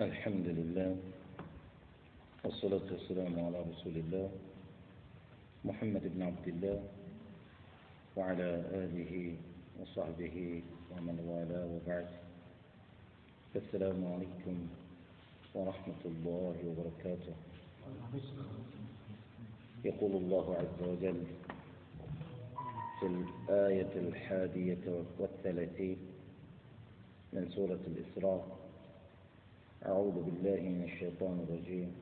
الحمد لله والصلاة والسلام على رسول الله محمد بن عبد الله وعلى آله وصحبه ومن والاه وبعد السلام عليكم ورحمة الله وبركاته يقول الله عز وجل في الآية الحادية والثلاثين من سورة الإسراء أعوذ بالله من الشيطان الرجيم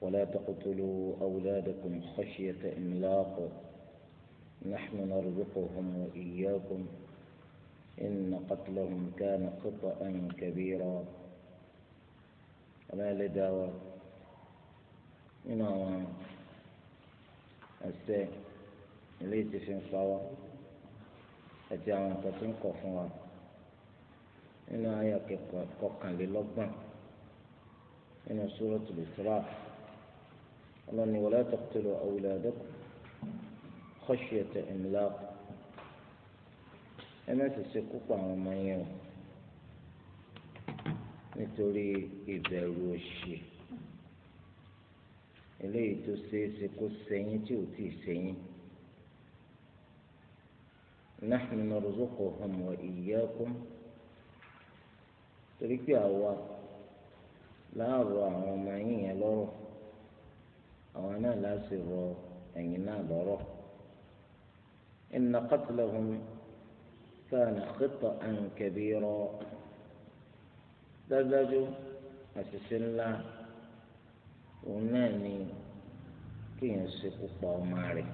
ولا تقتلوا أولادكم خشية إملاق نحن نرزقهم وإياكم إن قتلهم كان خطأ كبيرا ولا لداوة إنه السيء ليس في الصلاة أتى عن قتل nínú àyà kọkànlélọ́gbọ̀n nínú suratul Isra ọlọ́ni wala taqtulu awladakum khashyata imlaq ẹ má sì ṣe kópa àwọn ọmọ yẹn o nítorí ìbẹ̀rù òṣì eléyìí tó ṣeé ṣe kó sẹ́yìn tí ò tíì sẹ́yìn. نحن نرزقهم وإياكم torí pé àwa láàrọ àwọn ọmọ yín yẹn lọ́rọ̀ àwọn náà láti rọ ẹ̀yin náà lọ́rọ̀ inna qatlahum kana khita'an kabira dájúdájú àṣìṣe ńlá òun náà ni kéèyàn ṣekú pa ọmọ rẹ̀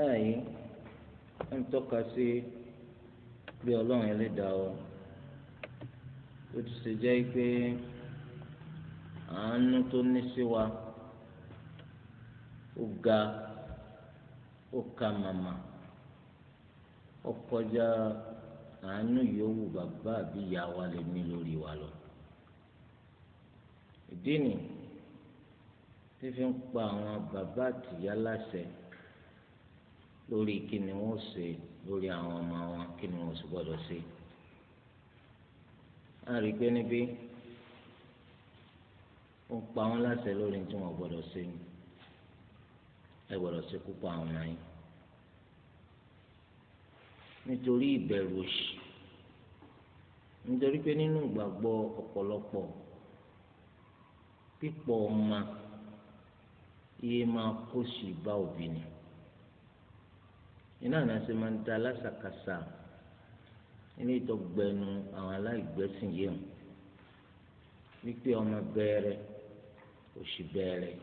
ẹ̀ yìí ń tọ́ka sí bí ọlọ́run ẹlẹ́dàá ọ ó ti ṣe jẹ́ pé àánú tó ní sí wa ó ga ó ka màmá ó kọjá àánú yòówù bàbá àbí ìyá wa lè ní lórí wa lọ. ìdí nì tí fi ń pa àwọn bàbá àtìyá láṣẹ lórí kí ni wọ́n ṣe wọn kí ni wọ́n sì gbọ́dọ̀ a rí pé níbí ó pa wọn láṣẹ lórí tí wọn gbọ́dọ̀ ṣe ni ẹ gbọ́dọ̀ ṣe kúpa àwọn ọmọ yín nítorí ìbẹ̀rù òṣì nítorí pé nínú ìgbàgbọ́ ọ̀pọ̀lọpọ̀ pípọ̀ ọmọ iye máa kó sí bá òbí ni iná àná ṣe máa ń da lásàkàsà ilé ìtọ́gbẹ́nu àwọn aláìgbẹ́sìn yìí hàn wípé ọmọ bẹ́ẹ̀rẹ̀ òṣì bẹ́ẹ̀rẹ̀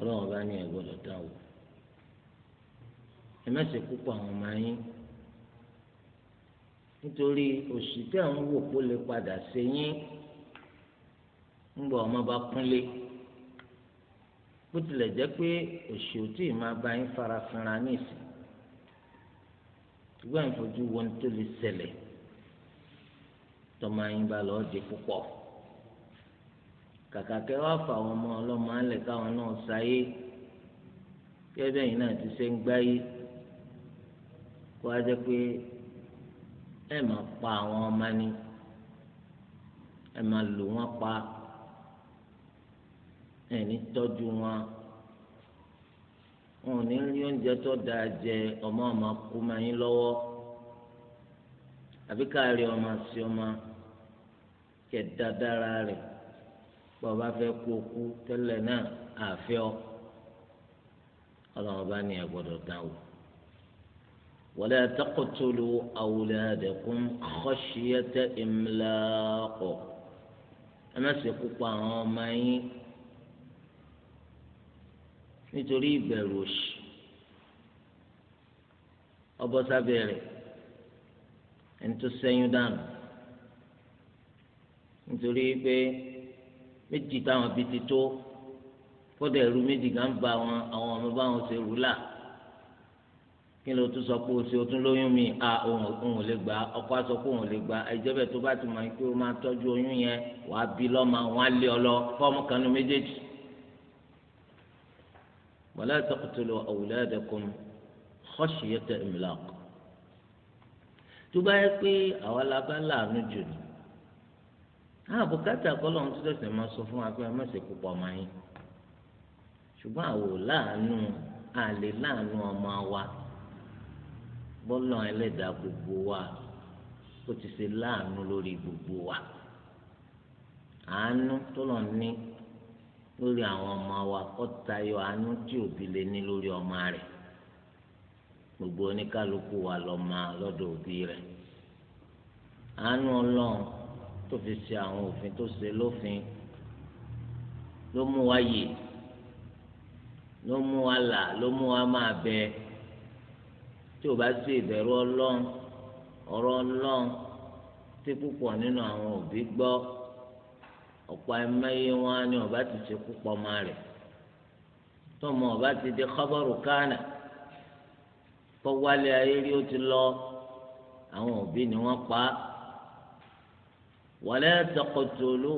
ọlọ́run bá ní ẹ̀ gbọ́dọ̀ dán wò ẹ mẹ́sẹ̀ púpọ̀ àwọn ọmọ yín nítorí òṣì tẹ́ ń wò kó lè padà ṣe yín ń gbọ́ ọmọ bá kúnlé bó tilẹ̀ jẹ́ pé òṣì ò tí ì máa bá yín fara fínra ní ìsìn ṣùgbọ́n à ń fojú wo ní tó lè ṣẹlẹ̀ tọ́mọ yín bá lọ́ọ́ di púpọ̀ kàkà kẹ́ wá fà àwọn ọmọ ọlọ́mọ alẹ̀ káwọn náà sáyé kẹ́bẹ́ yìí náà ti ṣe ń gbáyé kó a jẹ́ pé ẹ máa pa àwọn ọmọ ni ẹ máa lò wọ́n pa ẹ ní tọ́jú wọn wọn ò ní rí oúnjẹ tó dáa jẹ ọmọ ọmọ kú máa yín lọ́wọ́ àbí káàrí ọmọ sí ọmọ kẹ̀dá dára rẹ̀ pọ̀ bá kú okú tẹ́lẹ̀ náà àfẹ́ ọ ọlọ́run bá ní ẹ̀ gbọ́dọ̀ dán o. ولا تقتلوا أولادكم خشية إملاق ẹ má ṣe kú pa àwọn ọmọ yín nítorí ìbẹ̀rù òṣì ọbọ sábẹ́ rẹ̀ ẹni tó ṣẹ́yún dànù nítorí pé méjì táwọn bíi ti tó fọdọ ẹrú méjì kan ba àwọn àwọn ọmọ báwọn ṣe rú là kí ló tún sọ pé o ṣe o tún lóyún mi a òun ò lè gbà ọkọ aṣọ pé òun ò lè gbà ìjọba tó bá ti mọ pé o máa tọ́jú oyún yẹn wàá bí lọ́mọ wọn á lé ọ lọ fọ́ọ̀mù kanú méjèèjì ولا تقتلوا أولادكم خشية إملاق tuba yẹ pé àwa la bá láàánú jù ní àbùkátà kọlọ́run tó tẹ̀sẹ̀ máa sọ fún wa pé ọmọọ̀sẹ̀ púpọ̀ máa yín ṣùgbọ́n àwò láàánú àlè láàánú ọmọ wa bọ́lọ̀ ẹlẹ́dàá gbogbo wa ó ti ṣe láàánú lórí gbogbo wa àánú tó lọ ní lórí àwọn ọmọ wa kó tayọ àánú tí òbí lè ní lórí ọmọ rẹ̀ gbogbo oníkálukú wa lọ máa lọ́dọ̀ òbí rẹ̀ àánú Ọlọ́run tó fi ṣe àwọn òfin tó ṣe lófin ló mú wa yè ló mú wa là ló mú wa máa bẹ tí o bá sí ìbẹ̀rù Ọlọ́run ọ̀rọ̀ Ọlọ́run tí púpọ̀ nínú àwọn òbí gbọ́ ọ̀pọ̀ ẹ̀mẹ́yẹ wọn ni ọba ti ti kú pọ́nmá rẹ̀ tọmọ ọba ti di kọ́bọ̀rù kánà kọ́ wálé ayé rí ó ti lọ àwọn òbí ni wọ́n pa á wala taqtulu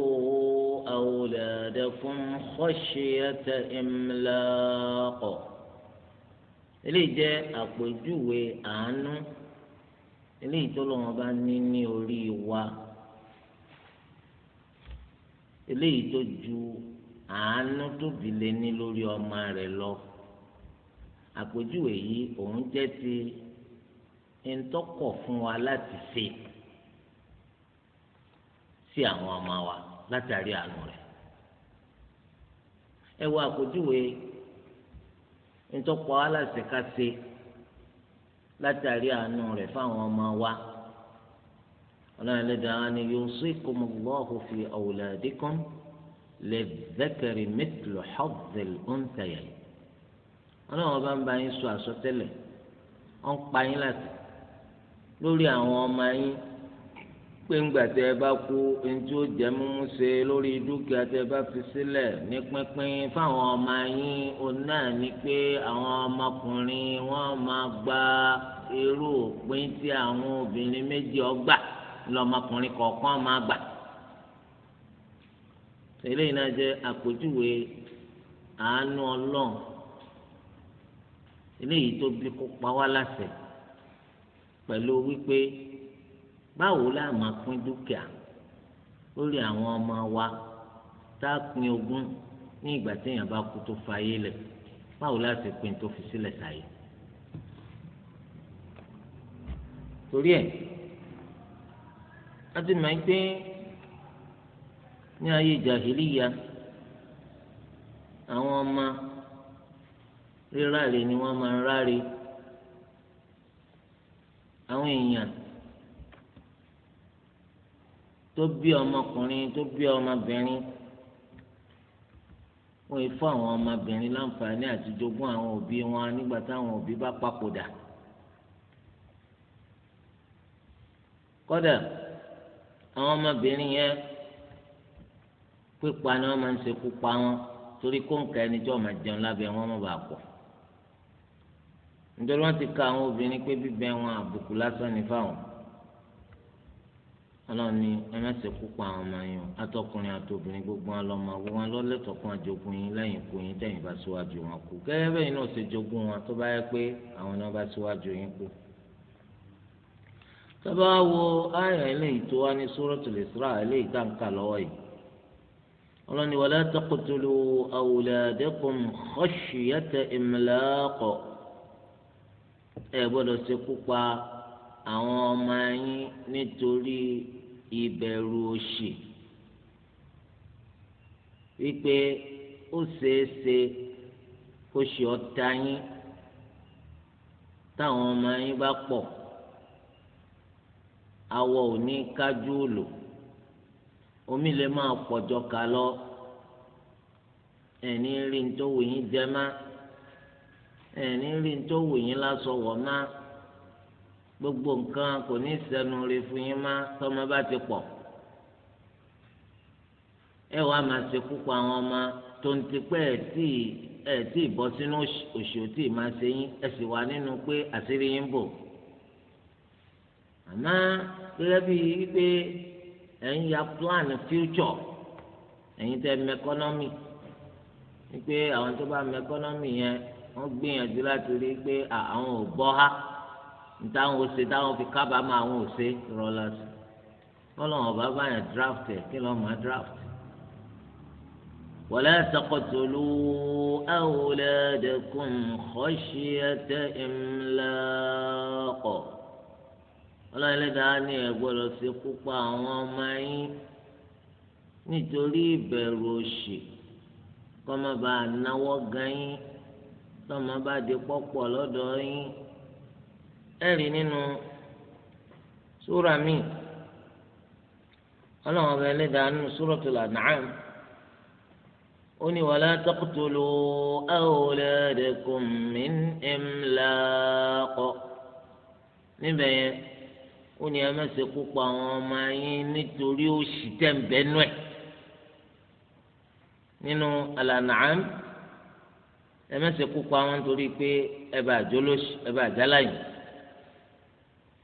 awladakum khashyata imlaq eléyìí jẹ́ àpèjúwe àánú eléyìí tó lọ́wọ́ bá ní ní orí wa eléyìí tó ju àánú tóbi lé ní lórí ọmọ rẹ̀ lọ àpèjúwe yìí òun jẹ́ ti ntọ́kọ̀ fún wa láti ṣe sí àwọn ọmọ wa látàrí àánú rẹ̀ ẹ wo àpèjúwe ntọ́kọ̀ aláṣẹkáṣe látàrí àánú rẹ̀ fáwọn ọmọ wa ọlọ́run ẹlẹ́dàá ni yusikum Allahu fi awladikum lidhakari mithlu hazzil unthayayn ọlọ́run ọba ń bá yín sọ àsọtẹ́lẹ̀ ó ń pa yín láti lórí àwọn ọmọ yín pé ńgbà tẹ ẹ bá kú ntí ó jẹ mímú ṣe lórí dúkìá tẹ ẹ bá fi sílẹ̀ ní pínpín fáwọn ọmọ yín òun náà ni pé àwọn ọmọkùnrin wọn máa gba irú òpin tí àwọn obìnrin méjì ọgbà lọmọkùnrin kọ̀ọ̀kan máa gbà eléyìí náà jẹ́ àpèjúwe àánú ọlọ́run eléyìí tó bí kó pa wá láṣẹ pẹ̀lú wípé báwo la máa pín dúkìá lórí àwọn ọmọ wa tá a pín ogún ní ìgbà téèyàn bá kú tó fa ayé lẹ̀ báwo la ṣe pín tó fi sílẹ̀ sáyé torí ẹ̀ a ti mọ̀ ní ayé jàhìlíya àwọn ọmọ ríràlè ni wọ́n máa ń ráre àwọn èèyàn tó bí ọmọkùnrin tó bí ọmọbìnrin wọ́n yìí fún àwọn ọmọbìnrin láǹfààní àti jogún àwọn òbí wọn nígbà táwọn òbí bá papòdà kódà àwọn ọmọbìnrin yẹn pípa ni wọ́n máa ń ṣekú pa wọn torí kóńkà ẹni tí wọ́n máa jẹun lábẹ́ wọn má bàa pọ̀ nítorí wọ́n ti ka àwọn obìnrin pé bíbẹ wọn àbùkù lásán ní fáwọn ọlọ́run ni ẹ má ṣekú pa àwọn ọmọ yẹn atọkùnrin àtobìnrin gbogbo wọn lọ́mọ wọn wọn lọ́lẹ́tọ̀ọ̀kan àjogún yín lẹ́yìn kú yín tẹ̀yìn bá síwájú wọn kú gẹ́gẹ́ náà ṣe jogún wọn tó bá yẹ pé àwọn náà bá síwájú yín kú tábà wo àyà eléyìí tó wá ní suratul Isra eléyìí tá n kà lọ́wọ́ yìí ọlọ́ni wala taqtulu awladakum khashyata imlaq ẹ gbọ́dọ̀ ṣekú pa àwọn ọmọ yín nítorí ìbẹ̀rù òṣì wípé ó ṣeé kó ṣe ọ̀tá yín táwọn ọmọ yín bá pọ̀ awọ ò ní kájú òlò omi lè máa pọ̀jọ ká lọ ẹ̀ní rí ní tó wù yín jẹ má ẹ̀ní rí ní tó wù yín lásọ wọ̀ má gbogbo nǹkan kò ní sẹ́nu rí fún yín má tọ́mọ bá ti pọ̀ ẹ wàá máa ṣe púpọ̀ àwọn ọmọ tó ń ti pẹ́ ẹ̀ tí ẹ̀ tí ì bọ́ sínú òṣì òtí máa ṣe yín ẹ̀ sì wà nínú pé àṣírí yín bò àmọ́ gẹ́gẹ́ bíi wípé ẹ̀yin ya plan future ẹ̀yin tẹ́ mẹkọ́nọ́mì wípé àwọn tó bá mẹkọ́nọ́mì yẹn wọ́n gbìyànjú láti rí i pé àwọn ò bọ́ ha nítawọn ò ṣe táwọn fi kábàámọ̀ àwọn ò rọlá sí kọ́lọ́wọ́n bá báyàn draft ẹ̀ kí lọ́ọ́ máa draft. ولا تقتلوا أولادكم خشية إملاق ọlọ́run ẹlẹ́dàá ní ẹ gbọ́dọ̀ ṣekú pa àwọn ọmọ yín nítorí ìbẹ̀rù òṣì kọ́ má ba náwó gan yín tọ́mọ bá di pọ́pọ̀ lọ́dọ̀ yín ẹ̀rí nínú súra mi ọlọ́run ọba ẹlẹ́dàá nínú súratul An'am ó ní wala taqtulu awladakum min imlaq níbẹ̀ yẹn ó ní ẹ mẹ́sẹ̀ kó pa àwọn ọmọ yín nítorí òṣì tẹ̀m̀bẹ́nú ẹ̀ nínú Al-An'am ẹ mẹ́sẹ̀ kó pa àwọn nítorí pé ẹ bá jólóṣì ẹ bá jáláyìn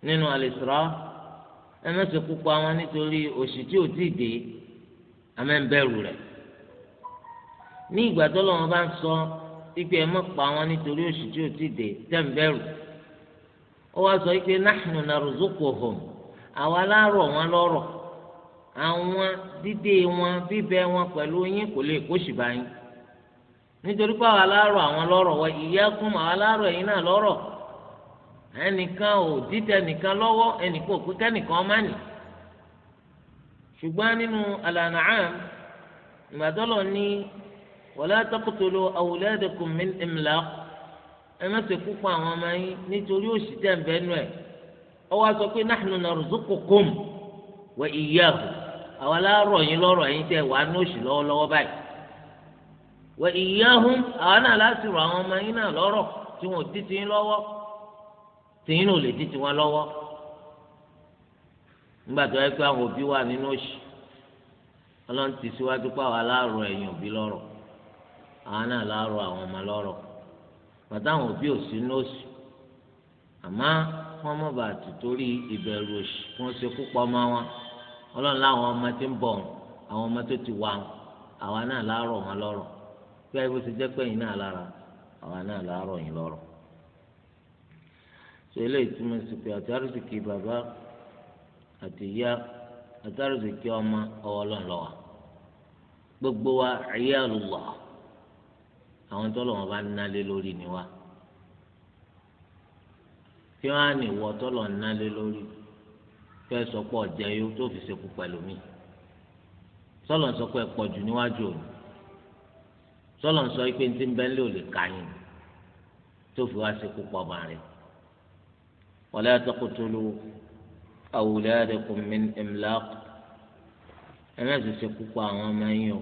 nínú Al-Isra ẹ mẹ́sẹ̀ kó pa àwọn nítorí òṣì tí ò tíì dé amẹ́ńbẹ́rù rẹ̀ ní ìgbà tó lọ́wọ́ bá ń sọ pípẹ́ ẹ mọ̀ pa àwọn nítorí òṣì tí ò tíì dé tẹ̀m̀bẹ́rù rẹ̀ ó wá sọ pé nahnu narzuquhum àwa aláàrọ̀ wọn lọ́rọ̀ àwọn dídé wọn bíbẹ wọn pẹ̀lú yín kò lè kó ṣìbá yín nítorí pé àwa aláàrọ̀ àwọn lọ́rọ̀ wa iyyakum àwa aláàrọ̀ yín náà lọ́rọ̀ ẹnìkan ò dídẹ nìkan lọ́wọ́ ẹnìkan ò pé kẹ́nìkan má nínú àlànà ìgbàdọ́lọ̀ ni ẹ má ṣe kúkú àwọn ọmọ yín nítorí òṣì tẹ̀ ń bẹ́ nù ẹ̀ ọwọ́ sọ pé nahnu narzuqukum wa iyyahu àwọn aláàrọ̀ yín lọ́rọ̀ yín tẹ̀ wá ní òṣì lọ́wọ́lọ́wọ́ báyìí wa iyyahum àwọn náà láti rọ àwọn ọmọ yín náà lọ́rọ̀ tí wọn ò ti yín lọ́wọ́ tìyín ò lè lọ́wọ́ nígbà tó yẹ pé àwọn òbí wà nínú ọlọ́run ti síwájú pé àwọn aláàrọ̀ pàtàwọn òbí ò sí nóòsì àmọ́ wọn mọ bàa ti torí ìbẹ̀rù òṣì wọn ṣe púpọ̀ ọmọ wọn Ọlọ́run láwọn ọmọ tí ń bọ̀ àwọn ọmọ tó ti wà àwa náà láàárọ̀ wọn lọ́rọ̀ bí ayé bó ti jẹ́ pẹ́yìn náà lára àwa náà láàárọ̀ yìí lọ́rọ̀ ṣe eléyìí pé bàbá àti ìyá ọmọ ọwọ́ Ọlọ́run gbogbo wa ayé àlùwà. àwọn tọ́lọ̀ wọn bá nálé lórí ni wá kí wọ́n á ní ìwọ tọ́lọ̀ nálé lórí fẹ́ sọ pé ọ̀jẹ̀ yóò tó fi ṣekú pẹ̀lú mi sọlọ sọ pé ẹ̀pọ̀ jù níwájú òní sọlọ sọ pé ní ti ń bẹ́ńlẹ̀ ò lè ka tó fi wá ṣekú pọ̀ bá rẹ̀ wala taqtulu awladakum min imlaq ẹ̀ náà ti ṣekú pọ̀ àwọn ọmọ yín o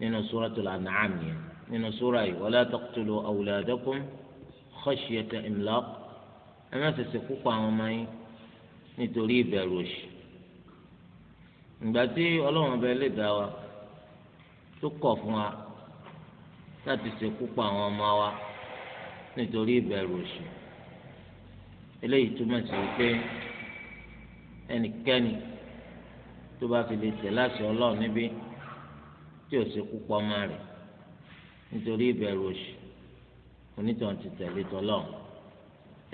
nínú Suratul An'am yẹn nínú súra yìí wala taqtulu awladakum khashyata imlaq ẹ má ṣẹ̀ṣẹ̀ kópa àwọn ọmọ yín nítorí ìbẹ̀rù òṣì ìgbà tí ọlọ́run ọba lè dá wa tó kọ̀ fún wa láti ṣẹ̀kú pa àwọn ọmọ wa nítorí ìbẹ̀rù òṣì eléyìí túmọ̀ sí pé ẹnikẹ́ni tó bá fi lè tẹ̀ láti ọlọ́run níbí tí ò ṣẹ̀kú pa ọmọ rẹ̀ nítorí ìbẹ̀rù òṣì onítàn ti tẹ̀lé tọ́lọ́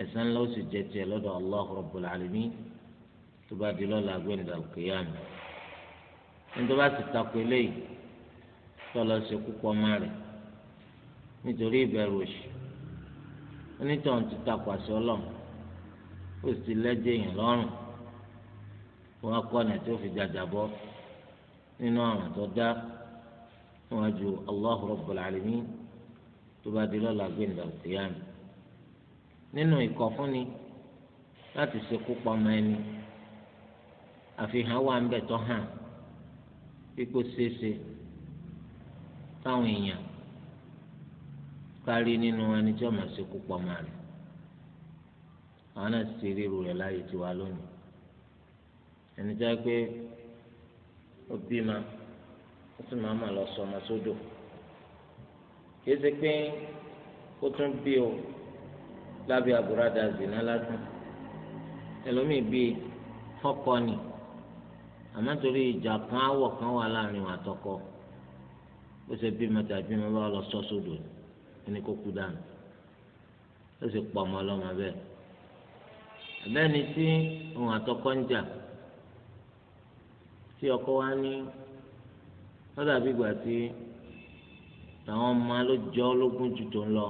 ẹ̀san ńlá ó sì jẹ́ tiẹ̀ lọ́dọ̀ Allah Rabbul Alamin tó bá di lọ́la gbẹ̀ndà al-qiyamah nítorí bá ti takò eléyìí tọ́lọ́ ṣe kúkọ́ ọmọ rẹ̀ nítorí ìbẹ̀rù òṣì onítàn ti takò àṣọ ọlọ́run ó sì lẹ́jẹ̀ yẹn lọ́rùn wọn kọ́ tó fi jàjàbọ́ nínú àrùn tó dá níwájú Allahu Rabbul Alamin tó bá di lọ́la gbẹ̀ndà òkèèyàn nínú ìkọ̀fúnni láti ṣekú pamọ́ ẹni àfihàn wà ń bẹ̀ tó hàn pípò ṣeéṣe táwọn èèyàn kárí nínú ẹni tí wọ́n máa ṣekú pamọ́ rẹ̀ àwọn náà ti ríru rẹ̀ láyé tiwa lónìí ẹni tí wọ́n pé ó bímọ ó sì máa mà lọ sọmọ sódò kìí ṣe pé ó tún bí o lábẹ́ àbúradà zina lásán ẹlòmíì bíi fọ́kọ ni àmọ́ torí ìjà kan áwọ̀ kan wà láàrin àtọkọ ó ṣe bímọ tàbí mo bá lọ sọ sódò ẹni kó kú dànù ó sì pọ̀ ọmọ ọlọ́mọ bẹ́ẹ̀ àbẹ́ni tí òun àtọkọ ń jà tí ọkọ wa ní lọ́dà bí ìgbà tí àwọn ọmọ ló jọ ológun jù tó ń lọ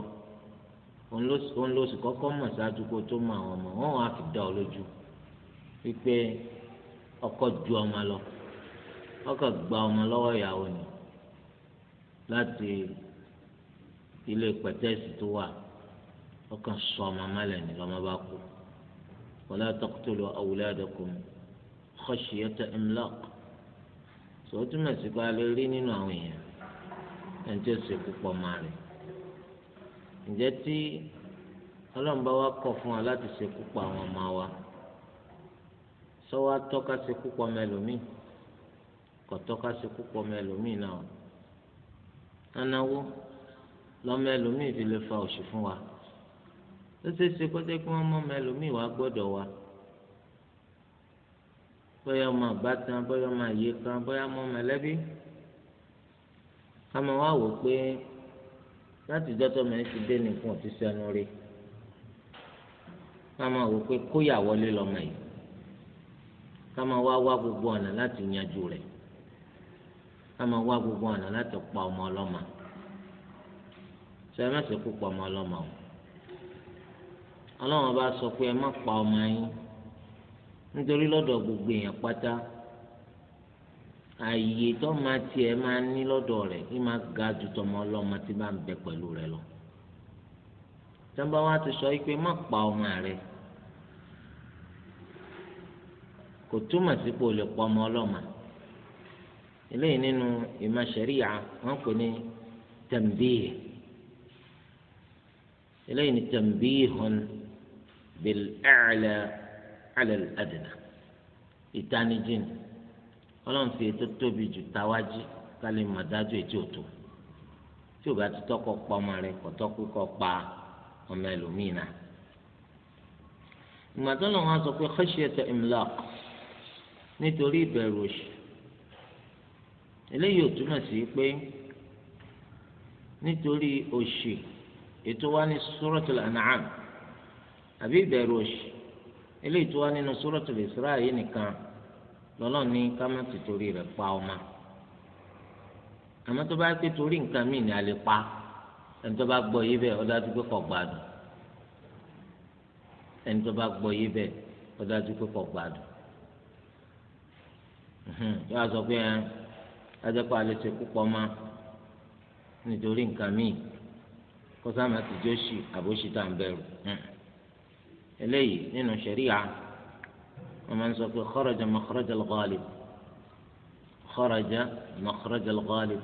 òun ló sì kọ́kọ́ mọ̀ ṣáájú kó tó mọ àwọn ọmọ wọn wàá fi dá ọ lójú wípé ọkọ ju ọmọ lọ ọkọ gba ọmọ lọ́wọ́ ìyàwó ni láti ilé pẹ̀tẹ́sì tó wà ọkàn sọ ọmọ mọ́lẹ̀ ni lọ́mọ bá kú wala taqtulu awladakum khashyata imlaq tó o túmọ̀ sí pa lè rí nínú àwọn èèyàn ẹni tí ó ṣe púpọ̀ máa rẹ̀ ǹjẹ́ tí ọlọ́run bá wa kọ̀ fún wa láti ṣe púpọ̀ àwọn ọmọ wa sọ́wọ́ tọ́ka ṣe púpọ̀ mẹ́lòmíì kò tọ́ka ṣe púpọ̀ mẹ́lòmíì náà anáwó lọ́mọ ẹlòmíì fi lè fa òṣì fún wa ó ṣeé ṣe kó jẹ́ kí wọ́n mọ́ mẹ́lòmíì wá gbọ́dọ̀ wa. Lo, bóyá ọmọ àbátan bóyá ọmọ àyè kan bóyá ọmọ mẹ̀lẹ́bí káma wá wò pé láti dọ́tọ̀ mẹ́rin ti dé nìkan ọ̀tí sẹ́nu rí káma wò pé kóyà wọlé lọ́mọ yìí káma wá wá gbogbo ọ̀nà láti yanjú rẹ̀ káma wá gbogbo ọ̀nà láti pa ọmọ ọlọ́mọ sọ ẹ má ṣe kó pa ọmọ ọlọ́mọ o ọlọ́run bá sọ pé ẹ má pa ọmọ yín nítorí lọ́dọ̀ gbogbo èèyàn pátá ààyè tó máa tiẹ̀ máa ní lọ́dọ̀ rẹ̀ kí máa ga ju tọmọ ọlọ́mọ tí bá ń bẹ pẹ̀lú rẹ̀ lọ. sábà wá ti sọ pé má pa ọmọ rẹ̀ kò túmọ̀ sí pé o lè pa ọmọ ọlọ́mọ eléyìí nínú ìmọ̀ ṣẹ̀ríyà wọ́n pè ní tẹ̀m̀bíyì eléyìí ní tẹ̀m̀bíyì hàn bìl ẹ̀ẹ́lẹ́ alẹ́ àdìnà ìtanijí ni ọlọ́run fi ètò tóbi jù táwájí kálí mà dájú ètí òtò tí o bá ti tọ́kọ̀ pa ọmọ rẹ kò tọ́kọ̀ kọ́ pa ọmọ ẹlòmíì náà ìgbà tó lọ́wọ́ sọ pé khashyata imlaq nítorí ìbẹ̀rù òṣì eléyìí ò túmọ̀ sí pé nítorí òṣì ètò wa ní suratul an'am àbí ìbẹ̀rù òṣì eléyìí tó wá nínú Suratul Isra yìí nìkan lọ́lọ́ọ̀ ní ká má ti torí rẹ̀ pa ọmọ àmọ́ tó bá pé torí nǹkan míì ni a lè pa ẹni tó bá gbọ́ yé bẹ́ẹ̀ ó dájú pé kò gbádùn ẹni tó bá gbọ́ yé bẹ́ẹ̀ ó dájú pé kò gbádùn yóò wá sọ pé ẹ ajẹ́pọ̀ alẹ́ ṣe púpọ̀ mọ́ nítorí nǹkan míì kó sáà má ti jó sí àbóṣítà ń bẹ̀rù eléyìí nínú ṣẹ̀ríà wọ́n máa ń sọ pé kharaja makhraja al-ghalib kharaja makhraja al-ghalib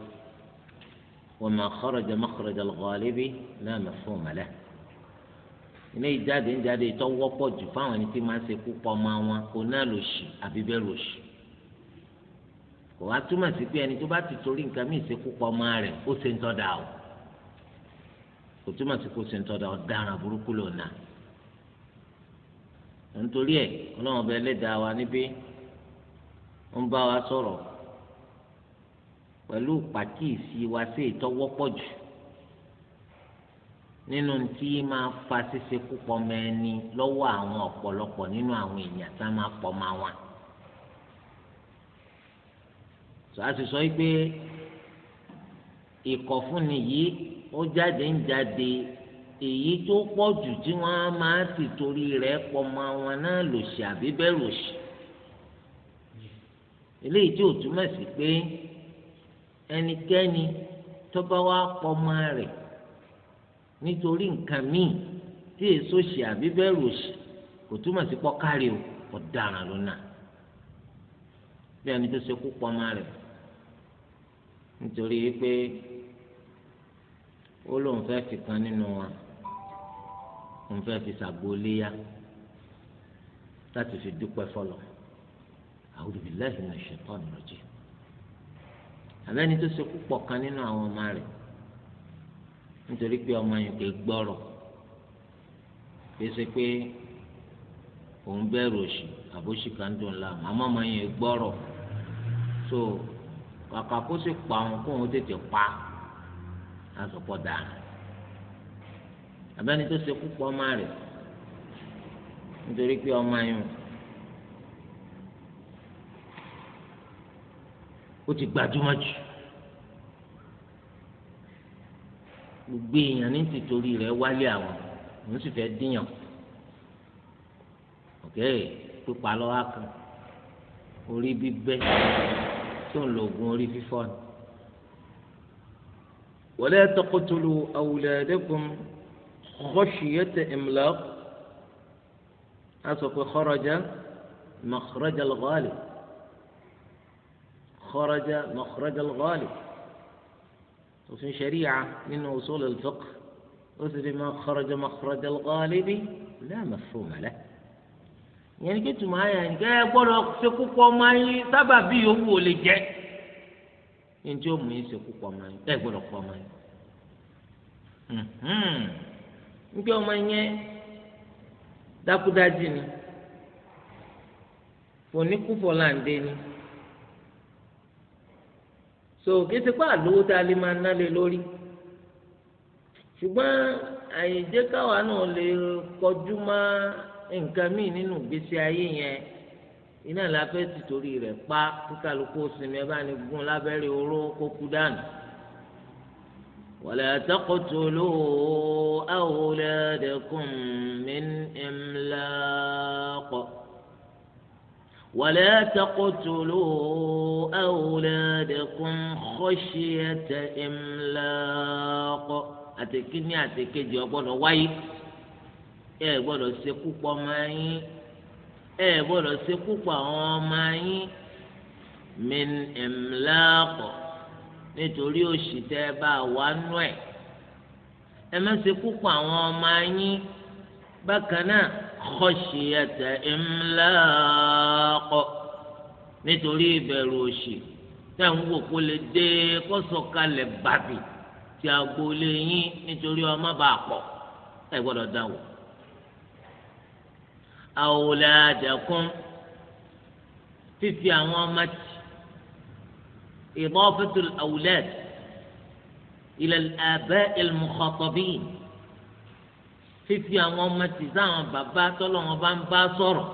wa ma kharaja makhraja al-ghalibi la mafhuma lahu ilé ìjáde ń jáde ìtọ́ wọ́pọ̀ jù fáwọn ẹni tí máa ń ṣekú pa ọmọ wọn kò náà lò sí àbí bẹ́ẹ̀ lò sí kò wá túmọ̀ sí pé ẹni tó bá ti torí nǹkan mí ìṣekú pa ọmọ rẹ̀ ó ṣe ń tọ́ da o kò túmọ̀ sí pé ó ṣe ń tọ́ da ọ̀daràn burúkú lò náà nítorí ẹ ọlọ́run ọba ẹlẹ́dàá wa níbí ń bá wa sọ̀rọ̀ pẹ̀lú pàkíyèsí wa sí ìtọ́wọ́pọ̀ jù nínú tí máa fa ṣíṣe púpọ̀ mẹ́ni lọ́wọ́ àwọn ọ̀pọ̀lọpọ̀ nínú àwọn èèyàn tá a máa pọ̀ máa wà. a sì sọ pé ìkọ̀fúnni yìí ó jáde ń jáde èyí tó pọ̀ jù tí wọ́n á máa ti torí rẹ̀ pọ̀ mọ́ àwọn náà lòṣì àbí bẹ́ẹ̀ lòṣì eléyìí tí ò túmọ̀ sí pé ẹnikẹ́ni tó bá wá pọ̀ mọ́ rẹ̀ nítorí nǹkan míì tí èso ṣì àbí bẹ́ẹ̀ lòṣì kò túmọ̀ sí pọ́ kárí o ọ̀daràn ló nà bí ẹni tó ṣe kú pọ̀ mọ́ rẹ̀ nítorí pé ó lóun fẹ́ fi kan nínú wa. òun fẹ́ fi ṣàgbo léyà láti fi dúpẹ́ fọlọ́ a'udhu billahi minash shaitani rajim àbẹ́ni tó ṣe púpọ̀ kan nínú àwọn ọmọ rẹ̀ nítorí pé ọmọ yẹn kò gbọ́rọ̀ pèsè pé òun bẹ̀rù òṣì àbóṣì kan dùn láàmú àmọ́ ọmọ yẹn gbọ́rọ̀ so kàkà kó sì pa òun kóun tètè pa á sọ àbẹ́ni tó ṣe púpọ̀ ọmọ rẹ̀ nítorí pé ọmọ yẹn ó ti gbajúmọ̀ jù gbogbo èèyàn ní tìtorí rẹ̀ wálé àwọn òun sì fẹ́ díyàn ọ̀kẹ́ pípa lọ́wọ́ kan orí bíbẹ́ tó ń lo oògùn orí fífọ́ ni. wala taqtulu awladakum. خشية إملاق أسف خرج مخرج الغالب خرج مخرج الغالب وفي شريعة من أصول الفقه أثر ما خرج مخرج الغالب لا مفهوم له يعني كنت معايا يعني كي يقول سكوك وماي سببي يبو اللي جاء إن يعني جو مي سكوك وماي أقول وماي nígbà ọmọ yẹn dákúdájì ni fòníkúfọ̀láǹdé ni so kìí ṣe pé àlówó tá a lè máa ná lé lórí ṣùgbọ́n àyèjẹ́ káwa náà lè kọjú mọ́ nǹkan míì nínú ìgbésí yẹn iná la fẹ́ tìtorí rẹ̀ pa kíkàlùkù sinmi ẹ bá ní gún lábẹ́rẹ́ oró kókú dànù. ولا تقتلوا أولادكم من إملاق ولا تقتلوا أولادكم خشية إملاق أتكني أتكني يقول واي يقول سكوبا ماي يقول سكوبا ماي من إملاق nítorí òṣì tẹ́ ẹ bá wà nú ẹ̀ ẹ má ṣe púpọ̀ àwọn ọmọ yín bákan náà khashiyata imlaq nítorí ìbẹ̀rù òṣì tẹ́ ń wò kó lè dé kó sọ̀kalẹ̀ bàbì tí a gbolé yín nítorí ọmọ bá pọ̀ ẹ gbọ́dọ̀ dáwọ́. àwòlẹ́ àjẹkùn fífi àwọn ọmọ tì إضافة الأولاد إلى الآباء المخاطبين fífi àwọn ọmọ tì sáwọn bàbá tọ́lọ́wọ́n bá ń bá sọ̀rọ̀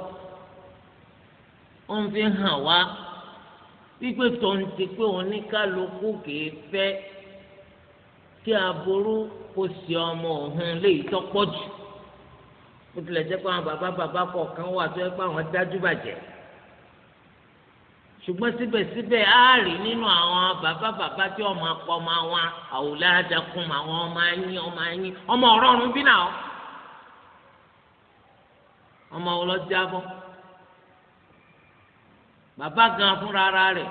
ó ń fi hàn wá wípé tọ́ǹtì pé oníkálukú kìí fẹ́ kí aburú kò sí ọmọ òun léyìí tọ́pọ̀ jù bó tilẹ̀ jẹ́ pé àwọn bàbá bàbá kọ̀ọ̀kan wà tó yẹ pé àwọn dájú bàjẹ́ ṣùgbọ́n síbẹ̀síbẹ̀ á rí nínú àwọn bàbá bàbá tí ọmọ akọ ọmọ wọn àwòlá àdàkùn àwọn ọmọ ayín ọmọ ayín ọmọ ọ̀rọ̀run bí náà ọmọ ọlọ́jàbọ̀ bàbá gan fúnra ara rẹ̀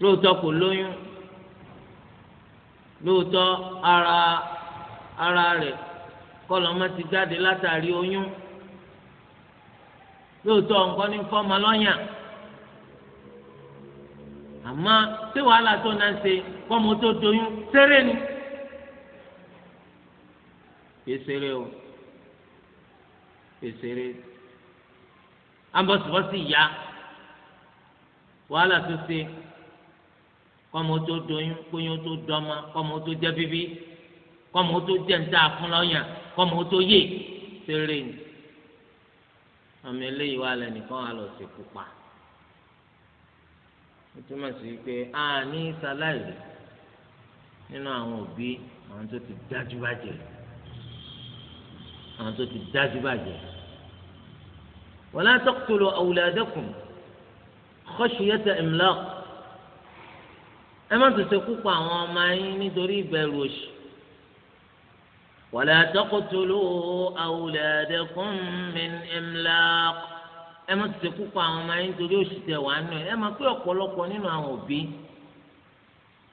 lóòótọ́ kò lóyún lóòótọ́ ara ara rẹ̀ kọ́ lọ́mọ ti jáde látàrí oyún lóòótọ́ nǹkan ní fọ́ọ̀mù ọlọ́yàn àmọ́ tí wàhálà tó náà ṣe fọ́ọ̀mù tó doyún sẹ́rẹ̀ ni pèsèrè o pèsèrè ambọ̀sibọ́sì ya wàhálà tó ṣe kọ́mọ tó doyún kóyún tó dọ́mọ kọ́mọ tó jẹ́ bíbí kọ́mọ tó jẹ́ ń tà fún lọ́yàn kọ́mọ tó yè sẹ́rẹ̀ ni àmì eléyìí wà lẹ́nìkan wà lọ sí pupa ó túmọ̀ sí pé a ní sáláìlì nínú àwọn òbí àwọn tó ti dájú bàjẹ́ àwọn tó ti dájú bàjẹ́ wala taqtulu awladakum khashyata imlaq ẹ má tètè kú pa àwọn ọmọ yín nítorí ìbẹ̀rù òṣì. ولا تقتلوا أولادكم من إملاق ẹ má ti kú pa àwọn ọmọ yín torí òṣìṣẹ́ wà nù ẹ ẹ má pé ọ̀pọ̀lọpọ̀ nínú àwọn òbí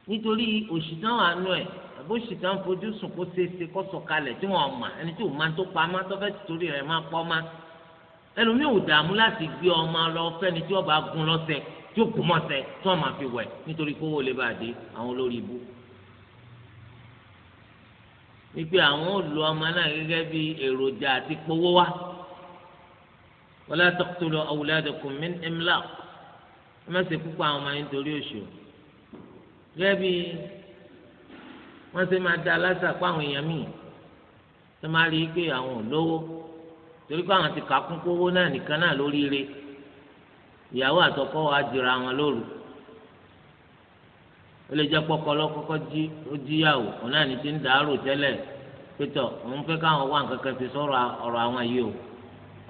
nítorí òṣìṣẹ́ wà nù ẹ àbí òṣìṣẹ́ ń fojú sùn kó ṣeéṣe kó sọ̀kalẹ̀ tí wọ́n mà ẹni tí ò máa tó pamọ́ tọ́fẹ́ ti rẹ̀ máa pọ́ má ẹlòmíì ò dààmú láti gbé ọmọ lọ fẹ́ni tí wọ́n gun lọ́sẹ̀ tí ó gun tí wọ́n máa fi wẹ̀ nítorí kówó lè bàdé àwọn olórí ibú wípé àwọn ò lu ọmọ náà gẹ́gẹ́ bí èròjà àti powó wá wala taqtulu awladakum min imlaq ẹ má ṣe púpọ̀ àwọn ọmọ yẹn torí òṣù gẹ́gẹ́ bí wọ́n ṣe máa da aláṣà pa àwọn èèyàn míì tó máa rí i pé àwọn ò lówó torí pé àwọn ti kà kún kówó náà nìkan náà lóríire ìyàwó àtọkọ wa jìra wọn lóru ó lè jẹ́ pọ́kọ lọ́kọ́kọ́ jí ó jíyàwó òun náà ní ti ń dàárò tẹ́lẹ̀ pétọ̀ òun fẹ́ káwọn wá nǹkan kan ti sọ̀rọ̀ ọ̀rọ̀ àwọn yìí o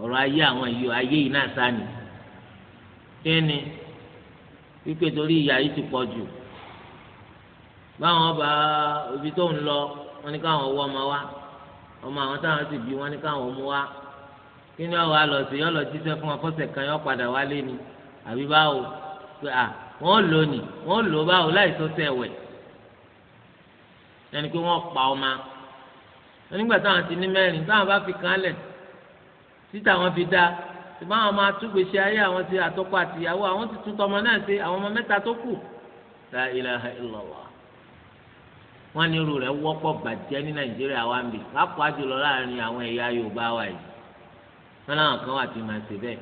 ọ̀rọ̀ ayé àwọn yìí o ayé yìí náà sáni kí ni wípé torí ìyá yìí ti pọ̀ jù báwọn bá ibi tó ń lọ wọ́n ní káwọn wọ ọmọ wa ọmọ àwọn táwọn sì bí wọ́n ní káwọn mú wa kí ni ọwọ àlọ sí yọlọ jíṣẹ́ fún wọn wọ́n lò ní wọ́n lò báwo láì tó tẹ̀ wẹ̀ ẹni pé wọ́n pa ọma onígbà táwọn ti ní mẹ́rin táwọn bá fi kan lẹ̀ títà wọn fi dá ṣùgbọ́n àwọn máa tún gbèsè ayé àwọn ti àtọ́kọ àtìyàwó àwọn ti tún tọmọ náà ṣe àwọn ọmọ mẹ́ta tó kù la ilaha illallah wọn ní irú rẹ̀ wọ́pọ̀ bàjẹ́ ní nàìjíríà wa ń bì pàápàá jùlọ láàrin àwọn ẹ̀yà yorùbá wa yìí wọn làwọn kan wà tí màá ṣe bẹ́ẹ̀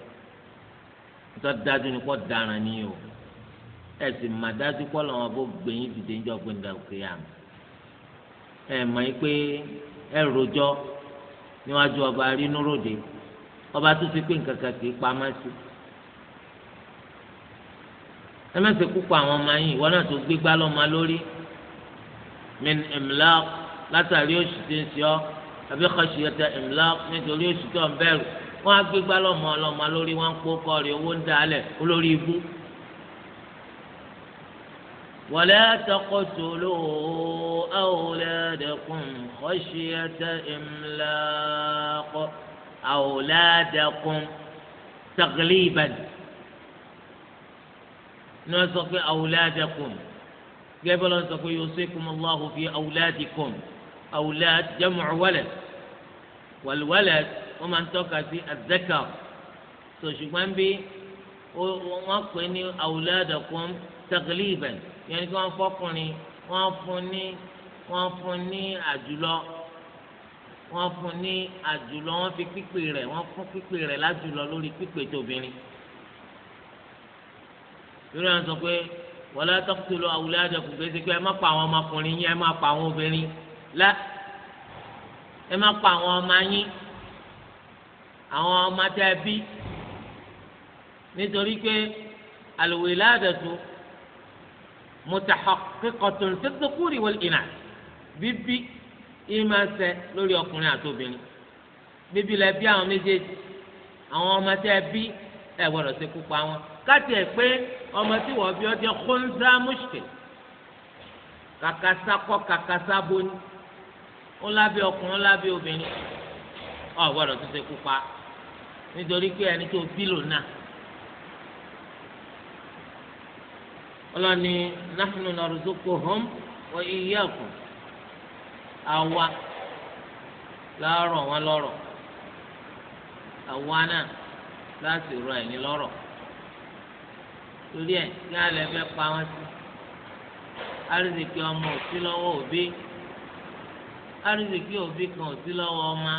nítorí dájú ni pọ daran ni o ẹ sì mà dájú pọ́ làwọn bó gbẹ̀yìn dìde ńjọ́ gbẹ̀ndà òkè àmì ẹ mọ̀ yín pé ẹ rojọ́ níwájú ọba rínú ròde ọba tó ti pé nǹkan kan kì í pamọ́ sí ẹ mẹ́sẹ̀ púpọ̀ àwọn ọmọ yìí ìwọ náà tó gbé gbá lọ́mọ lórí min imlaq látàrí oṣù tí ń sọ àbí khashiyata imlaq nítorí oṣù tó ń bẹ̀rù wọ́n á gbé gbá ọlọ́mọ lórí wọ́n á kó kọ́ọ̀rì owó ولا تقتلوا أولادكم خشية إملاق أولادكم تغليبا نسق أولادكم قبل أن تقول يوصيكم الله في أولادكم أولاد جمع ولد والولد ومن تكفي الذكر سوشي so, أولادكم تغليبا yẹn ni kí wọ́n fọkùnrin wọ́n fún ní wọ́n fún ní àjùlọ wọ́n fún ní àjùlọ wọ́n fi pípé rẹ̀ wọ́n fún pípé rẹ̀ lájùlọ lórí pípé tóbìnrin lórí àwọn sọ pé wọlé tọkítọlọ àwùlẹ àjẹkù gbèsè pé ẹ má pa àwọn ọmọkùnrin yín ẹ má pa àwọn obìnrin lẹ ẹ má pa àwọn ọmọ yín àwọn ọmọ tẹ bí nítorí pé àlùwìlẹ àdẹtù mutahaqqiqatun fi dhukuri wal inath bíbí ìmọ̀ ṣẹ lórí ọkùnrin àti obìnrin bíbí lẹ bí àwọn méjèèjì àwọn ọmọ tẹ bí ẹ gbọ́dọ̀ ṣe kú pa wọn káti ẹ pé ọmọ tí wọ́n bí ọ jẹ́ khunza mushkil kàkàsá kọ́ bóni ó lábẹ́ ọkùnrin ó lábẹ́ obìnrin ọ gbọ́dọ̀ tó ṣe pa nítorí pé ẹni tó bí lò náà ọlọ́ni nahnu narzuquhum wa iyyakum àwa láàárọ̀ wọn lọ́rọ̀ awa náà láti rọ ẹ̀yìn lọ́rọ̀ torí ẹ̀ kí alẹ́ fẹ́ pa wọn sí arizikì ọmọ ò lọ́wọ́ òbí arizikì òbí kan ò lọ́wọ́ ọmọ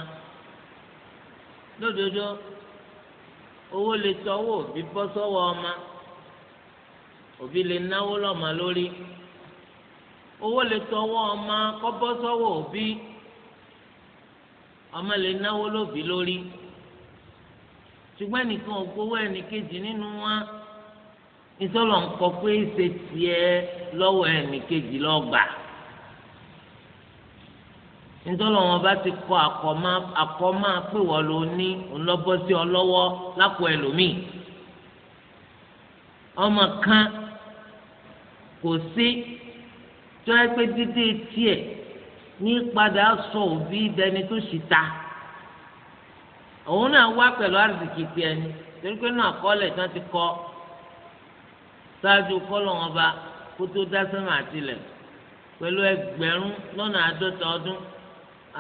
lódodo owó lè sọ òbí bọ́ sọ́wọ́ ọmọ. òbí lè náwó lọ́mọ lórí owó lè tọwọ́ ọmọ kọ́bọ́ sọ́wọ́ òbí ọmọ lè náwó lóbí lórí ṣùgbọ́n ẹnìkan ò gbowó ẹnìkejì nínú wa ìsọlọ ńkọ pé ṣe tiẹ̀ lọ́wọ́ ẹnìkejì lọ́gbà ìsọlọ wọn bá ti kọ àkọ́mọ́ àkọ́mọ́ pé wọ́n ló ní ńlọ́bọ́sí ọlọ́wọ́ lápò ẹlòmíì ọmọ kan kò sí tó yẹ pé dídé tiẹ̀ ní padà sọ òbí dẹni tó sì òun náà wá pẹ̀lú àrùsìkì tiẹ̀ ni torí pé náà kọ́lẹ̀ tán ti kọ́ ṣáájú kọ́lọ̀ wọn bá kó tó dá sẹ́mà àtìlẹ̀ pẹ̀lú ẹgbẹ̀rún lọ́nà àádọ́ta ọdún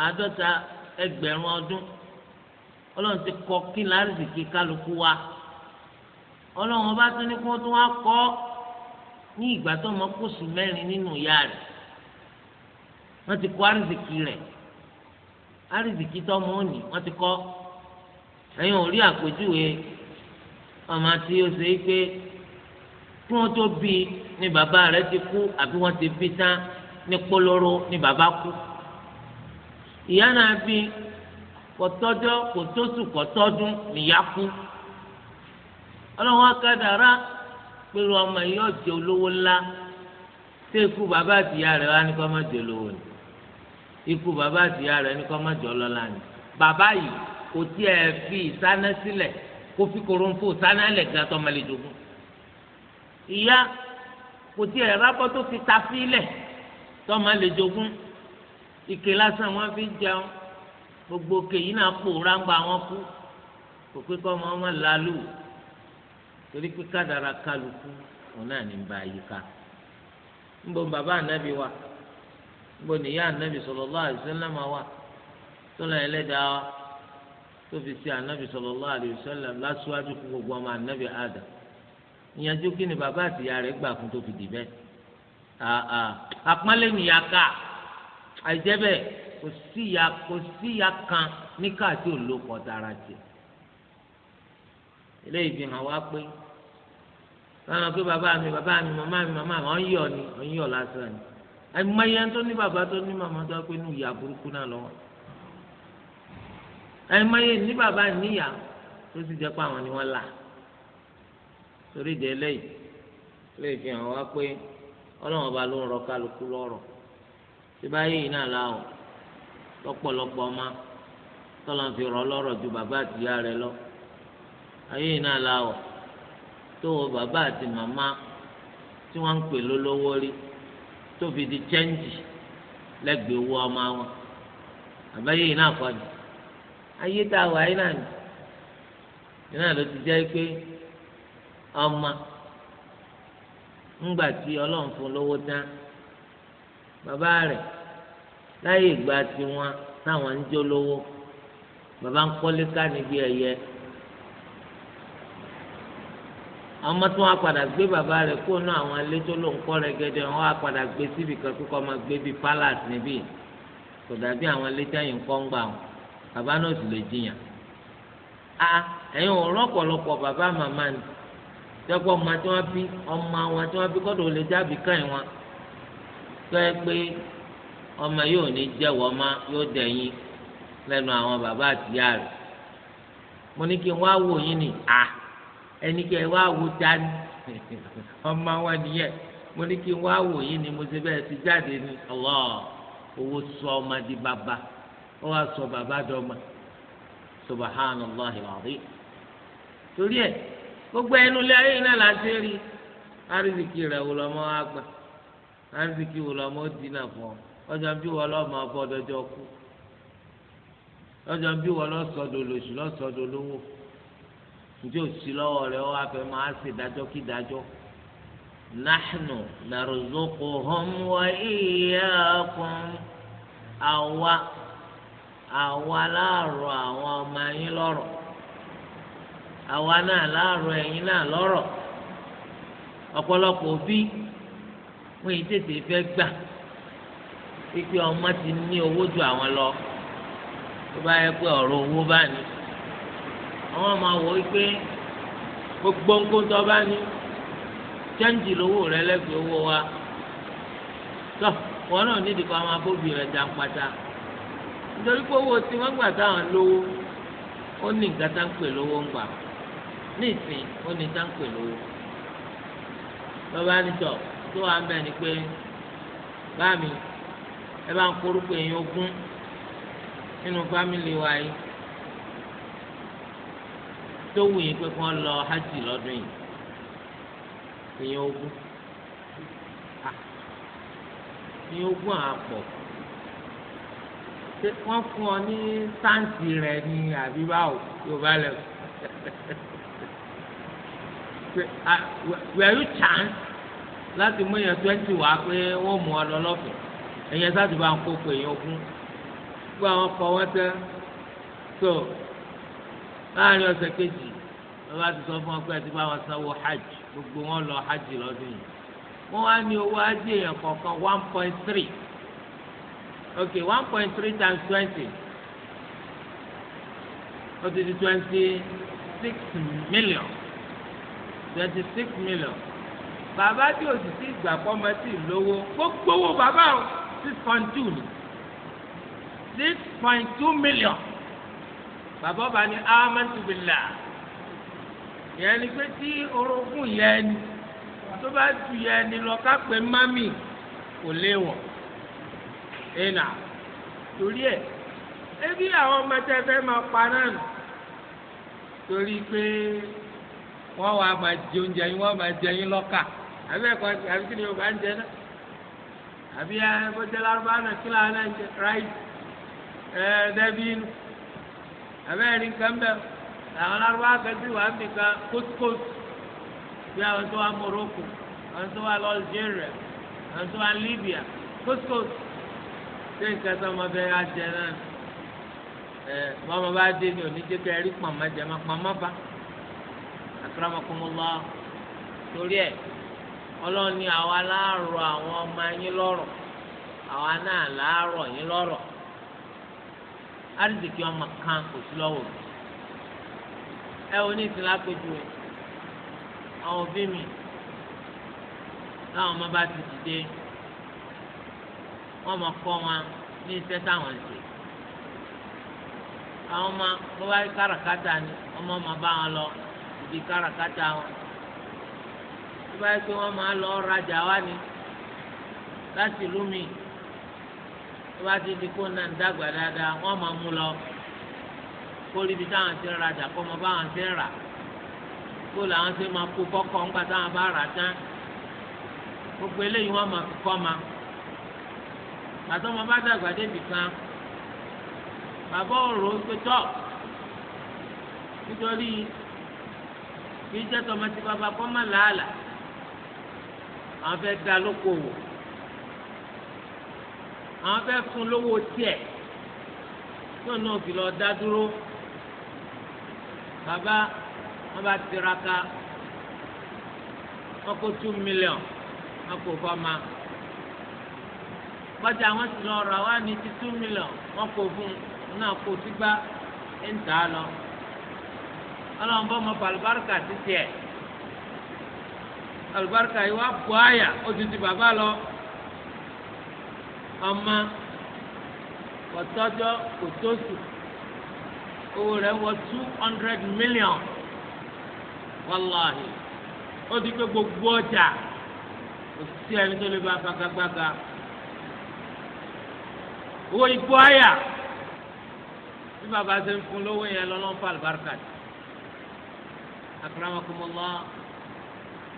àádọ́ta ẹgbẹ̀rún ọdún ọlọ́run ti kọ́ kí lárìsìkì kálukú wa ọlọ́run bá tún ní kó tún wá kọ́ ní ìgbà tó ọmọ kóṣù mẹ́rin nínú ìyá rẹ̀ wọ́n ti kó àrísìkì rẹ̀ àrísìkì tó ọmọ òní wọ́n ti kọ́ ẹ̀yin ò rí àpèjúwe ọmọ tí ó ṣe é pé kí wọ́n tó bí ni bàbá rẹ̀ ti kú àbí wọ́n ti bí tán ní kpolóró ni bàbá kú ìyá náà bí kọtọ́jọ́ kòtóṣù kọtọ́dún nìyá kú ọlọ́wọ́n akadàrá pẹ̀lú ọmọ yìí yóò jẹ olówó ńlá ṣé ikú bàbá àtìyá rẹ̀ wá ní kó má jẹ olówó ni ikú bàbá àtìyá rẹ̀ ní kó má jẹ ọlọ́lá ni bàbá yìí kò tiẹ̀ fi ìsáná sílẹ̀ kó fi koronfo sáná lẹ̀ gan tọmọlẹ́dógún ìyá kò tiẹ̀ rábọ́ tó fi ta fílẹ̀ tọmọlẹ́dógún ike lásán wọn fi jẹun gbogbo kèyí pòórá ń gba wọn kú kò pé kọ́ ọmọ wọn lálù torí pé kádàrá kálukú òun náà ní bá yíká ńbọ bàbá ànábì wa ńbọ nìyá ànábì sallallahu alaihi wasallam wa tọ́lá ẹlẹ́dàá wa tó fi ṣe ànábì sallallahu alaihi wasallam lásìwájú fún gbogbo ọmọ ànábì àdà ìyànjú kí ni bàbá àtìyá rẹ̀ gbà fún tó fi dì bẹ́ẹ̀ àpọ́nlé nìyá ká àìjẹ́ bẹ́ẹ̀ kò sí ìyá kan níkà tí ò lóko dára jẹ́ eléyìí fi hàn wá pé káwọn pé bàbá mi bàbá mi màmá mi màmá mi ọ̀n yọ̀ ni ọ̀n yọ̀ lásán ni àìmọye tó ní bàbá tó ní màmá tó pé inú ìyá burúkú náà lọ́wọ́ àìmọye ní bàbá níyà tó sì jẹ́ pé àwọn ni wọ́n là torí ìdí eléyìí eléyìí fi hàn wá pé ọlọ́wọ́n ọba ló ń rọ kálukú lọ́rọ̀ tí báyìí yìí náà láwọ̀ lọ́pọ̀lọpọ̀ ọmọ tọ́lọ́ ayé yìí náà láwọ tó wọ bàbá àti màmá tí wọ́n ń pè lólówó rí tó fi di chẹ́ńjì lẹ́gbẹ̀ẹ́ owó ọmọ wọn àbáyé yìí náà kọ́ ni ayé tá a wà ayé náà ni iná ló ti jẹ́ pé ọmọ ńgbà tí ọlọ́run fún lówó tán bàbá rẹ̀ láyé ìgbà tiwọn táwọn ń jó lówó bàbá ń kọ́lé ká níbi ẹ̀yẹ àwọn ọmọ tí wọn padà gbé bàbá rẹ̀ kó nú àwọn ilé tó ló ń kọ́ rẹ̀ wọn á padà gbé síbi kan kíkọ́ máa gbé bíi palace níbí kò dàbí àwọn ilé tẹ́yìn kọ́ ń gbà wọn bàbá náà sì lè jiyàn. a ẹ̀yin ò rọ́pọ̀lọpọ̀ bàbá màmá ni tẹ́kọ̀ ọmọ tí wọ́n bí ọmọ àwọn tí wọ́n bí kọ́dọ̀ lè jábì káyìn wọn tó ẹ pé ọmọ yóò ní jẹ́wọ́ ọmọ yóò dẹ̀yìn lẹ́nu àwọn bàbá àtìyá rẹ̀ mo ní kí n wá wò yín ni a. Ah ẹni kí ẹ wá wo dání ọmọ wọn nìyẹn mo ní kí n wá ni mo ṣe bẹ́ẹ̀ ti jáde ní ọlọ́ owó sọ ọmọ di bàbá ó wá sọ bàbá dọ́mọ subhanallahi alazim torí ẹ gbogbo ẹnu lé ayé iná rí arizikì rẹ wò lọmọ àgbà arizikì wò lọmọ dínà fún ọ bí wọn lọmọ dọjọ kú bí wọn lọsọdọ njẹ́ òsì lọ́wọ́ rẹ̀ wọ́n á fẹ́ máa ṣe dájọ́ kí dájọ́ nahnu narzuquhum wa iyyakum awa awa laaro àwọn ọmọ yín lọ́rọ̀ awa naa laaro wọn yìí tètè fẹ gbà pípé ọmọ ti ní owó ju àwọn lọ tó bá yẹ pé owó bá ní. àwọn ọmọ àwọ̀ wípé gbogbo nǹkan tó bá ní chẹ́ǹjì lówó rẹ lẹ́gbẹ̀ẹ́ owó wa tó wọn náà nídìí kan máa bóbi rẹ jàǹpátá nítorí pé owó tí wọ́n gbà táwọn lówó ó ní nǹkan tá ń pè lówó ń gbà ní ìsìn ó ní tá ń pè lówó lọ́ba nítọ̀ tó wà ń bẹ̀ ni pé báàmì ẹ bá ń korúkọ èèyàn ogún nínú fámìlì wa yìí. tó wù yín pé kán lọ hajj lọ́dún yìí ìyẹn ogún ah. ìyẹn ogún àpọ̀ ṣé wọ́n fún ọ ní sáǹtì rẹ̀ ní àbí yóò bá lẹ̀ wẹ̀rù chance láti mú èèyàn twenty wá pé wọ́n mú ọ lọ lọ́fẹ̀ẹ́ èèyàn sáàtì bá ń kó pé èèyàn ogún gbogbo àwọn kọ wọ́n tẹ́ so láàrin ọ̀sẹ̀ kejì wọ́n bá ti sọ fún ọgbẹ́ àti báwọn sanwó hajj gbogbo wọn lọ hajj lọ́dún yìí wọ́n wá ní owó hajj èèyàn kọ̀ọ̀kan one point three ok one point three times twenty ó ti di twenty six million twenty six million bàbá tí òsì sí ìgbà pọ́nmọ́ sí ìlówó gbogbo owó bàbá o six point two ni six point two million bàbá ọba ní amátúbìlà yẹn ni pé tí orogún yẹn ni tó bá ju yẹn ni lọ ká pé mami kò léwọ̀ ẹ̀nà torí ẹ̀ ebi àwọn ọmọ tẹ fẹ́ máa pa náà nù torí pé wọ́n wàá máa jẹ oúnjẹ yín wọ́n máa jẹ yín lọ́kà àbí ẹ̀kọ́ àbí kí ni o bá ń jẹ náà àbí ẹ bó jẹ lárúbá náà kí làwọn náà ń jẹ ráìsì ẹ dẹ́bí inú. abẹ́rẹ́ nǹkan bẹ́ẹ̀ àwọn arúgbó akẹ́sí wà nìkan kótókótó bí àwọn tó wà Morocco àwọn tó wà Algeria àwọn tó wà Libya kótókótó ṣé nǹkan tó ọmọ bẹ́ẹ̀ á jẹ náà ẹ bọ́mọ bá dé ní oníjẹ́ kẹ́ ẹ̀rí pọ̀nmá jẹ má pọ̀nmá bá torí ọlọ́ọ̀ni àwa àwọn ọmọ yín lọ́rọ̀ àwa náà yín arizikì ọmọ kan kò sí lọ́wọ́ mi ẹ o ní ìsìnlá péjú rẹ àwọn òbí mi táwọn ọmọ bá ti dìde wọ́n mọ kọ́ wọn ní iṣẹ́ táwọn ń ṣe àwọn ọmọ bó bá rí ni ọmọ ọmọ bá wọn lọ ibi káràkátà wọn tó bá yẹ pé wọ́n máa lọ rajà wá ni láti lú mi tó bá ti di kó náà ń dàgbà dáadáa wọ́n máa mú lọ kó rí ibi táwọn ti ń rajà kó mọ báwọn ti ń rà kó làwọn ti máa kó kọ́kọ́ ńgbà táwọn bá rà tán gbogbo eléyìí wọ́n máa fi kọ́ ma pàtọ́mọ bá dàgbà débì kan bàbá òrò pétọ́ nítorí kí jẹ́ tọmọ bàbá kọ́ mọ́ làálàá àwọn fẹ́ da lóko wò. àwọn fẹ́ fún lówó tiẹ̀ náà náà fi lọ dá dúró bàbá wọn bá tiraka wọn kó two million wọn kò fọmà kọjá wọn sì lọ rà wá ní ti two million wọn kò fún un náà kò ń tà á lọ mọ balùbáríkà títí balùbáríkà yìí ti di bàbá ọmọ kọtọjọ kòtòsù owó rẹ̀ wọ two hundred million wàláhì ó ti pé gbogbo ọjà òsì ẹni tó lè bá gbagagbága owó igbó àyà bí bàbá ṣe ń fún lówó yẹn lọ́nà fún àlùbáríkà akramakumullah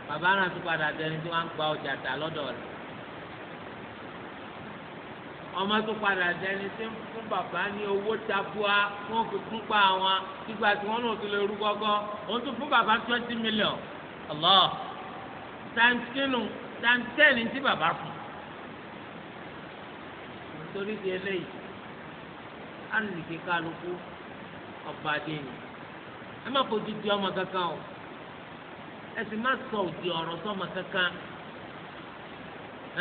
bàbá náà tún padà dẹni tí wọ́n gba ọjà tà lọ́dọ̀ rẹ̀ ọmọ tó padà dẹni tí ń fún bàbá ní owó tabua wọn fi kún pa àwọn nígbà tí wọn náà tún lè rú gọgọ òun tún fún bàbá twenty million Allah tàǹtínú tàǹtẹ́ẹ̀nì tí bàbá fún nítorí di eléyìí alùpùpù kálukú ọba adéyìn ẹ má fojú di ọmọ kankan o ẹ sì má sọ òdì ọ̀rọ̀ sọmọ kankan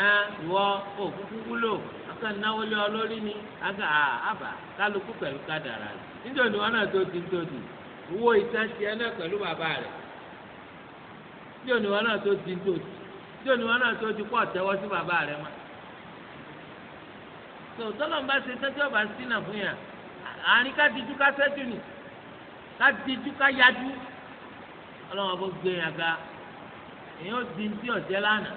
ẹ ìwọ òkúkú wúlò. ọkàn náwó lé ọ lórí ni àgà àbà kálukú pẹ̀lú kádàrà rẹ̀ nítorí wọn náà tó di tó di owó ìtẹ́sí ẹ náà pẹ̀lú bàbá rẹ̀ nítorí wọn náà tó di tó di nítorí wọn náà tó di pọ̀ tẹ́wọ́ sí bàbá rẹ̀ mọ́. tó ń bá ṣe tẹ́tí ọ̀bà sínà fún yà àárín ká ká sẹ́jú ká di ọ̀jẹ́ lánàá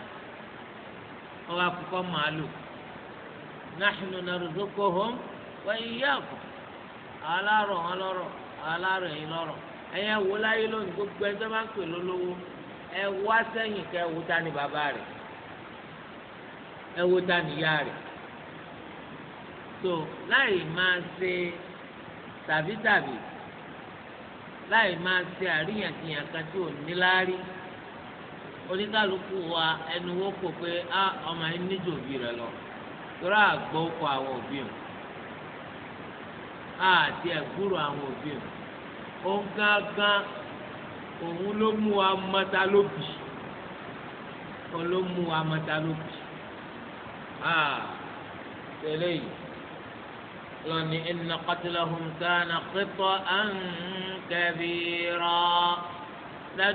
nahnu narzuquhum wa iyyakum alárọ̀ wọn lọ́rọ̀ alárọ̀ yìí lọ́rọ̀ láyé lónìí gbogbo ewu máa ń pè lólówó ta ni bàbá rẹ̀ ewuta wo ta ni ìyá so láì máa ṣe tàbítàbí láì máa ṣe àríyànjiyàn kan tí ò ní láárí oníkálukú ọmọ yẹn rẹ lọ. torí àgbọ̀ ọkọ̀ àwọn òbí o àti ẹ̀gbúrò àwọn òbí o òun gángan òun ló mú wa mọ́ta lóbì òun ló mú wa mọ́ta lóbì tẹ̀lé yìí lọ́ni inna qatlahum kana qita'an kabira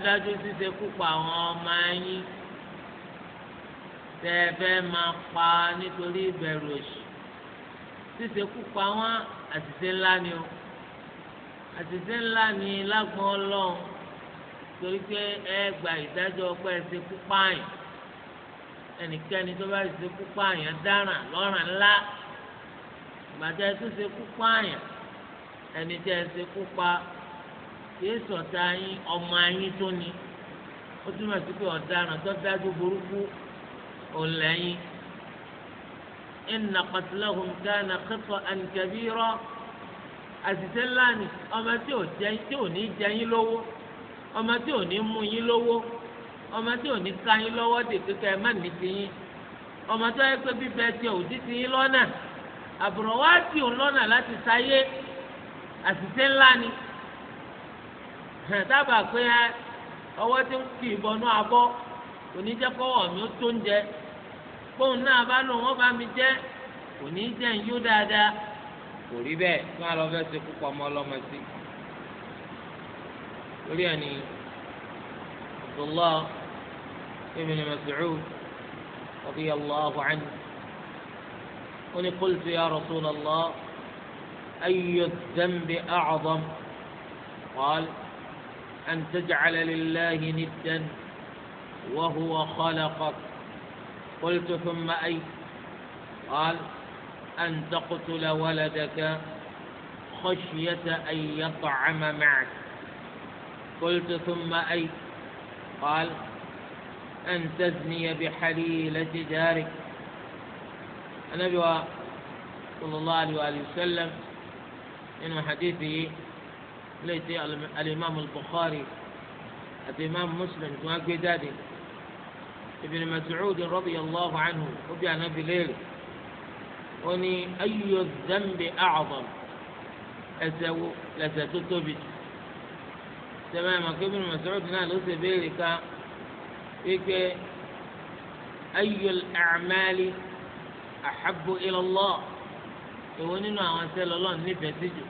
dájú ṣíṣe púpọ̀ àwọn ọmọ yín tẹ ẹ fẹ́ máa pa nítorí ìbẹ̀rù òṣì ṣíṣe kú wọn àṣìṣe ńlá ni o àṣìṣe ńlá ni lágbọn Ọlọ́run torí pé ẹ gba ìdájọ́ ọpẹ ṣe kú pààyàn ẹnikẹ́ni tó bá ṣe kú pààyàn dáràn lọ́ràn ńlá ìbàjẹ́ tó ṣe kú pààyàn ẹni tẹ́ ẹ ṣe kú pa kìí sọ̀tà yín ọmọ yín tó ni ó túmọ̀ sí pé ọ̀daràn tó dájú burúkú. ọ̀lẹ́yìn inna qatlahum kana khata'an kabira àṣìṣe ńlá ọmọ tí ò jẹyìn tí ò ní jẹyìn lówó ọmọ tí ò ní mú yín lówó ọmọ tí ò ní ká yín lọ́wọ́ dè kékeré má ní tó yẹ pé bíbẹ tí ti ni dábàá pé ọwọ́ tí ń mi ó bóun náà bá lò wọ́n bá mi jẹ́ kò ní í jẹ́ ń yó dáadáa kò rí bẹ́ẹ̀ tí wọ́n lọ fẹ́ ṣe púpọ̀ ọmọ ọlọ́mọ sí. lórí ẹ̀ ni Abdullah ibn Mas'ud radiyallahu anhu ó ní qultu ya Rasulallah ayyu dhanbi a'zam qala an taj'ala lillahi niddan wa huwa khalaqak. قلت ثم أي قال أن تقتل ولدك خشية أن يطعم معك قلت ثم أي قال أن تزني بحليلة جارك النبي صلى الله عليه وآله وسلم من حديثه ليس الإمام البخاري الإمام مسلم تواكي ذلك ابن مسعود رضي الله عنه رضي عن أبي ليل وني أي الذنب أعظم أسو لستتبت تماما ابن مسعود نال سبيلك إيك أي الأعمال أحب إلى الله ونينو àwọn ẹsẹ lọlọrun nífẹẹ sí jù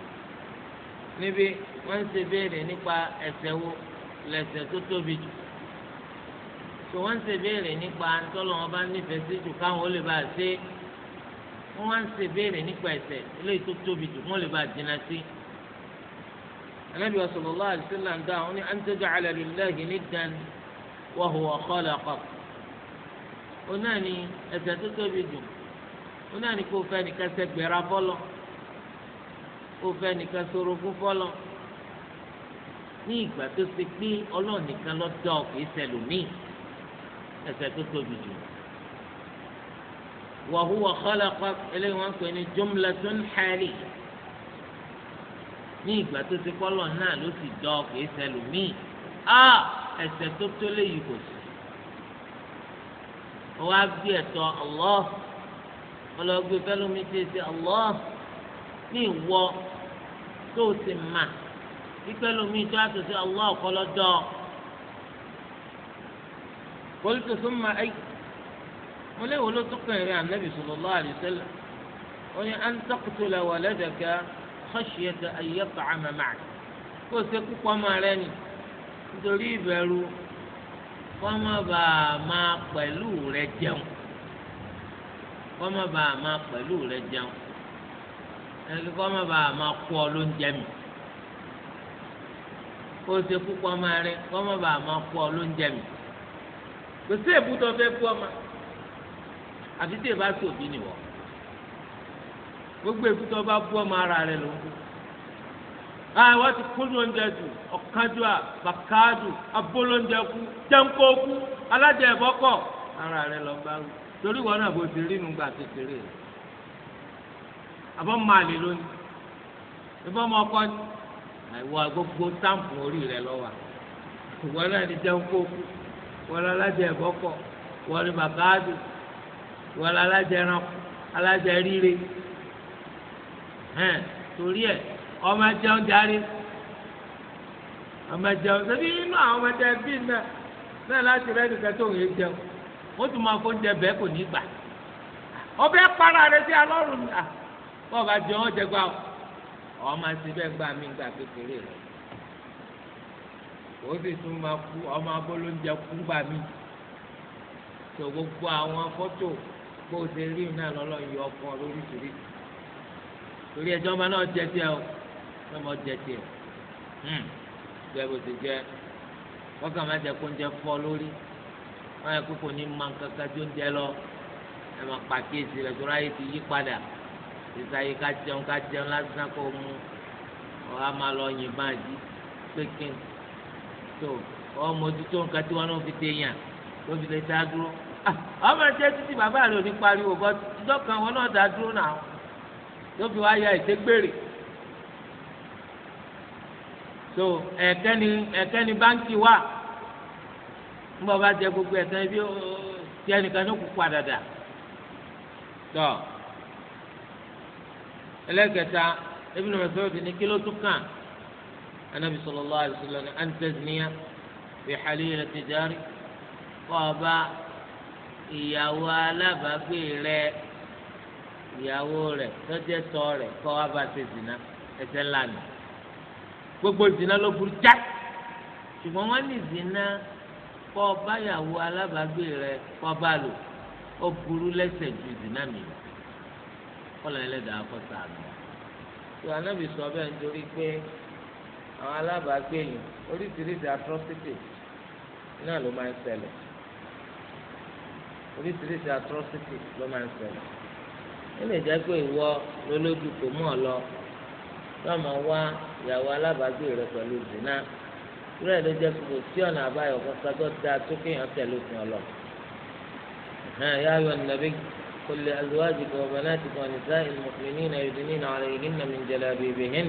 níbi wọn ń ṣe béèrè tó wọ́n ń ṣe béèrè nípa ntọ́lọ́ wọn bá nífẹ̀ẹ́ sí jù káwọn ó lè bá a ṣe wọ́n wá ń ṣe béèrè nípa ẹ̀ṣẹ̀ eléyìí tó tóbi jù wọ́n lè bá a jìnnà sí. Ànábì sallallahu alaihi wasallam dáhùn ní an taj'ala lillahi niddan wa huwa khalaqak. ó náà ní ẹ̀ṣẹ̀ tó tóbi jù ó náà ní kó fẹ́ nìkan sẹ́gbẹ̀rà fọ́lọ́ kó fẹ́ nìkan sorogún fọ́lọ́ ní ìgbà tó ṣe pé Ọlọ́run nìkan kìí ṣẹlòmíì ẹ̀ṣẹ̀ tó tóbi jù wa huwa khalaqak eléyìí wọ́n ń pè ní jumlatun haliyah ní ìgbà tó ti kọ́ lọ́n náà ló sì dọ́ kìí sẹlòmíì á ẹ̀ṣẹ̀ tó tó léyìí kò sí. wọ́n á gbé ẹ̀tọ́ Allah ọlọ́gbé fẹ́lómi ti ṣe Allah ní ìwọ tó o mà bí fẹ́lómi tó a tó ṣe Allah ọ̀kọ́ lọ́dọ̀ قلت ثم أي وليه ولو تقنع يا النبي صلى الله عليه وسلم أن تقتل ولدك خشية أن يطعم معك kó o ṣe kú pọ́nmọ́ rẹ ni nítorí ìbẹ̀rù pọ́nmọ́ bá a máa pẹ̀lú rẹ jẹun pọ́nmọ́ bá a máa pẹ̀lú rẹ jẹun ẹni pọ́nmọ́ bá a máa kú ọ ló ń jẹ mi kó o ṣe kú pọ́nmọ́ rẹ pọ́nmọ́ bá a máa kú ọ ló ń jẹ mi. kò sí èbútọ fẹ́ kú ọmọ àfi tí èbá nìwọ gbogbo èbútọ bá ọmọ ara rẹ ló ń kú ti kúndùn oúnjẹ jù ọ̀kánjúà bàkáàdù abólóúnjẹ kú jẹ́ńkó kú alájẹ ìbọ́kọ̀ ara rẹ lọ bá rú torí wọn náà bó ti rí nu gbà kékeré àbọ̀ máa lè lónìí ìbọn ọmọ ọkọ àìwọ gbogbo táǹpù orí rẹ náà jẹ́ńkó kú. wọlé alájẹ ẹbọkọ wọlé bàkáàdù wọlé alájẹ ẹranko alájẹ ríre hẹn torí ẹ ọmọ jẹun darí ọmọ jẹun inú àwọn ọmọ jẹun bíi náà náà láti rẹ nìkan tó ń tún máa kò ní gbà para rẹ sí náà jẹun ọ̀jẹ̀ gbà ọ́ ọmọ àti bẹ́ẹ̀ gbà mí gbà kékeré rẹ. ó sì tún máa kú ọmọ abọ́lóúnjẹ kú gbà mí tó gbogbo àwọn fọ́tò bó o ṣe rí náà lọ́lọ́ yọ ọkàn lóríṣiríṣi torí ẹjọ́ ọmọ náà jẹ tiẹ̀ o ọmọ jẹ tiẹ̀ hmm, jẹ bó ti jẹ kọ́kà má jẹ kó ń jẹ fọ́ lórí wọ́n yẹ kókò ní ma kankan tó ń jẹ lọ ẹ máa pàkíyèsí rẹ̀ tó ráyè ti yí padà ìsàyè ká jẹun ká jẹun lásán kó mu ọ̀ máa lọ yìnbọn àjí pé kí n. tó ọmọdútó nǹkan tí wọn náà fi ṣe yàn ló fi lè dá dúró ah, ọmọ títí bàbá rẹ ò ní pariwo bọ ìjọ wọn náà dá dúró náà ló fi wá ya ìdégbèrè tó ẹ̀kẹ́ni ẹ̀kẹ́ni báńkì wà ńgbọ́ bá jẹ gbogbo ibi ẹnìkan ní ní kí ló tún kàn. anabi sallallahu alaihi wasallam an tazniya bi halilati jari kọ́ ọba ìyàwó alábàágbé rẹ ìyàwó rẹ tọ́jẹ́ tọ́ rẹ kọ́ ọba ṣe zina ẹsẹ̀ ńlá ni gbogbo zina ló burú já ṣùgbọ́n wọ́n ní zina kọ́ ọba ìyàwó alábàágbé rẹ kọ́ ọba lò ó burú lẹ́sẹ̀ ju zina mi lọ kọ́lá ẹlẹ́dàá kọ́ sàánù. ìwà náà bì sọ bẹ́ẹ̀ nítorí pé àwọn alábàágbé yìí oríṣiríṣi atrocity náà ló máa ń ṣẹlẹ̀ oríṣiríṣi atrocity ló máa ń ṣẹlẹ̀ ó lè jẹ́ pé ìwọ lólójú kò mọ̀ lọ lọ́mọ wá ìyàwó alábàágbé rẹ pẹ̀lú zina rẹ ló jẹ́ kó sí ọ̀nà àbáyọ kan sago da tó kéèyàn tẹ̀lé òfin ọlọ. يا أيها النبي قل لأزواجك وبناتك ونساء المؤمنين يدنين عليهن من جلابيبهن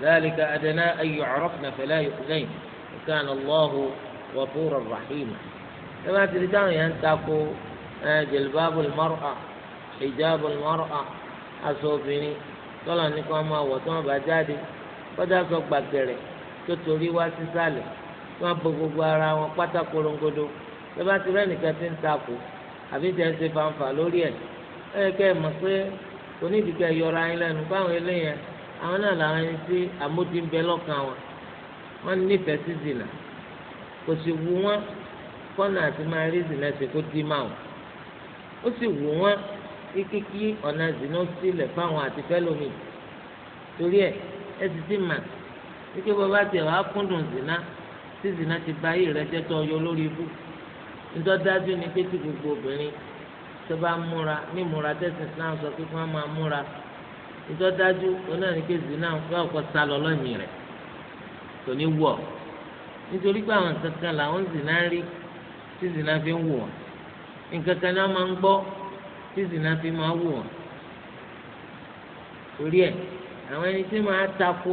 ذلك أدنى أن يعرفن فلا يؤذين وكان الله غفورا رحيما لما تريدون أن تقوا جلباب المرأة حجاب المرأة أصوبني tọ́lọ̀ ní kí wọ́n máa wọ̀ tí wọ́n bá jáde kọjá sọ gbàgẹ̀rẹ̀ tó torí wá sísàlẹ̀ tí wọ́n bo gbogbo ara wọn pátá korongodo tó bá ti rẹ́ nìkan ti ń takò àbí tẹ̀ ń ṣe fanfà lórí ẹ̀ ẹ̀ kẹ́ ẹ̀ mọ̀ pé onídìí kẹ́ yọra yín lẹ́nu fáwọn eléyẹn àwọn náà làwọn ẹni tí àmódi ń bẹ lọ́kàn wọn wọ́n nífẹ̀ẹ́ sí zìnà kò sì wù wọ́n kọ́nà àti máa rí zìnà ṣe kó dí máa wọn ó sì wù wọ́n kíkíkí ọ̀nà zìnà sílẹ̀ fáwọn àti fẹ́lómi torí ẹ̀ ẹ sì ti mà kíkẹ́ bọ́ bá tiẹ̀ wàá kúndùn zìnà tí zìnà ti ba ayé rẹ jẹ́ ọyọ lórí ibú ńdọ́dájú ni pé tí gbogbo obìnrin tó bá múra mímúra tẹ́sán Islam sọ pé kí wọ́n máa múra ìjọ dájú oní àníkè zina yóò kọ́ sá lọ lọ́mì rẹ̀ kò ní wọ̀ nítorí pé àwọn kankan làwọn zina rí tí zina fi ń wù wọ́n náà máa ń gbọ́ tí zina fi máa wù wọ́n torí ẹ̀ àwọn ẹni tí máa tako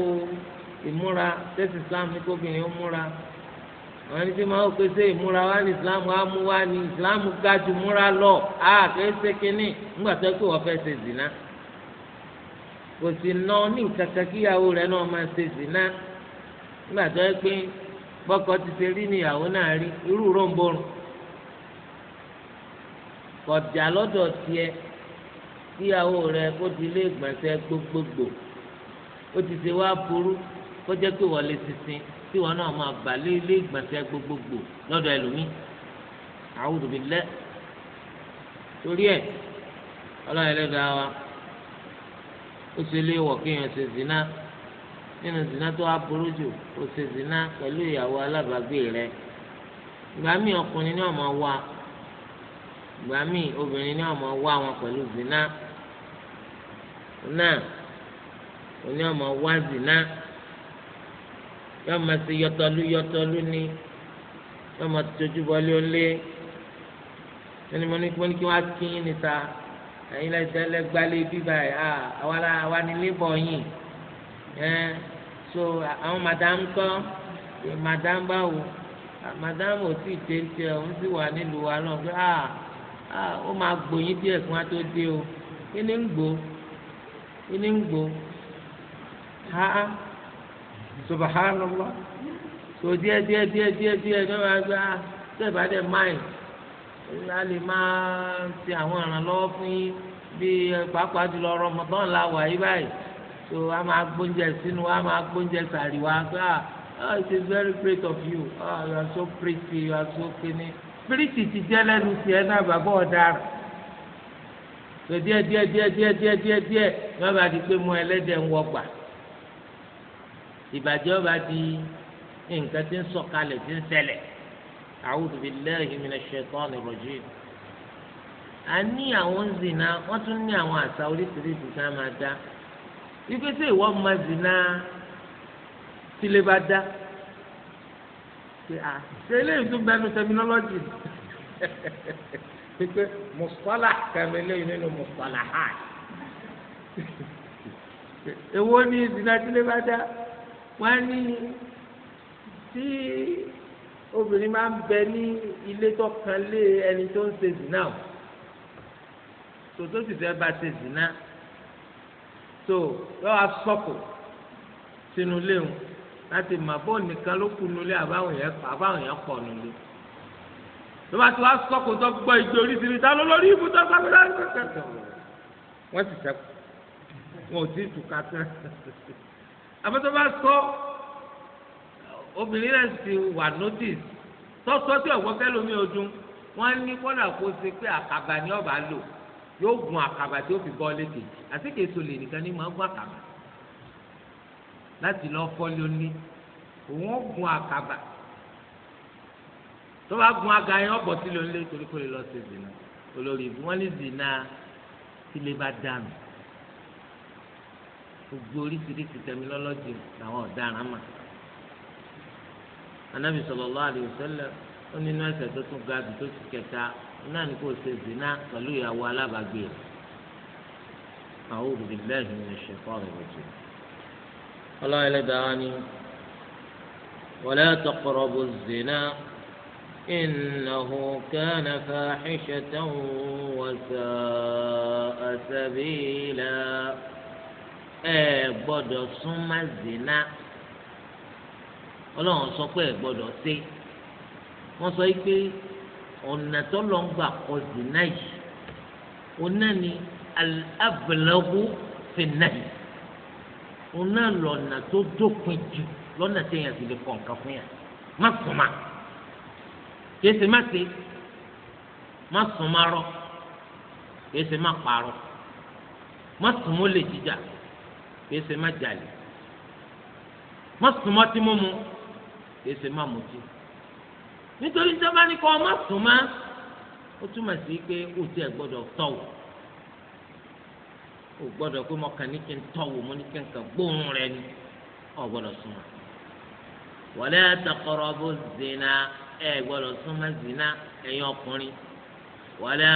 ìmúra tẹ́sí Islam ní kóbìnrin ó múra àwọn ẹni tí máa ń pèsè ìmúra wá ní Islam wá mú wá ní Islam ga jù múra lọ àkẹ́sẹ̀ kínní nígbà tó kí wọ́n fẹ́ ṣe zina kò sì ná ní kankan kíyàwó rẹ̀ náà máa ṣe zina nígbà tó yẹ pé bọ́kọ ti ṣe rí níyàwó náà rí irú ròǹbòrùn kọjá lọ́dọ̀ tiẹ̀ kíyàwó rẹ̀ kó ti lé ìgbọ̀nsẹ̀ gbogbogbò ó ti ṣe wá burú kó jẹ́ pé wọ́n lè sísìn tí wọ́n náà máa bà lé ilé ìgbọ̀nsẹ̀ gbogbogbò lọ́dọ̀ ẹlòmíì àwùjọ bíi lẹ́ torí ẹ̀ ọlọ́run ẹlẹ́dàá wa ó ṣe lé wọ̀ kéèyàn ṣe zina nínú zina tó wá burú jù ó ṣe zina pẹ̀lú ìyàwó alábàágbé rẹ̀ ìgbà míì ọkùnrin ní ọmọ wa ìgbà míì obìnrin ní ọmọ wa wọn pẹ̀lú zina náà oní ọmọ wa zina yọọ ma ṣe yọtọlú yọtọlú ni yọọ ma tójú bọlé ó lé ẹni mo ní kí wọ́n á kí yín níta ẹ̀yin lẹ́sẹ̀ lẹ́gbàlẹ́ bíbá ẹ̀ à àwa ni lébọ̀ yìí ẹ̀ so àwọn madam kọ́ madam báwo madam ò tí ì dé tiẹ̀ òun sì wà nílùú wa náà pé à à ó máa gbòyìn díẹ̀ kí wọ́n tó dé o kí ni ń gbò kí ni ń gbò ha subhanallah so díẹ̀ díẹ̀ díẹ̀ díẹ̀ díẹ̀ ní wọ́n á gbé à sẹ́ẹ̀ bá dẹ̀ máa yìí a lè máa ṣe àwọn ìrànlọ́wọ́ fún yín bí pàápàá jùlọ Ramadan la wà yí báyìí so a máa gbóúnjẹ sínú a máa gbóúnjẹ sàrí wa pé ah oh, it is very great of you ah oh, you are so pretty you are so kini Pretty, ti jẹ́ lẹ́nu tiẹ̀ náà bàbá ọ̀daràn so díẹ̀ díẹ̀ díẹ̀ díẹ̀ díẹ̀ díẹ̀ díẹ̀ ní wọ́n bá di pé mu ẹlẹ́dẹ̀ ń wọgbà ìbàjẹ́ ọba di nǹkan tí ń sọ̀kalẹ̀ tí ń ṣẹlẹ̀ أعوذ بالله من الشيطان الرجيم. أني ní àwọn zina wọ́n tún ní àwọn àṣà oríṣiríṣi tá a máa dá wípé tí ìwọ máa zina tílé bá dá ṣe eléyìí tún bẹnu tẹminọlọ́jì pípé mùsọ́là kẹmẹ́lẹ́ nínú mùsọ́là ni ìdìnnà tílé bá dá wọ́n á ní obìnrin máa ń bẹ ní ilé tó kan lé ẹni tó ń ṣe zina o tòtó sì fẹ́ bá ṣe zina tó yọ asọ́kù sínú léwu láti mà bó nìkan ló kú nulẹ̀ àbáwọn yẹn pọ̀ nulẹ̀ lọ́wọ́ àti wọ́n asọ́kù tó gbọ́ ìgbé oríṣiríṣi ta ló lórí ibùdó gbàgbọ́dá kẹ̀kẹ́ wọ́n ti sẹ́kù wọn ò tí ì tù ká tán àbẹ́tọ́ bá sọ obìnrin náà sì wà notice tọ́tọ́ tí ọ̀wọ́ fẹ́ lómi ọdún wọ́n ní kọ́nà kó ṣe pé àkàbà ni ọba lò yóò gun àkàbà tí ó fi bọ́ létè àti kèso lè nìkan ní máa gun àkàbà láti lọ fọ́lé oní òun ó gun àkàbà tó bá gun aga yẹn ọ̀bọ̀ tí ló lé torí kó lè lọ sí zina olórí ìbú wọn ní zina tí lè bá dànù gbogbo oríṣiríṣi tẹmílọ́lọ́jì làwọn ọ̀daràn máa anabi sallallahu alayhi wa sallam ó nínú ẹ̀ṣẹ̀ tó tún ga jù tó sì kẹta náà ni kò ṣe zina pẹ̀lú ìyàwó alábàgbé rẹ̀ a'udhu billahi minash shaitanir rajim. ọlọ́run ẹlẹ́dàá ni wala taqrabu zina innahu kana fahishatan wa sa'a sabila ẹ gbọ́dọ̀ súnmọ́ zina ọlọ́run sọ pé ẹ gbọ́dọ̀ ṣe wọ́n sọ pé ọ̀nà tó lọ́n gbà kọ zina yìí ọ̀nà ni al-ablaghu fi nahy ọ̀nà lọ́nà tó dópin jù lọ́nà téèyàn sì lè kọ̀ nǹkan fún yà má sùnmà kèsì má ṣe má sùnmà rọ kèsì má parọ́ má sùnmọ́ lè jíjà kèsì má jalè má sùnmọ́ tí mo mu. kìí ṣe má mutí nítorí sábà ní kọ́ ọmọ sùn má ó túmọ̀ sí pé ó tiẹ̀ gbọ́dọ̀ tọ̀wọ̀ ó gbọ́dọ̀ pé mo kàn ní kí n tọ̀wọ̀ mo ní kí n kàn gbóhùn rẹ ni ó gbọ́dọ̀ zina ẹ gbọ́dọ̀ Wale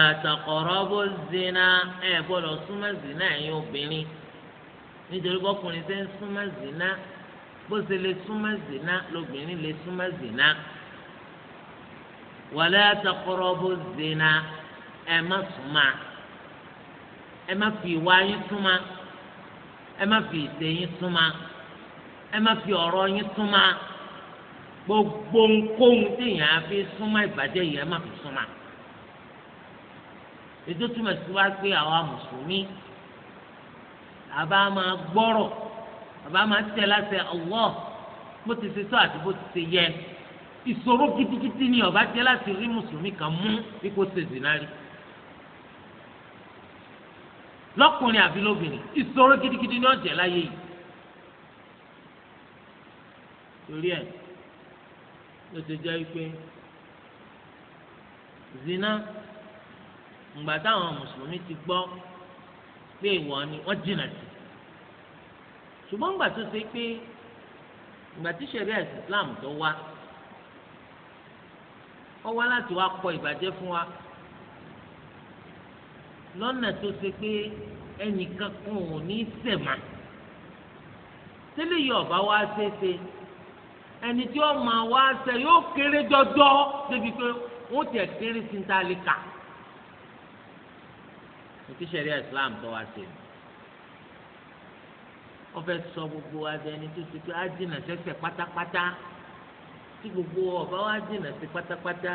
má zina zina ẹ gbọ́dọ̀ zina ẹ̀yin obìnrin nítorí ṣe ń má zina bó ṣe lè súnmọ́ zina lóbìnrin lè súnmọ́ zina wala taqrabu zina ẹ má súnmọ́ ẹ má fi ìwà yín súnmọ́ ẹ má fi ìṣe yín súnmọ́ ẹ má fi ọ̀rọ̀ yín súnmọ́ gbogbo nkóhun téèyàn á fi súnmọ́ ìbàjẹ́ yìí ẹ má fi súnmọ́ ètò túmọ̀ sí wá pé àwa mùsùlùmí àbá máa gbọ́rọ̀. bàbá máa ń tẹ láṣẹ ọwọ́ bó ti ṣe sọ àti bó ti ṣe yẹ ìṣòro kitikiti ni ọba tẹ láti rí mùsùlùmí kan mú bí kò ṣe zinari lọkùnrin àbí lóbìnrin ìṣòro kitikiti ni ọjẹ láyé yìí torí ẹ ló ti jẹ́ pé zina ǹgbà táwọn mùsùlùmí ti gbọ́ pé ìwọ ni wọ́n jìnnà sí ṣùgbọ́n gbà tó ṣe pé ìgbà tí ṣẹ̀ríà Islam tó wá ó wá láti wá kọ ìbàjẹ́ fún wa lọ́nà tó ṣe pé ẹnìkan kan ò ní sẹ̀mà tẹ́lẹ̀ yìí ọ̀bá wá ṣeéṣe ẹni tí ó máa wá ṣe yóò kéré jọjọ débi pé wọ́n tiẹ̀ kéré sí ní ta lè Islam tó wá ṣe ni ọfẹ sọ gbogbo adẹni tó ti pé á dènà sẹsẹ pátápátá tí gbogbo ọba wa dènà sí pátápátá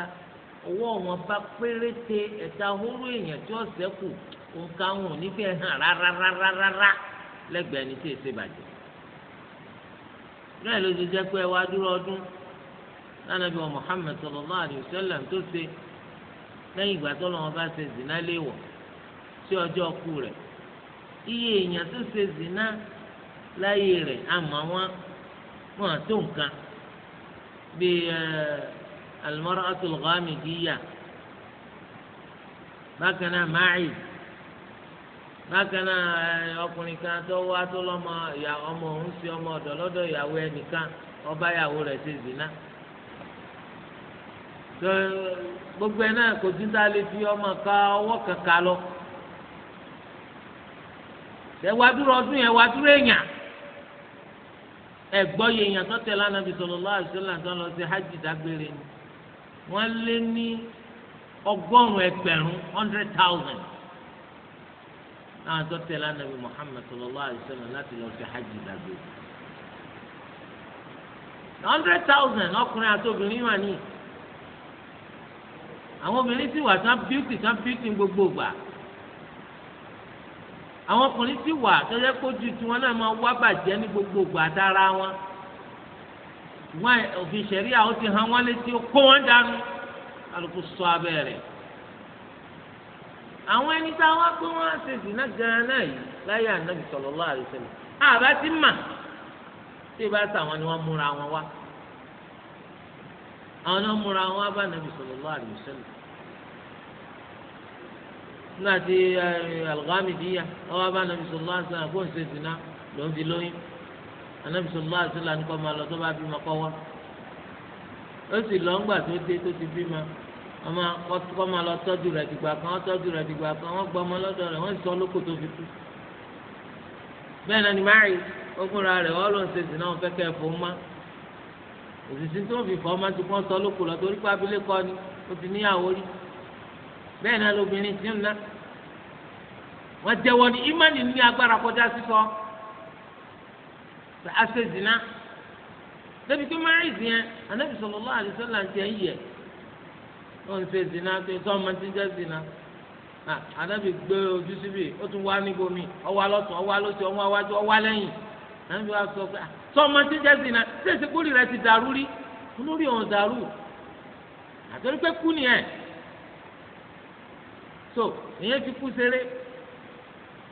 ọwọ́ wọn bá péréte ẹ̀ta hóró èèyàn tí ó sẹ́kù òǹkà wọn ò ní fẹ́ hàn rárárárárá lẹ́gbẹ̀ẹ́ ni tí èsè bàjẹ́. bẹ́ẹ̀ ló ti jẹ́ pé wàá dúró ọdún lánàbí wọn Muhammad sallallahu alayhi wa sallam tó ṣe lẹ́yìn ìgbà tó lọ́wọ́ bá ṣe zina léèwọ̀ sí ọjọ́ ọkù rẹ̀ iye èèyàn tó ṣe zina láyé rẹ̀ àmọ́ wọn wọn àtó nǹkan bíi al-mar'atul ghamidiyah bákan náà bákan náà ọkùnrin kan tó wá tó lọ́mọ ìyá ọmọ òun sí ọmọ ọ̀dọ̀ lọ́dọ̀ ìyàwó ẹnìkan ọba ìyàwó rẹ̀ ṣe gbogbo ẹ náà kò lè fi ọmọ ká kankan lọ ẹgbọ́ yẹ èèyàn tó tẹ̀lé anabi sallallahu alaihi wasallam tó lọ sí hajj dágbére ni wọ́n lé ní ọgọ́rùn-ún ẹgbẹ̀rún hundred thousand náà tó Muhammad sallallahu alaihi wasallam láti lọ sí hajj dágbére hundred thousand ọkùnrin àti obìnrin wà ní àwọn obìnrin sì wà bíútì bíútì gbogbo gbà. àwọn ọkùnrin sì wà tọ́jọ́ kójú tiwọn náà máa wá bàjẹ́ ní gbogbo gbàdára wọn wọn òfin ṣẹ̀rí àwọn ti hàn wọ́n létí ó kó wọn dànù alùpùpù sọ abẹ́ rẹ̀ àwọn ẹni tá a wá pé wọ́n á ṣe zìnnà gan-an náà yìí láyé ànábì sallallahu alaihi wasallam àbá ti mà tí ìbá sàwọn ni wọ́n múra wọn wá àwọn náà múra wọn wá bá ànábì sallallahu alaihi wasallam nígbà tí eh, Al-Ghamidiyya ọwọ́ bá Ànábì sallallahu alaihi wasallam kó ń ṣe zina ló ń fi lóyún Ànábì sallallahu alaihi wasallam nípa máa lọ tó bá bímọ kọ́ wá ó sì lọ ńgbà tó dé tó ti bímọ ọmọ kọ́ máa lọ tọ́jú rẹ̀ dìgbà kan wọ́n tọ́jú rẹ̀ dìgbà kan wọ́n gbọ́ ọmọ lọ́dọ̀ rẹ̀ wọ́n sọ lóko tó fi kú bẹ́ẹ̀ náà ni máàrì ogunra rẹ̀ wọ́n ló ń ṣe zina wọn fẹ́kẹ́ fún ma òṣìṣẹ́ tó ń fi fọ́ ọmọ ti kọ́ sọ lóko lọ torí pé abilékọ ni ó ti níyàwó rí bẹ́ẹ̀ náà lóbìnrin ti ń ná wọ́n jẹ́wọ́ ní ìmánì ní agbára kọjá sísọ àṣẹ zina débi pé márìsì yẹn anábì sallallahu alaihi wasallam ti ń yẹ ó ń ṣe zina pé sọ́ọ́mọ ti ń jẹ́ zina anábì gbé ojú síbi ó tún wá níbomi ọwọ́ alọ́tún ọwọ́ alọ́tún ọwọ́ awájú ọwọ́ alẹ́yìn anábì wa sọ pé sọ́ọ́mọ ti ń jẹ́ zina ṣé kúrì rẹ ti dàrú rí olórí ọ̀hún dàrú àtẹnupẹ́ kú nìyẹn so ìyẹn ti kú seré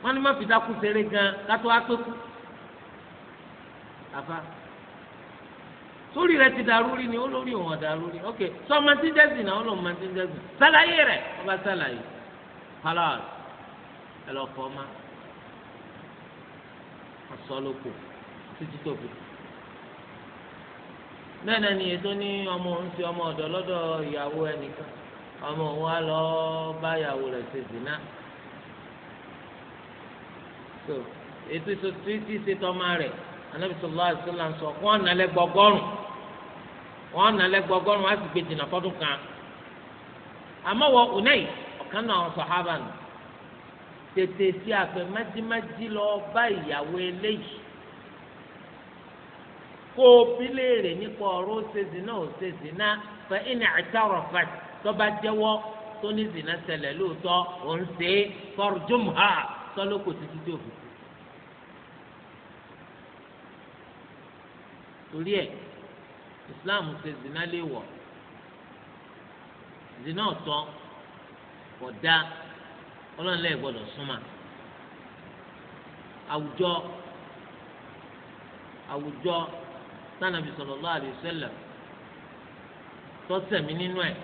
wọn ni má fi dákú seré gan kátó wá pé kú àfa sórí rẹ ti dàrú rí ni ó lórí òun dàrú rí ok sọ ma ti dẹ́sìn náà ó lòun ma ti dẹ́sìn sàlàyé rẹ ó bá sàlàyé halal ẹ lọ fọ ma asọlọpọ títí tó fi bẹ́ẹ̀ náà nìyẹn tó ní ọmọ ń fi ọmọ ọ̀dọ̀ lọ́dọ̀ ìyàwó ẹnìkan ọmọ wa lọ báyàwó rẹ̀ ṣe zina so ètò ìsòtú tí ṣe tọ́mọ rẹ̀ anabi sọlá ń sọ wọn nà na gbọgọrùn wọn nà gbọgọrùn wọn á sì gbé jìnnà fọdún kan àmọ́ wọ ọ̀nàyì ọ̀kan náà wọn sọ̀hábà nù tètè sí àfẹ májímájí lọ o nípa ọ̀rọ̀ ṣe tọ́ba jẹ́wọ́ tó ní zina ṣẹlẹ̀ lóòótọ́ òun ṣe é farjumha sọ́lọ́kọ̀ títí tí òfin. torí ẹ̀ islam ṣe zina lè wọ̀ zina ọ̀tọ́ kò dá ọlọ́run lẹ́yìn gbọ́dọ̀ súnmọ́ àwùjọ àwùjọ sanabi sallallahu alaihi wasallam tọ́sẹ̀mí nínú ẹ̀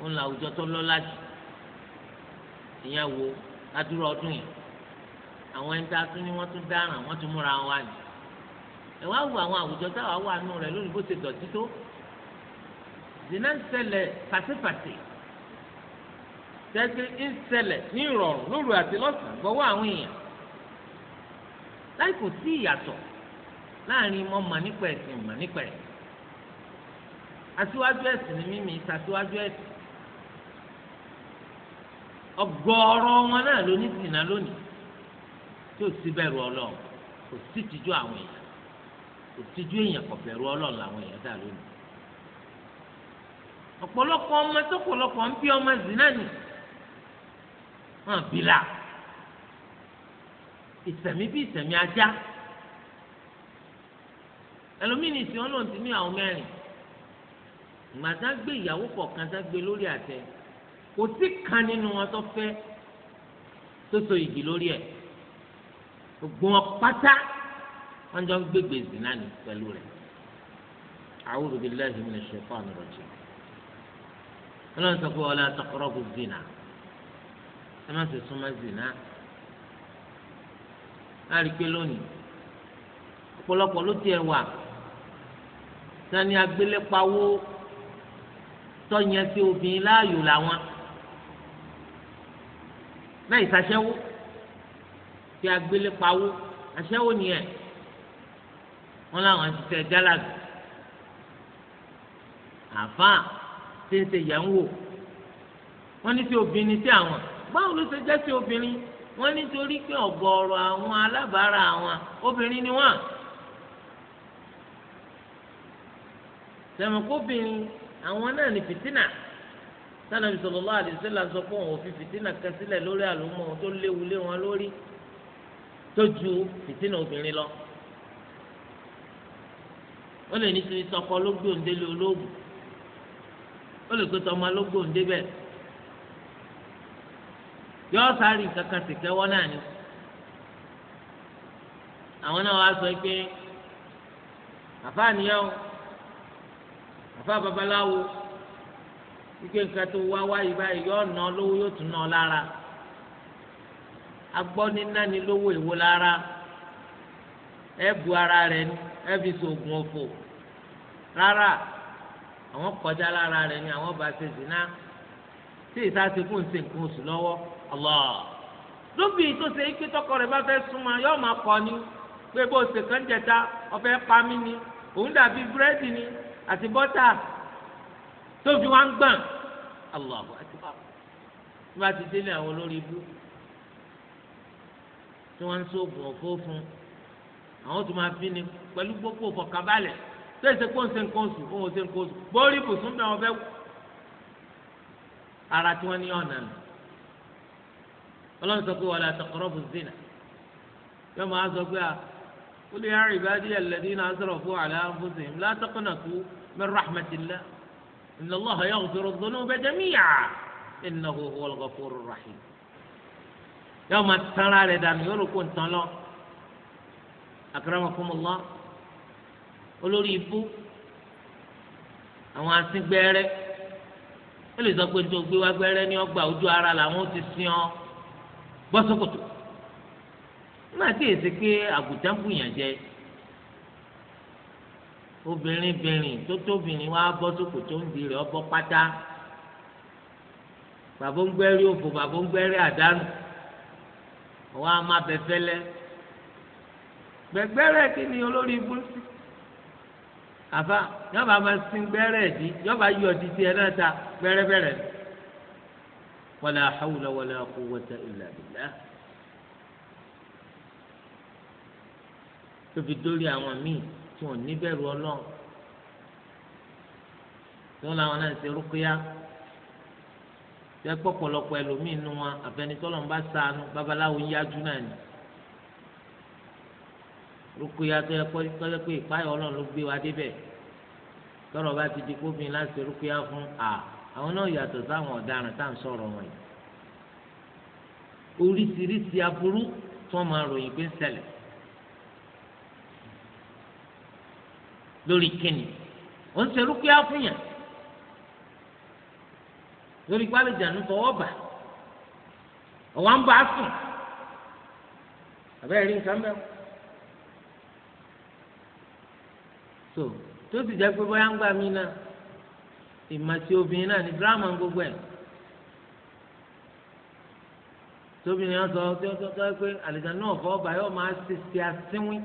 òun là àwùjọ tó lọ́lá jù ìyẹn wo ládùúrà ọdún yìí àwọn ẹni tá a tún ní wọ́n tún dáràn wọ́n tún múra wa ni ẹ wá wo àwọn àwùjọ táwa wà nù rẹ̀ lónìí bó ṣe dọ̀tí tó zina ń ṣẹlẹ̀ pàṣípàṣí tẹ́sí ń ṣẹlẹ̀ ní ìrọ̀rùn lóru àti lọ́sàn-án gbọ́wọ́ àwọn èèyàn láì kò sí ìyàtọ̀ láàrin mọ́ mà nípa ẹ̀sìn mà nípa ẹ̀sìn aṣíwájú ẹ̀sìn ni mímí ìṣàṣíwájú ẹ̀sìn ọ̀gọ̀ọ̀rọ̀ wọn náà ló ní ṣìnà lónìí tí ò sí bẹ̀rù Ọlọ́run kò sí tìjú àwọn èèyàn kò tìjú èèyàn kò bẹ̀rù Ọlọ́run làwọn èèyàn dà lónìí ọ̀pọ̀lọpọ̀ ọmọ tó pọ̀lọpọ̀ ń bí ọmọ zina nì hàn bílà ìsẹ̀mí bí ìsẹ̀mí ajá ẹlòmínì tí wọn lòun ti ní àwọn mẹ́rin ìgbà ìyàwó kọ̀ọ̀kan tá lórí àtẹ kò sí kan nínú wọn tó fẹ́ tó so igi lórí ẹ̀ gbogbo wọn pátá wọn jọ ń gbégbé zina ní pẹ̀lú rẹ̀ a'udhu billahi minash shaitani rajim ọlọ́run sọ pé wala taqrabu zina ẹ má ṣe súnmọ́ zina láàrin pé lónìí ọ̀pọ̀lọpọ̀ ló tiẹ̀ wà sani agbélépawó tọ́yẹn sí obìnrin láàyò làwọn náà ìsàṣẹ́wó tí agbélé pawó àṣẹ́wó nìyẹn wọn làwọn ti tẹ jálàbì àfáà tí ń ṣe yẹn ń wò wọn ní tí obìnrin tí àwọn báwo ló ṣe jẹ́ sí obìnrin wọn nítorí pé ọ̀gọ̀ọ̀rọ̀ àwọn alábàárà àwọn obìnrin ni wọ́n. tẹ̀mọ̀kóbìnrin àwọn náà ní fìtínà sanabi sallallahu alaihi wasallam sọ pé òun ò fi fìtínà kan sílẹ̀ lórí àlùmọ òun tó léwu lé wọn lórí tó ju fìtínà obìnrin lọ ó lè ní sọ ọkọ ló gbòǹde lé olóògùn ó lè pé tọmọ ló gbòǹde bẹ́ẹ̀ yọ sáré kankan sì kẹwọ náà ni àwọn náà wàá sọ pé àfa nìyẹn àfa babaláwo wípé nǹkan tó wá wáyé báyìí yóò ná lówó yóò tún ná lára agbọ́ níná ni lówó èwo lára ẹ ara rẹ ni ẹ fi sògùn rárá àwọn kọjá lára rẹ ni àwọn bá ṣe zina tí ìsàsìkún ṣe nǹkan oṣù lọ́wọ́ Allah lóbi tó ṣe ike tọkọ rẹ bá fẹ́ súnmọ́ yóò máa kọ ni pé bó ṣe kàn jẹta ọfẹ pa mí ni òun dàbí búrẹ́dì ni àti bọ́tà tó fi wá ń gbà Allahu akbar tí wọ́n ti délé àwọn olórí ibú tí wọ́n ń sóògùn ọ̀fọ́ fún àwọn tó máa fi ni pẹ̀lú gbogbo ìfọ̀kàbalẹ̀ tó ṣe kó ń ṣe nǹkan oṣù kó ń ṣe nǹkan oṣù bórí ibùsùn náà wọ́n fẹ́ wù ara tí wọ́n ní ọ̀nà nù ọlọ́run sọ pé wala taqrabu zina yọ máa sọ pé a ah, qul ya ibadiya alladhina asrafu ala anfusihim la taqnatu min rahmatillah. إن الله يغفر الذنوب جميعا إنه هو الغفور الرحيم يوم ترى لدم يركون تلا أكرمكم الله olórí ibú àwọn asíngbẹrẹ ó lè sọ pé tó gbé wá gbẹrẹ ní ọgbà ojú ara làwọn ti sin ọ bọ́sọ̀kòtò nígbà tí èsì pé àgùntàn bùyàn jẹ obìnrin bìnrin tó tóbìnrin wá bọ́ sókò tó ń di rẹ̀ ọbọ̀ pátá bàbá ń gbẹ́rí òfò bàbá ń gbẹ́rí àdánù wọ́n á má bẹ fẹ́lẹ́ gbẹgbẹ́rẹ́ kí ni olórí ibú ń sí àfa yọba máa sin gbẹ́rẹ́ ẹ̀dí yọba yọ títí ẹ̀ náà ta gbẹ́rẹ́gbẹ́rẹ́ wala hawla wala quwwata illa billah. tóbi dórí àwọn míì tí wọn níbẹ̀rù ọlọ́run tí wọn làwọn náà ń ṣe rúkúyà tẹ pọpọlọpọ ẹlòmíì nu wọn àfẹnitọ́lọ́ ń bá sànù babaláwo ń yájú náà ni rúkúyà tó yẹ kọ́lẹ́ pé ìpáyọ̀ ọlọ́run ló gbé wa débẹ̀ tọrọ bá ti di kófin láti rúkúyà fún a àwọn náà yàtọ̀ sáwọn ọ̀daràn tá à ń sọ̀rọ̀ wọn yìí oríṣiríṣi aburú tí máa ròyìn pé ń ṣẹlẹ̀ lórí kíni ó ń ṣe rúkìá fún yàn lórí gbàlejànú fọwọ́ bà ọ̀wá ń bá a sùn àbẹ́rẹ́ rí nǹkan bẹ́ẹ̀ so tó sì jẹ́ pé bóyá ń gbà mí náà ìmọ̀tí obìnrin náà ní dírámà gbogbo ẹ̀ tóbi ni wọ́n sọ tí wọ́n sọ pé àlejò náà fọwọ́ bà yóò máa ṣe ṣe àsínwín.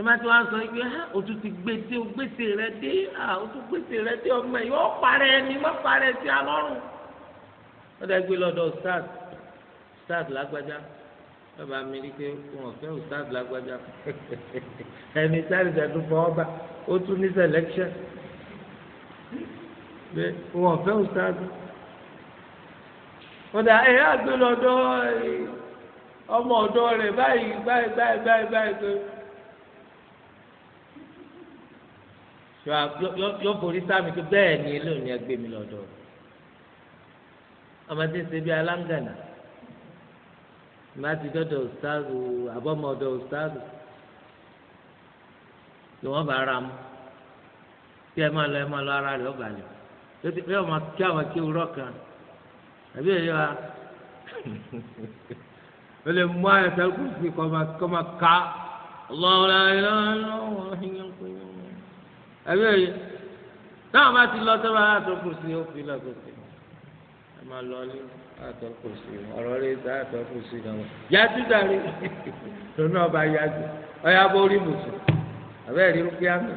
tẹmẹtẹ wa sọ pé ah, o tún ti gbé dé o gbèsè rẹ dé ah, o tún gbèsè rẹ dé ọmọ yìí ó parẹ́ ni má parẹ́ sí alọ́run wọ́n dẹ́ gbé lọ́dọ̀ stars stars lágbájá bàbá mi rí pé wọn fẹ́ stars lágbájá ẹni stars ẹ̀dùn fọwọ́ bá o tún ní selection pé wọn fẹ́ ustaz wọ́n dà ẹ̀yà àgbélọ́dọ́ ọmọ ọ̀dọ́ rẹ̀ báyìí báyìí báyìí báyìí yóò forí sáàmì pé bẹ́ẹ̀ ni eléyìí ni ẹgbẹ́ mi lọ́dọ̀ ọmọdé ń ṣe bí aláǹgànà láti dọ́dọ̀ ọ̀sáàrù àbọ̀mọdọ̀ ọ̀sáàrù ni wọ́n bá ra mu kí ẹ máa lọ ẹ máa lọ ara rẹ̀ ọ̀gbà lẹ̀ lórí pé ọmọ kí àwọn kí wúrọ̀ kan àbí èyí wa ó lè mú àyẹ̀sẹ̀ kó fi kọ́ máa ká ọlọ́run ẹ̀rọ ẹ̀rọ ẹ̀rọ ẹ̀rọ àbí òye táwọn bá ti lọ tó bá àtọ kù sí ó fi lọgọtẹ ẹ máa lọ ní àtọ kù sí ọ̀rọ̀ rẹ̀ sá àtọ kù sí náà yájú dàrí lónà ọba yájú ọyá bó rí mùsùn àbẹ rí rúkìá mi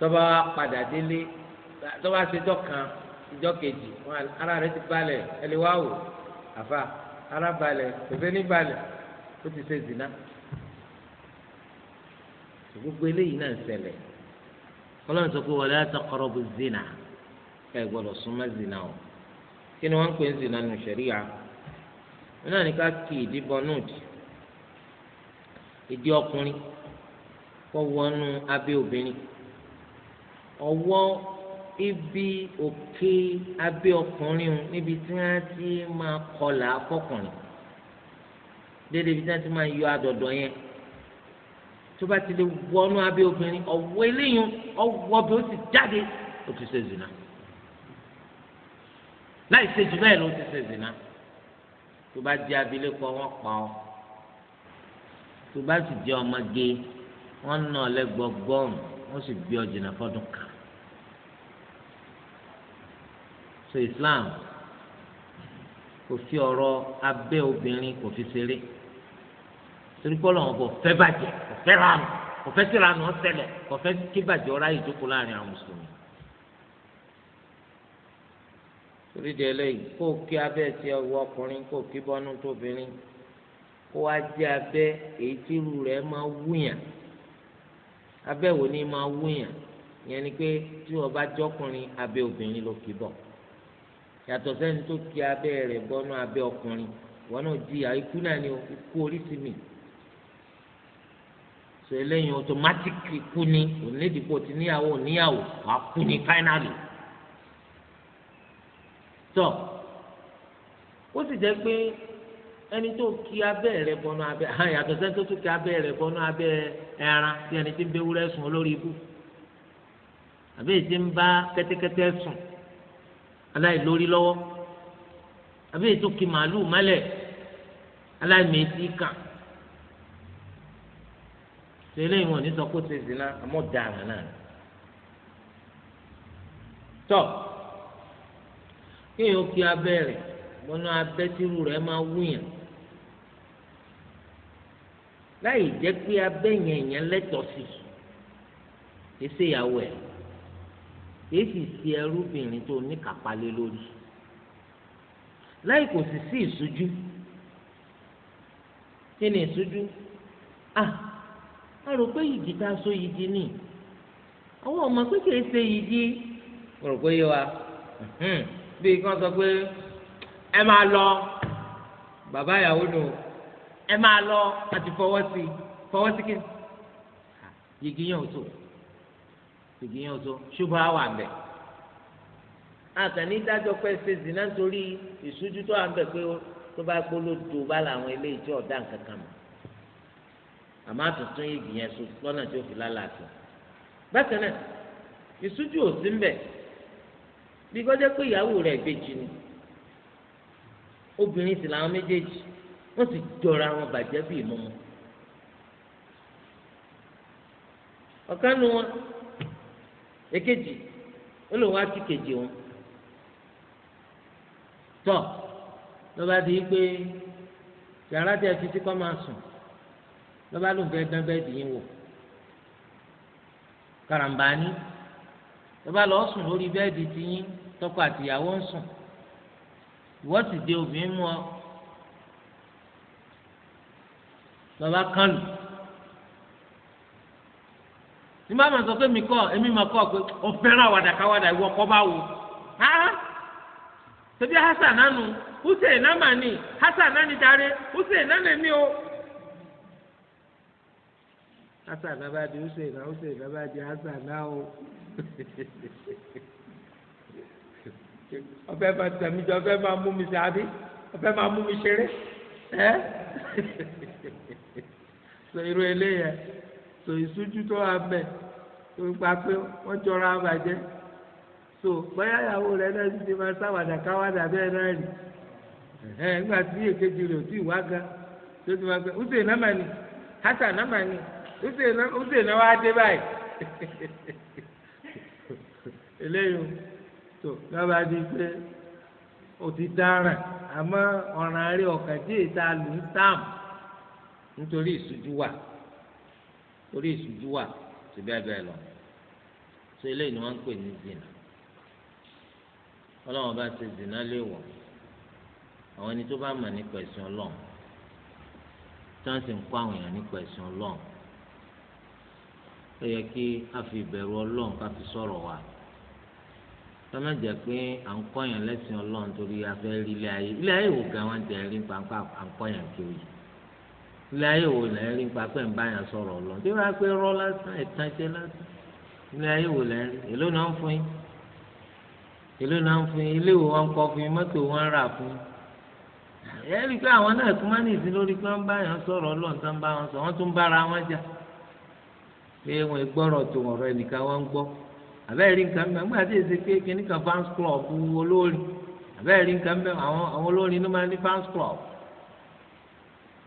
tọba padà délé tọba ṣèjọ kan ìjọ kejì ara rẹ̀ ti balẹ̀ ẹlẹwàá wò àfa ara balẹ̀ bẹbẹ ní balẹ̀ ó ti ṣe zina gbogbo eléyìí náà ń ṣẹlẹ̀ ọlọ́run sọ pé wala taqrabu zina ẹ gbọ́dọ̀ súnmọ́ zina o kí ni wọ́n ń pè ń zina nù ṣẹ̀ríya wọn náà ní ká kí ìdíbọn náà dì ìdí ọkùnrin kọ́ wọnú abẹ́ obìnrin ọwọ́ ibi òkè abẹ́ ọkùnrin níbi tí wọ́n ti máa kọlà fọkùnrin déédéé ibi tí wọ́n ti máa yọ adọ̀dọ̀ yẹn tó bá ti lè wọnú abẹ́ obìnrin ọwọ́ eléyìí ọwọ́ bí ó ti jáde ó ti ṣe zina láì ṣe jù bẹ́ẹ̀ ló ti ṣe zina tó bá jẹ́ abilékọ wọ́n pa ọ́ tó bá sì jẹ́ ọmọge wọ́n nà ọ́ lẹ́gbọ̀gbọ́n wọ́n sì gbé ọ jìnnà fọ́dún kan so Islam kò fi ọ̀rọ̀ abẹ́ obìnrin kò fi ṣeré torí pé ọlọ́run kò fẹ́ bàjẹ́ kò fẹ́ ránù kò fẹ́ sí ránù ọ̀sẹ̀lẹ̀ kò fẹ́ kí bàjẹ́ ọ̀rá ìjókòó láàrin àwọn mùsùlùmí. torí di eléyìí kó o kí abẹ́ ti ọwọ́ ọkùnrin kó o kí bọ́nú tóbìnrin kó wá jẹ́ abẹ́ èyí tí irú rẹ̀ máa wúyàn abẹ́ wo ni máa wúyàn yẹn ni pé tí o bá jọkùnrin abẹ́ obìnrin ló kì bọ̀ yàtọ̀ sẹ́ni tó kí abẹ́ rẹ̀ bọ́nú abẹ́ ọkùnrin wọn náà jìyà ikú náà ni ikú orí ti mì so eléyìí automatically kú ni onídìbò ti níyàwó níyàwó wàá kú ni finally tọ ó sì jẹ́ pé ẹni tó kí abẹ́ rẹ̀ bọnú abẹ́ yàtọ̀ sẹ́ni tó kí abẹ́ rẹ̀ bọnú abẹ́ ẹran tí ẹni tí ń bẹ wúrẹ́ sùn olórí ibú àbí èyí tí ń bá kẹ́tẹ́kẹ́tẹ́ sùn aláìlórí lọ́wọ́ àbí èyí tó kí màálù mọ́lẹ̀ aláìmẹ̀tì kàn tẹ́lẹ̀ ìwọ̀n ní sọ pé ṣe zina àmọ́ dàrán náà tọ́ kéèyàn kí abẹ́rẹ́ mọ́nú abẹ́tírù rẹ̀ máa wúyàn láì jẹ́ pé abẹ́yẹn yẹn lẹ́tọ̀ọ́ sí kì í ṣe ìyàwó ẹ̀ kì í sì ṣe ẹrúbìnrin tó níkàpálẹ́ lórí láì kò sì sí ìṣújú kí ni ìṣújú ah a rò pé yìgì tá a so yìgì ni àwọn ọmọ pé kìí ṣe yìgì mo rò pé yé wa bíi kí wọ́n sọ pé ẹ máa lọ bàbá ìyàwó nù ẹ máa lọ àti fọwọ́ sí fọwọ́ sí kí yìgì yẹn ò tó yìgì yẹn ò tó ṣùgbọ́n àwọn àgbẹ̀ àkànní dájọ́ pé ṣe zina nítorí ìṣújú tó à ń bẹ̀ pé tó bá gbólódò bá làwọn eléyìí tí ọ̀dà nǹkan kan mọ̀ àmọ́ àtúntún yìí gbìyàn so lọ́nà tí ó fi lálàáfíà bákan náà ìṣújú ò sí mbẹ bí gbọ́dọ̀ pé ìyàwó rẹ̀ ìbejì ni obìnrin sì làwọn méjèèjì wọ́n sì jọra wọn bàjẹ́ bíi mọ́mọ́ ọ̀kan nu wọn èkejì ó lè wá sí kejì wọn tọ́ lọ́ba di pé yàrá tẹ̀ fi sí kọ́ máa sùn lọ́ba ló ń fẹ́ dán bẹ́ẹ̀dì yín wò karambani lọ́ba lọ sùn lórí bẹ́ẹ̀dì ti yín tọkọ àtìyàwó ń sùn ìwọ́ sì dé obìnrin mú ọ lọ́ba kán lù ní bá ma sọ pé mi kọ́ èmi ma kọ́ pé o fẹ́ràn àwàdàkáwàdà ìwọ kọ́ bá wò á tẹbi hasan nánu hussein námà ni hasan náni darí hussein nánu èmi o. hasan náà di hussein náà hussein náà di hasan náà o ọfẹ máa tẹmí ọfẹ ma mú mi sáábí ọfẹ máa mú mi ṣeré ẹ sọ irú eléyẹ sọ ìṣújú tó wà mẹ tó gba wọn jọra àbàjẹ so bóyá ìyàwó rẹ náà ti sáwàdà káwàdà náà rí ẹ nígbà tí èkejì rẹ ò tí ì wá ga tó ti ńṣe náà wá dé báyìí eléyìí tó lọ́ba di pé o ti dáràn àmọ́ ọ̀ràn rí ọ̀kàn tí ìta lù ń tàm nítorí ìṣújú wà torí ìṣújú wà tó bẹ́ẹ̀ bẹ́ẹ̀ lọ tó eléyìí ni wọ́n ń pè ní zina ọlọ́run bá ṣe zina léèwọ̀ àwọn ẹni tó bá mọ̀ nípa ẹ̀sìn ọlọ́run tí wọ́n sì ń kọ́ àwọn èèyàn nípa ẹ̀sìn ọlọ́run ó yẹ kí a fi ìbẹ̀rù ọlọ́run ká fi sọ̀rọ̀ wa tọ́mọ̀ jẹ́ pé à ń kọ́yàn lẹ́sìn ọlọ́run torí a fẹ́ rí ilé ayé ilé ayé wò gan wọn jẹ́ rí nípa à ń kọ́yàn kí o yìí ilé ayé wò lẹ́ rí nípa pé ń bá yàn sọ̀rọ̀ ọlọ́run tí wọ́n á pé rọ́ lásán ẹ̀tàn jẹ́ lásán ilé ayé wò lẹ́ rí èló náà ń fún yín èló náà ń fún yín ilé wo wọn kọ́ fún yín mọ́tò wọn rà fún yín ẹ pé àwọn náà tún pé wọn gbọ́rọ̀ tó ọ̀rọ̀ ẹnìkan wọn ń gbọ́ àbẹ́rẹ́ rí nǹkan mẹ́rin nígbà tí èsì pé kíní kan fans club olórin àbẹ́rẹ́ rí nǹkan mẹ́rin àwọn àwọn olórin ló máa ní fans club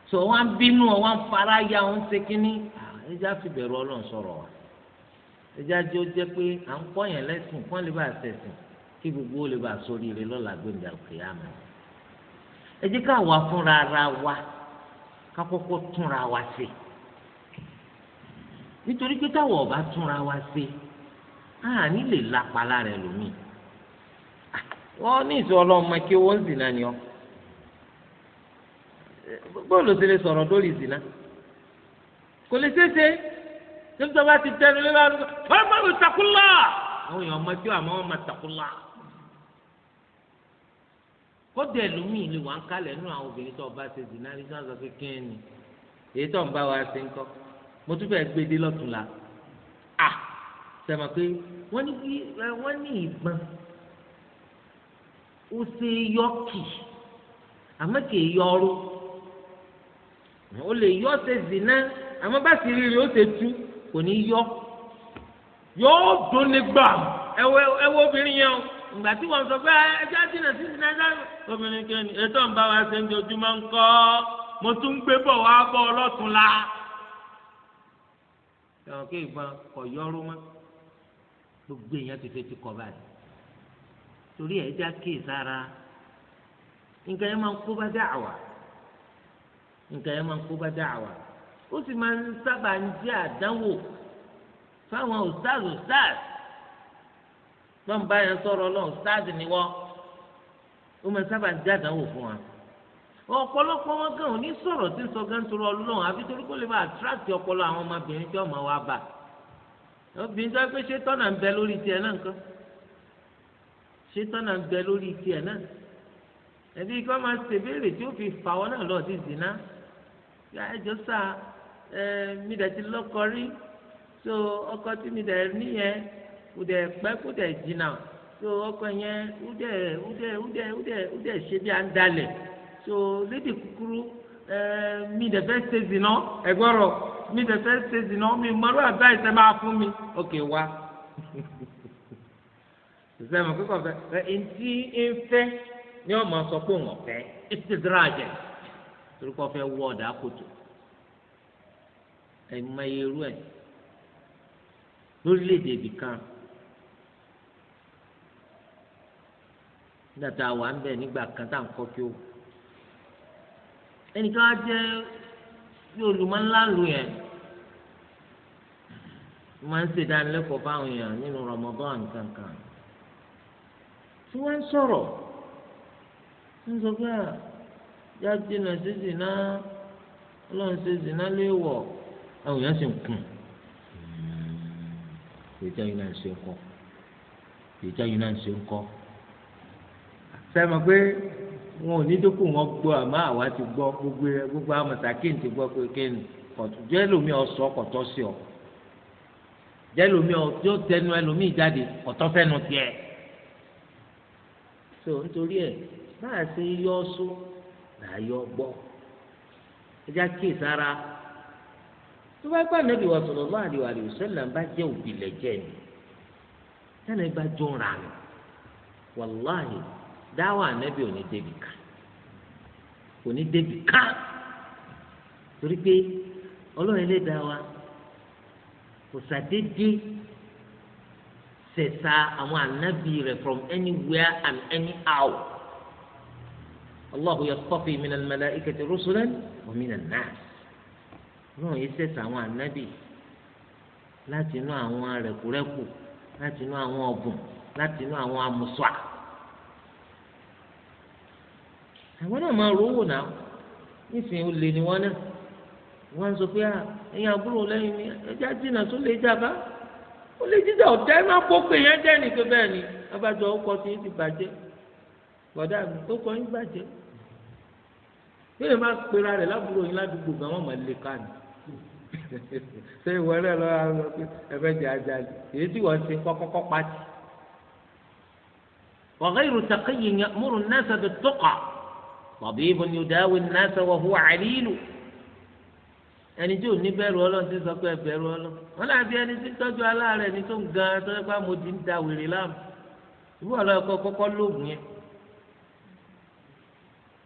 so wọn bínú ọ wọn fara ya wọn ṣe kíní ah, ẹjá fi bẹ̀rù ọlọ́run sọ̀rọ̀ wa ẹjá jẹ́ ó jẹ́ pé à ń kọ́ yẹn lẹ́sìn kọ́ lè bá a ṣẹ̀sìn kí gbogbo ó lè bá a sórí rẹ lọ́la gbẹ̀ǹdà kìyàmù ẹ jẹ́ ká wà fúnra ara wa ká kọ́kọ́ túnra wa ṣe. Si nítorí pé táwọn ọba túnra wa ṣe a ní lè lapa lára ẹlòmíì wọn ní ìsọ ọlọmọ kí owó ń zìnà ni ọ bóòlù ti lè sọ̀rọ̀ lórí zìnà kò lè ṣeéṣe nígbà bá ti tẹnu lé lọ́wọ́ wọn bá wù takùlá àwọn èèyàn ọmọ tí àmọ́ wọn máa takùlá kódà ẹlòmíì lè wà kálẹ̀ nínú àwọn obìnrin tó ọba ṣe zìnà ní sọ́nà sọ ni èyí tó ń bá wa ṣe ń kọ́ mo tún fẹ́ gbé e dé lọ́túnla à sẹ́mọ̀ pé wọ́n ní bí wọ́n ní ìgbọ́n ó ṣe yọ́ọ̀kì àmọ́ kì í yọrú ó lè yọ́ ṣe zìnà àmọ́ bá sì rírì ó ṣe tú kò ní yọ́ yóò dún ní gbà ẹ wo obìnrin yẹn o ìgbà tí wọ́n sọ pé ẹja dínà sí ẹja obìnrin kìíní ètò ń wa ṣe ń jojúmọ́ ń mo tún ń gbé bọ̀ wá bọ́ ọlọ́tún la. ẹ̀wọ̀n kí ìbọn kọ̀ yọ́rọ́ mọ́ gbogbo èèyàn ti fẹ́ ti kọ̀ báyìí torí ẹ̀ já kéè sára nǹkan yẹn máa ń kó bá si nǹkan yẹn máa ń kó bá dáàwà ó sì máa ń sábà ń jẹ́ àdánwò fáwọn ustaz ustaz lọ́nba yẹn sọ̀rọ̀ lọ́n ustaz ni wọ́n ó máa ń sábà ń jẹ́ àdánwò fún wa. ọpọlọpọ wọn gan ò ní tí ń sọ gan àbí torí kó lè bá àtúrásì ọpọlọ àwọn ọmọbìnrin tí ọmọ wa bà obìnrin tó pé ṣé tọ́nà ń bẹ lórí tiẹ̀ náà nǹkan ṣé tọ́nà ń bẹ lórí tiẹ̀ náà ẹbí kí fi náà ti ẹjọ́ sà ẹ mi dẹ̀ ti lọ́kọ rí so ọkọ tí mi dẹ̀ níyẹn kò dẹ̀ pẹ́ kò so ọkọ yẹn ó dẹ̀ ó dẹ̀ ó dẹ̀ ó dẹ̀ so lédè kúkúrú ẹẹ eh, mi dẹ ṣe ẹgbọrọ mi dẹ fẹ́ ṣe zina mi mọdún advice máa mi oke wa sẹmu kíkọ fẹ ẹ ntí ni wọn máa sọ pé wọn fẹ ètò ìdúrà torí kọ fẹ wọ ọdà kòtò ẹ mọ iye irú kan nígbà tá a wà ń ẹnìkan a jẹ́ bí olùmọ̀ ńlá lu yẹn máa ń ṣèdánilẹ́kọ̀ọ́ báwọn èèyàn nínú Ramadan kankan tí wọ́n ń sọ̀rọ̀ ń sọ pé ah, yá jìnnà sí zìnnà ọlọ́run ṣe zìnnà léèwọ̀ àwọn èèyàn sì ń kùn ìjà yìí náà ń ṣe ń kọ́ ìjà yìí náà ń ṣe ń kọ́ wọn ò ní dínkù wọn gbọ́ àmọ́ àwa ti gbọ́ gbogbo rẹ gbogbo àwọn ti gbọ́ kékeré nù kọ̀tù jẹ́ lómi ọ̀sọ́ kọ̀tọ́ sí ọ jẹ́ lómi ọ̀tọ́ tẹnu ẹlòmíì jáde kọ̀tọ́ fẹ́nu tiẹ̀ so nítorí ẹ̀ báà ṣe yọ ọ́sọ là yọ gbọ́ ẹjá kí sára tó bá gbà nàbí wa sallallahu alaihi bá òbí ni bá dáwà ànábì ò ní débi kan kò ní débi kan torí pé ọlọ́run ẹlẹ́dàá wa kò sàdédé sẹ̀sà àwọn ànábì rẹ̀ from anywhere and anyhow Allahu yastafi minal malaikati rusulan wa minan nas ọlọ́run yìí sẹ̀sà àwọn ànábì láti inú àwọn rẹ̀kúrẹ́kù láti inú àwọn ọ̀bùn láti inú àwọn amùsùà. àwọn náà máa rówó náà nísìnyí olè ni wọn náà wọn sọ pé ẹ̀yin àbúrò lẹ́yìn mi ẹja jìnnà tó lè jàbá ó lè jíjà ọ̀dà ẹ máa gbọ́ pé yẹn jẹ́ ní pé bẹ́ẹ̀ ni abájọ ọkọ tí yín ti bàjẹ́ bọ̀dá mi ó kọ́ yín bàjẹ́ bí èèyàn máa pera rẹ̀ lábúrò yín ládùúgbò gan wọn máa lè ká ni ṣé ìwọ náà lọ sọ pé ẹfẹ jẹ ajalè èyí tí wọn ṣe kọkọkọ pati. wàhálà ìrù tàkìyìn múrùn náà sàbẹ̀ tabibun yudawi an-nasa wa huwa alilu ẹni tí ò ní bẹ̀rù ọlọ́run ti sọ pé bẹ̀rù ọlọ́run wọn làbí ẹni tí tọ́jú aláàárẹ̀ ni tó ń gan tó ń pa mo ti ń da wèrè láàmú ìwé ọlọ́run kọ́ kọ́kọ́ lóògùn yẹn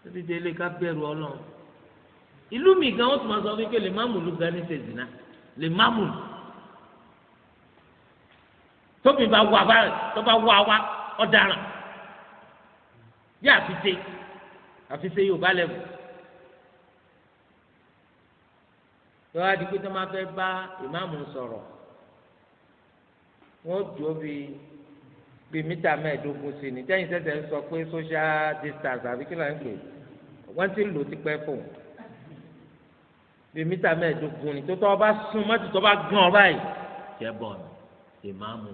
títí délé ká bẹ̀rù ọlọ́run ìlú mi gan wọ́n tún máa sọ wípé lè má múlù gan ní sèzínà lè má múlù tóbi bá wà bá tó bá wà wá àfi ṣe yorùbá lẹ́bù yọ adigun tó máa fẹ́ bá ìmáàmù sọ̀rọ̀ wọ́n dùn bí bíi mítà mẹ́ẹ̀ẹ́dógún sí ni jẹ́yìn sẹ́sẹ̀ ń sọ pé social distance àbí kí ló ń pè wọ́n ti lò ti pẹ́ fún un bíi mítà mẹ́ẹ̀ẹ́dógún ni tó tọ́ ọba sún mọ́tò tó bá gún ọba yìí jẹ́ bọ̀ ìmáàmù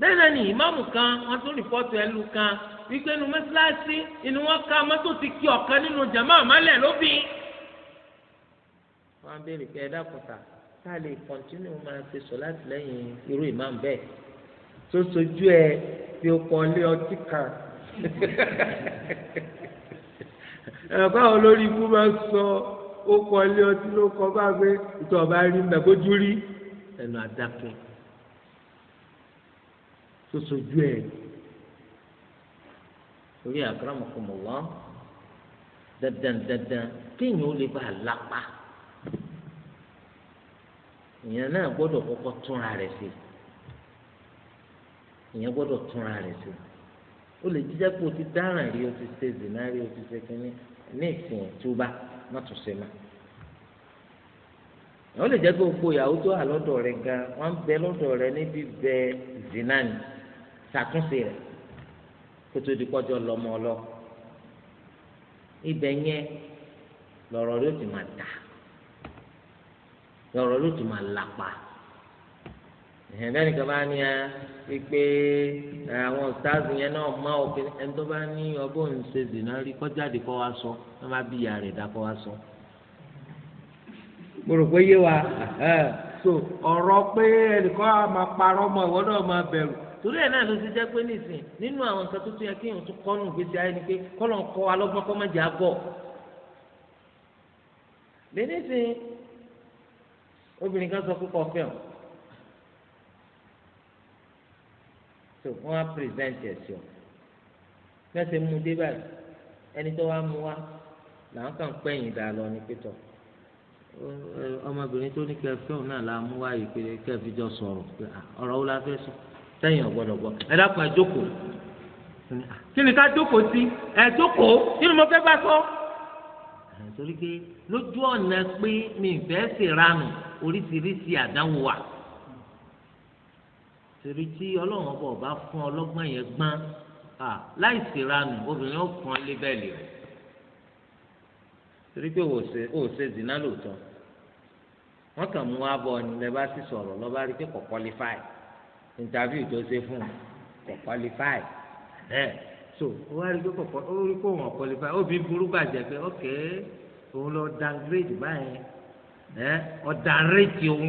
bẹ́ẹ̀ náà ni ìmáàmù kan wọ́n tún rìpọ́tù ẹlú kan wípé nu mọ́sálásí inú wọn ká mọ́tò ti kí ọ̀kan nínú jàmá àmọ́lẹ̀ lóbìn. wọ́n á béèrè pé ẹ dákúta tá a lè kọ́ntínú máa ṣe sọ láti lẹ́yìn irú ìmáàmù bẹ́ẹ̀ tó sojú ẹ fi ọkọ̀ lé ọtí kan ẹ̀ka olórí ibú bá sọ ó kọ ilé ọtí ló kọ bá gbé ìtọ́ rí mbẹ kójú rí ẹnu àdàkùn tó sojú ẹ̀ torí akramakumullah dandan dandan kéèyàn ó lè bá a lápá èèyàn náà gbọ́dọ̀ kọ́kọ́ túnra rẹ̀ sí èèyàn gbọ́dọ̀ túnra rẹ̀ sí ó lè jíjẹ́ pé o ti dáràn rí o ti ṣe zìnnà rí o ti ṣe kínní ní ìsìn tó má tún ṣe má ó lè jẹ́ pé gbogbo ìyàwó tó wà lọ́dọ̀ rẹ̀ gan wọ́n bẹ lọ́dọ̀ rẹ̀ níbi bẹ zìnnà ni ṣàtúnṣe rẹ̀ kótó di kọjọ lọmọ lọ ibẹ̀ yẹn lọ̀rọ̀ ló ti máa dà lọ̀rọ̀ ló ti máa làpà ìhẹn lẹ́nu kan bá ní a pé àwọn stars yẹn náà má òkè ẹni tó bá ní ọgbọ́n ń ṣe rí kọjáde kọ́ wa sọ ẹ má bí ìyá rẹ̀ dá kọ́ wa sọ. mo rò pé yé wa so ọ̀rọ̀ pé ẹnìkan á máa parọ́ mọ́ ìwọ náà máa bẹ̀rù torí ẹ̀ náà ló ti jẹ́ pé nìsín nínú àwọn nǹkan tó tún yẹ kéèyàn tún kọ́ nù gbèsè ayé ni pé kọ́lọ̀ ń kọ́ alọ́gbọ́n kọ́ mọ́jà bọ̀ lẹ́nìsín obìnrin kan sọ pé kọ́ fẹ́ o tó wọ́n á pírẹ́sẹ̀ntì ẹ̀sìn o fẹ́sẹ̀ mú dé báyìí ẹni tó wá mú wá làwọn kan pẹ́yìn dà lọ ní pétọ́ ọmọbìnrin tó ní kẹfẹ́ òun náà la mú wá yìí pé kẹfì jọ sọ̀rọ̀ ọ̀rọ̀ wo la fẹ́ sọ sẹ́yìn ọ̀gbọ́dọ̀ gbọ́ ẹ dákun ẹ jókòó kí ni ká jókòó sí ẹ jókòó kí ni mo fẹ́ bá sọ. torí pé lójú ọ̀nà pé mi fẹ́ ṣèranù oríṣiríṣi àdánwò wà torí tí ọlọ́run ọba ọba fún ọlọ́gbọ́n yẹn gbọ́n láì ṣèranù obìnrin ó fún ọ lébẹ́lì rẹ̀ torí pé ó ṣe zina lóòótọ́ wọ́n kàn mú wá bọ̀ ni lẹ́ bá sì sọ̀rọ̀ lọ́ rí pé kò qualify interview tó ṣe fún kò qualify ẹ so wọ́n á rí pé kò ó rí pé wọ́n qualify ó bí burú bàjẹ́ pé ok òun lọ downgrade báyẹn ẹ ọ̀dàrẹ́tì òun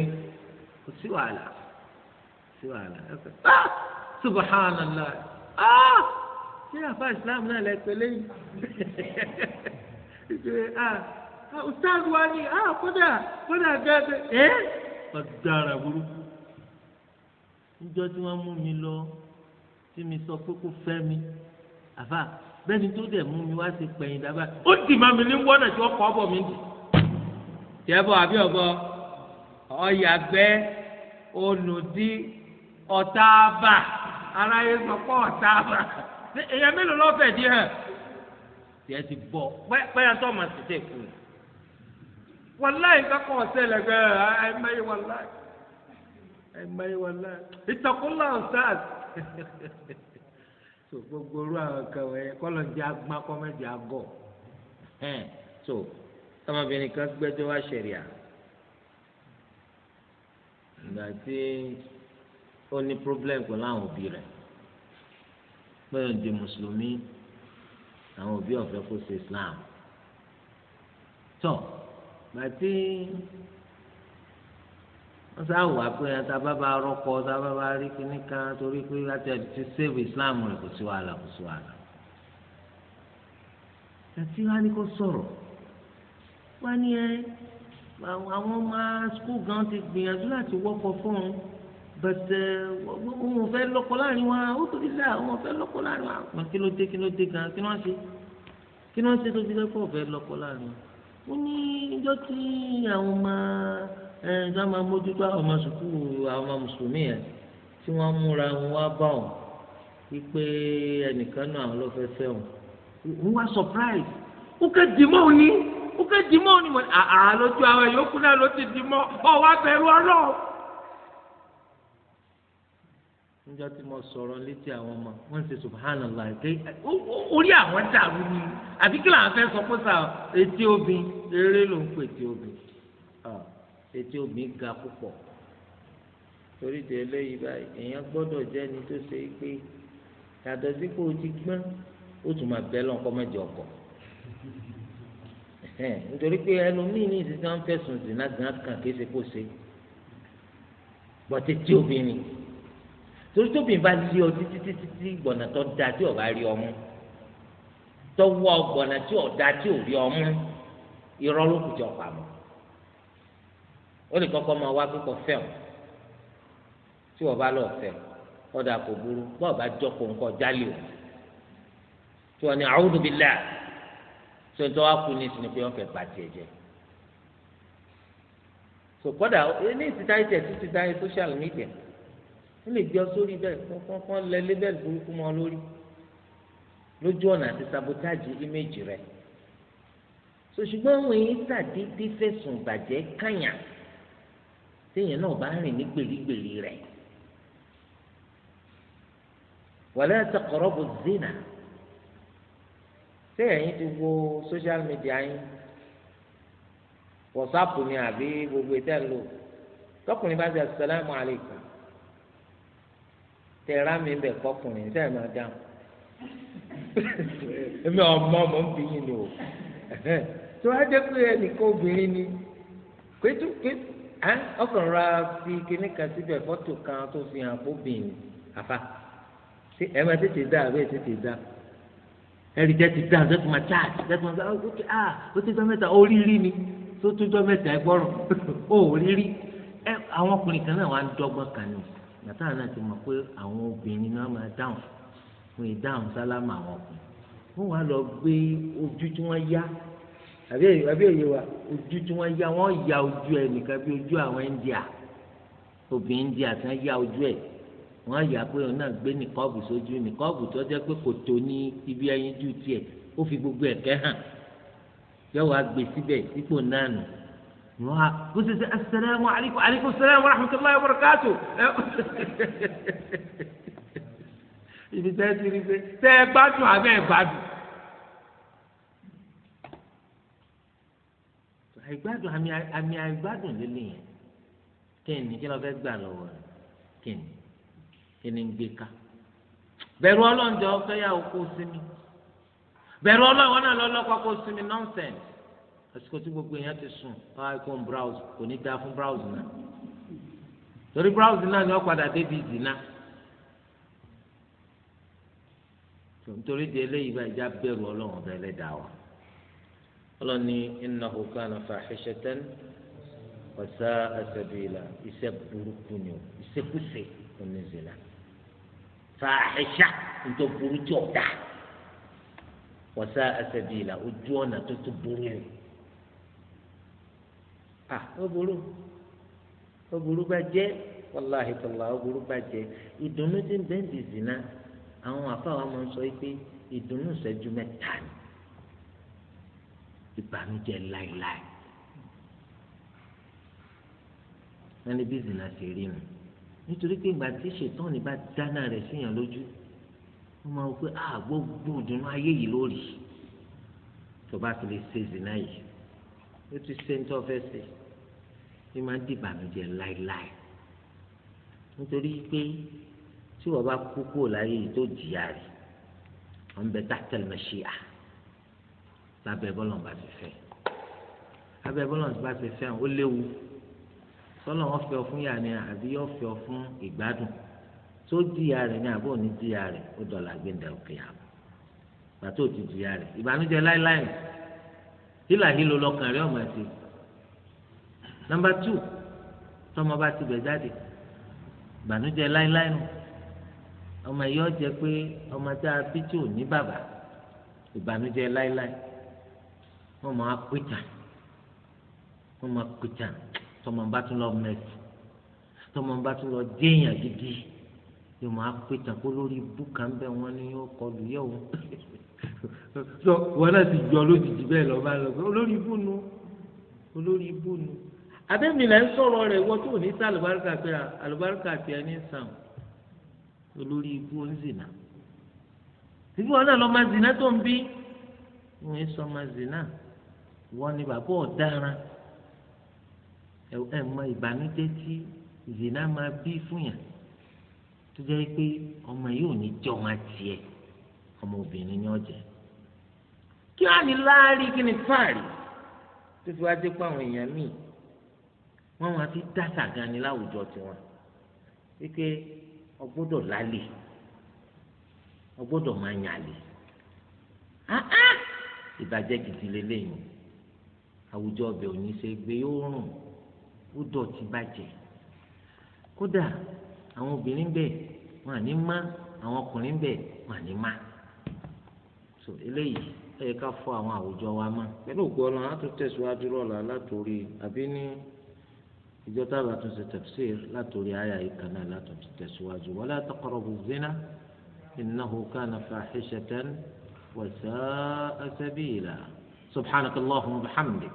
kò sí wàhálà sí wàhálà ẹ fẹ́ ah subhanallah ah ṣé àfa islam náà lẹ pẹ̀lẹ́ yìí ṣe ah, ah ustaz wa ni ah kódà kódà gẹ́gẹ́ ẹ ọ̀dàrà burúkú níjọ́ tí wọ́n mú mi lọ tí mi sọ pé kó fẹ́ mi àfà bẹ́ẹ̀ni tó dẹ̀ mú mi wá sí pẹ̀yìn dábàá ó dì má mi ní wọ́nà tí wọ́n kọ́ ọ̀bọ̀ mi dì tẹ́bọ̀ àbí ọ̀bọ ọ̀yàgbẹ́ onùdí ọ̀tàbà aráyé sọ pé ọ̀tàbà èèyàn mélòó lọ́fẹ̀ẹ́ díẹ̀ tiẹ̀ ti bọ̀ pẹ́yà tó ọmọ sì tẹ̀ kù wàláyé kakọ̀ ọ̀sẹ̀ lẹ́gbẹ̀ẹ́ ẹ̀ mẹ́yẹ wàláyé ẹ̀mẹ́yẹ wọn náà ìtọ́kùnlá ọ̀sán so gbogbo ru àwọn kẹwẹ kọlọ jẹ agbá kọmẹjẹ agọ ẹn so ọmọbìnrin kan gbẹ́jọ́ wá ṣẹ̀ríà ìgbà tí ó ní problem pẹ̀lú àwọn òbí rẹ̀ pẹ̀lú di mùsùlùmí àwọn òbí ọ̀fẹ́ kó ṣe islam tó gbà tí. So, wọ́n sá wà pé ẹ̀ta bábá rọ́pò ọ̀tá bábá rí kíní kan torí pé láti ẹ̀dí ti sèwé islam rẹ̀ kò sí wàhálà kò sí wàhálà. àti wá ní kó sọ̀rọ̀ wá ní ẹ àwọn ọmọ skul gan ti gbìyànjú láti wọ́pọ̀ fún un bẹ̀tẹ̀ eh, òun fẹ́ lọ́kọ láàrin wa ó tóbi sá òun fẹ́ lọ́kọ láàrin wa. wọn kí ló dé kí ló dé gan kí wọ́n ṣe kí wọ́n ṣe tó fi fẹ́ lọ́kọ láàrin wa. ó ní ìjọ tí àwọn máa ẹni tó máa mójútó àwọn ọmọ sùkúù àwọn ọmọ mùsùlùmí yẹn tí wọ́n múra wọn wá bá wọn wípé ẹnìkan náà àwọn ló fẹ́ fẹ́ wọn. wọ́n wá surprise ó kẹ́ dìímọ̀ òní ó kẹ́ dìímọ̀ òní mọ̀ àá lójú àwọn yòókù náà ló ti dìímọ̀ ọ̀ wá bẹ̀rù ọlọ́ọ̀. níjọ́ tí mo sọ̀rọ̀ létí àwọn ọmọ wọ́n ṣe subhanallah ké orí àwọn dàrú ni àbí kí làwọn fẹ́ sọ pé sà etí obìn eré ló ń pè etí obìn etí obìnrin ga púpọ̀ torí de eléyìí báyìí èèyàn gbọ́dọ̀ jẹ́ ẹni tó ṣe é pé yàtọ̀ sí pé o ti gbọ́n ó tún máa bẹ́ẹ̀ lọ́nkọ́ mẹ́jọ ọkọ̀ nítorí pé ẹlòmíì ní ìsinsìnyí wọn fẹ̀sùn ìsìnà gan kan kì í ṣe kó ṣe bọ́tẹ́tí obìnrin torí tóbìnrin bá lé ọ títí títí tí gbọ̀nà tó da tí ò bá rí ọmú tọ́wọ́ gbọ̀nà tí ò da tí ò rí ọmú irọ́ ló kù jọ pamọ́ ó lè kọ́kọ́ máa wá pípọ̀ fẹ́ o tí wọ́n bá lọ fẹ́ ọ̀dà kò burú bọ́ọ̀ bá jọ́kọ̀ nǹkan jálè o tí wọ́n ní a'udhu billah tó ń tọ́ wá kú ní ìsinmi pé wọ́n fẹ́ bàtì ẹ̀jẹ̀ so kódà ní ìsìta ìtẹ̀ títí dá ní social media ó lè gbé ọ sórí bẹ́ẹ̀ kọ́kọ́ lẹ lébẹ́lì burúkú mọ́ lórí lójú ọ̀nà àti sabotage image rẹ̀ so ṣùgbọ́n àwọn èyí tàdédé fẹ̀sùn ìbàjẹ́ kàyàn téèyàn náà bá rìn ní gbèrígbèrí rẹ̀ wala taqrabu zina téèyàn ti wo social media yín whatsapp ni àbí gbogbo ìtẹ́ ń lò tọkùnrin bá ṣe assalamu alaikum tẹ̀ra mi bẹ̀ kọkùnrin tẹ̀ máa dáhùn èmi ọmọ mò ń bí yín ni o tó wá jẹ́ pé ẹnìkan obìnrin ni kéétù kéétù ẹ ọkàn ra fi kíní kan síbẹ̀ fọ́tò kan tó fi hàn kó bìn àfa ẹ máa tètè dá àbẹ́ tètè dá ẹ̀rí jẹ́ ti dá àbẹ́ tó máa charge jẹ́ tó máa sọ ọ́ ah, ah ó ti jọ́ mẹ́ta ó rí rí ni tó tó jọ́ mẹ́ta ẹ gbọ́rọ̀ ó rí rí ẹ àwọn ọkùnrin kan náà wà á dọ́gbọ́n kan ní bàtà náà ti mọ̀ pé àwọn obìnrin náà máa dáhùn fún ìdáhùn sálámà àwọn ọkùnrin wọ́n wá lọ gbé ojú tí wọ́n yá àbí èyí wa ojú tí wọ́n ya wọ́n ya ojú ẹ nìkan bí ojú àwọn India obìnrin India tí wọ́n ya ojú ẹ wọ́n yà pé òun náà gbé nìkọ́ọ̀bù sójú nìkọ́ọ̀bù tó jẹ́ pé kò tó ní ibi ẹyin jù tiẹ̀ ó fi gbogbo ẹ̀kẹ́ hàn yọ̀wọ́ àgbè síbẹ̀ sípò náà nù wọ́n á kó ṣe asalaamu alaykum alaykum salaam wa rahmatulahi wa barakatu ibi tẹ́ ti rí pé tẹ́ ẹ gbádùn àbẹ́ ẹ gbádùn. àìgbádùn àmì àìgbádùn lélẹ̀ yẹn kíni kí ló fẹ́ gbà lọ́wọ́ rẹ̀ kíni kíni ń gbé ká bẹ̀rù ọlọ́run jọ fẹ́yàwó kó sinmi bẹ̀rù ọlọ́run náà lọ́lọ́kọ́ kó sinmi nọ́ńsẹ̀nsì àsìkò tí gbogbo èèyàn ti sùn ọ́ iphone browse kò ní dáa fún browse náà torí browse náà ni wọ́n padà débi ìdìnnà nítorí di eléyìí bá ìjà bẹ̀rù ọlọ́run ọ̀bẹ ẹlẹ́dàá wa ọlọ́ni innahu kana fahishatan wa sa'a sabila iṣẹ́ burúkú ni o ìṣekúṣe oníṣìlá fàáhìṣà nítorí burú tí ò dáa wa sa'a sabila ojú ọ̀nà tó tó burú ni. à ó burú ó burú bá jẹ́ wàláhì tọ́lá ó burú bá jẹ́ ìdùnnú tí ń bẹ́ẹ̀ dì zina àwọn àfáwọn máa sọ pé ìdùnnú ìṣẹ́jú mẹ́ta ni ìbànújẹ́ láìláì ẹni bí zina ṣe rí nu nítorí pé ìgbà tí ṣètò ní bá dáná rẹ̀ síyàn lójú wọ́n máa wọ pé a gbogbo ìdùnnú ayé yìí lórí tó bá fi lè ṣe zina yìí ó ti ṣe ń tọ́ fẹ́ ṣe ní máa ń di ìbànújẹ́ láìláì nítorí pé tí wọ́n bá kú kúrò láyé yìí tó jìyà rẹ̀ wọ́n bẹ tá lábẹ́ bọ́lọ̀n bá ti fẹ́ lábẹ́ bọ́lọ̀n bá ti fẹ́ ó léwu sọlọ wọn fẹ́ ọ fún yà ni àbí yọ fẹ́ ọ fún ìgbádùn tó díya rẹ ni àbí òní díya rẹ ó dọ̀là gbẹ̀ndà òkè àbọ̀ gbàtó ti díya rẹ ìbànújẹ́ láéláé hílà hílo lọkàn rẹ ọmọ ẹsẹ nọ́mbà tù tọmọ bá ti bẹ jáde ìbànújẹ́ láéláé ọmọ yìí jẹ pé ọmọ tá a bí tí ò ní bàbá ìbànújẹ́ láéláé wọ́n máa pìtà wọ́n máa pìtà tọmọ bá tún lọ mẹ́sì tọmọ bá tún lọ déèyàn gidi yóò máa pìtà kó lórí búkà ń bẹ wọn ni yóò kọlu yẹ o so wọn náà ti jọ lójijì bẹ́ẹ̀ lọ bá lọ olórí ibú nu olórí ibú nu àbẹ́mi là ń sọ̀rọ̀ rẹ̀ wọ́n tó ní sá àlùbáríkà pé àlùbáríkà tiẹ̀ ní sàn olórí ibú ń zìnà ìbí wọn náà lọ máa zìnà tó ń bí wọn ń sọ máa zìnà wọ́n ní bàbá ọ̀daràn ẹ mọ ìbànújẹ́ tí zina máa bí fún yàn tó jẹ́ pé ọmọ yìí ò ní jẹ́ ọmọ tiẹ̀ ọmọ obìnrin ni ó jẹ́ kí wọ́n á ní kí ni fáàrí tó fi wá dé pé àwọn èèyàn míì wọ́n máa fi dáta gan ni láwùjọ tiwọn wípé ọgbọ́dọ̀ lálẹ́ ọgbọ́dọ̀ máa yàn àlè ìbàjẹ́ gidi lélẹ́yìn àwùjọ ọbẹ̀ òní ṣe gbé yóò rùn ó dọ̀tí bàjẹ́ kódà àwọn obìnrin bẹ́ẹ̀ wọn àní má àwọn ọkùnrin bẹ́ẹ̀ wọn àní má so eléyìí ẹ yẹ ká fọ àwọn àwùjọ wa mọ́. pẹ̀lú òkú ọlọ́run á tún tẹ̀síwájú lọ́la látòrí àbí ní ìjọ tábà tún ṣe tafsir látòrí àyà yìí kan náà látò tún tẹ̀síwájú wala taqrabu zina innahu kana fahishatan wa sa'a sabila. سبحانك اللهم وبحمدك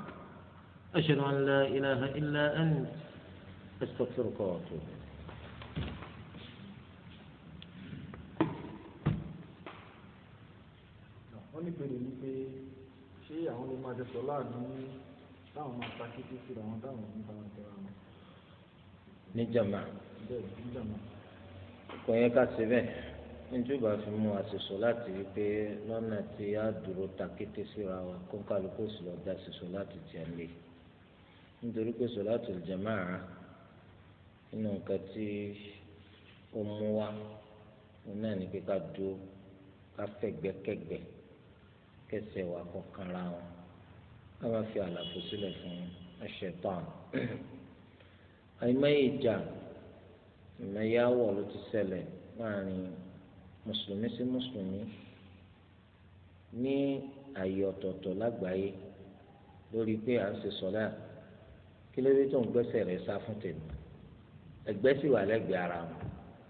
أشهد أن لا إله إلا أنت أستغفرك وأتوب إليك wọ́n ní bèrè ni pé ṣé àwọn lè máa jẹ sọ láàánú ní táwọn máa ta kété síra wọn táwọn ní báwọn tẹra wọn. níjàmbá kò yẹ ká ṣe bẹ́ẹ̀. níjọba fi mú àṣìṣọ láti rí pé lọ́nà tí a dúró takété síra wa kó kálukú sì lọ da àṣìṣọ láti tiẹ̀ lé nítorí pé sọláàtì jàmáà nínú nǹkan tí ó mú wa náà ní pé ká dúró ká fẹ̀gbẹ́kẹ̀gbẹ́ kẹsẹ̀ wa kó kanra wọn ká má fi àlàfo sílẹ̀ fún ẹ̀ṣẹ̀tàn àìmọye ìjà ìmọ̀yáwọ̀ ló ti ṣẹlẹ̀ láàrin mùsùlùmí sí mùsùlùmí ní àyè ọ̀tọ̀ọ̀tọ̀ lágbàáyé lórí pé à ń ṣe sọ́lá kí ló dé tó ń gbẹ́sẹ̀ rẹ̀ sá fún tèmi ẹgbẹ́ sì wà lẹ́gbẹ̀ẹ́ ara wọn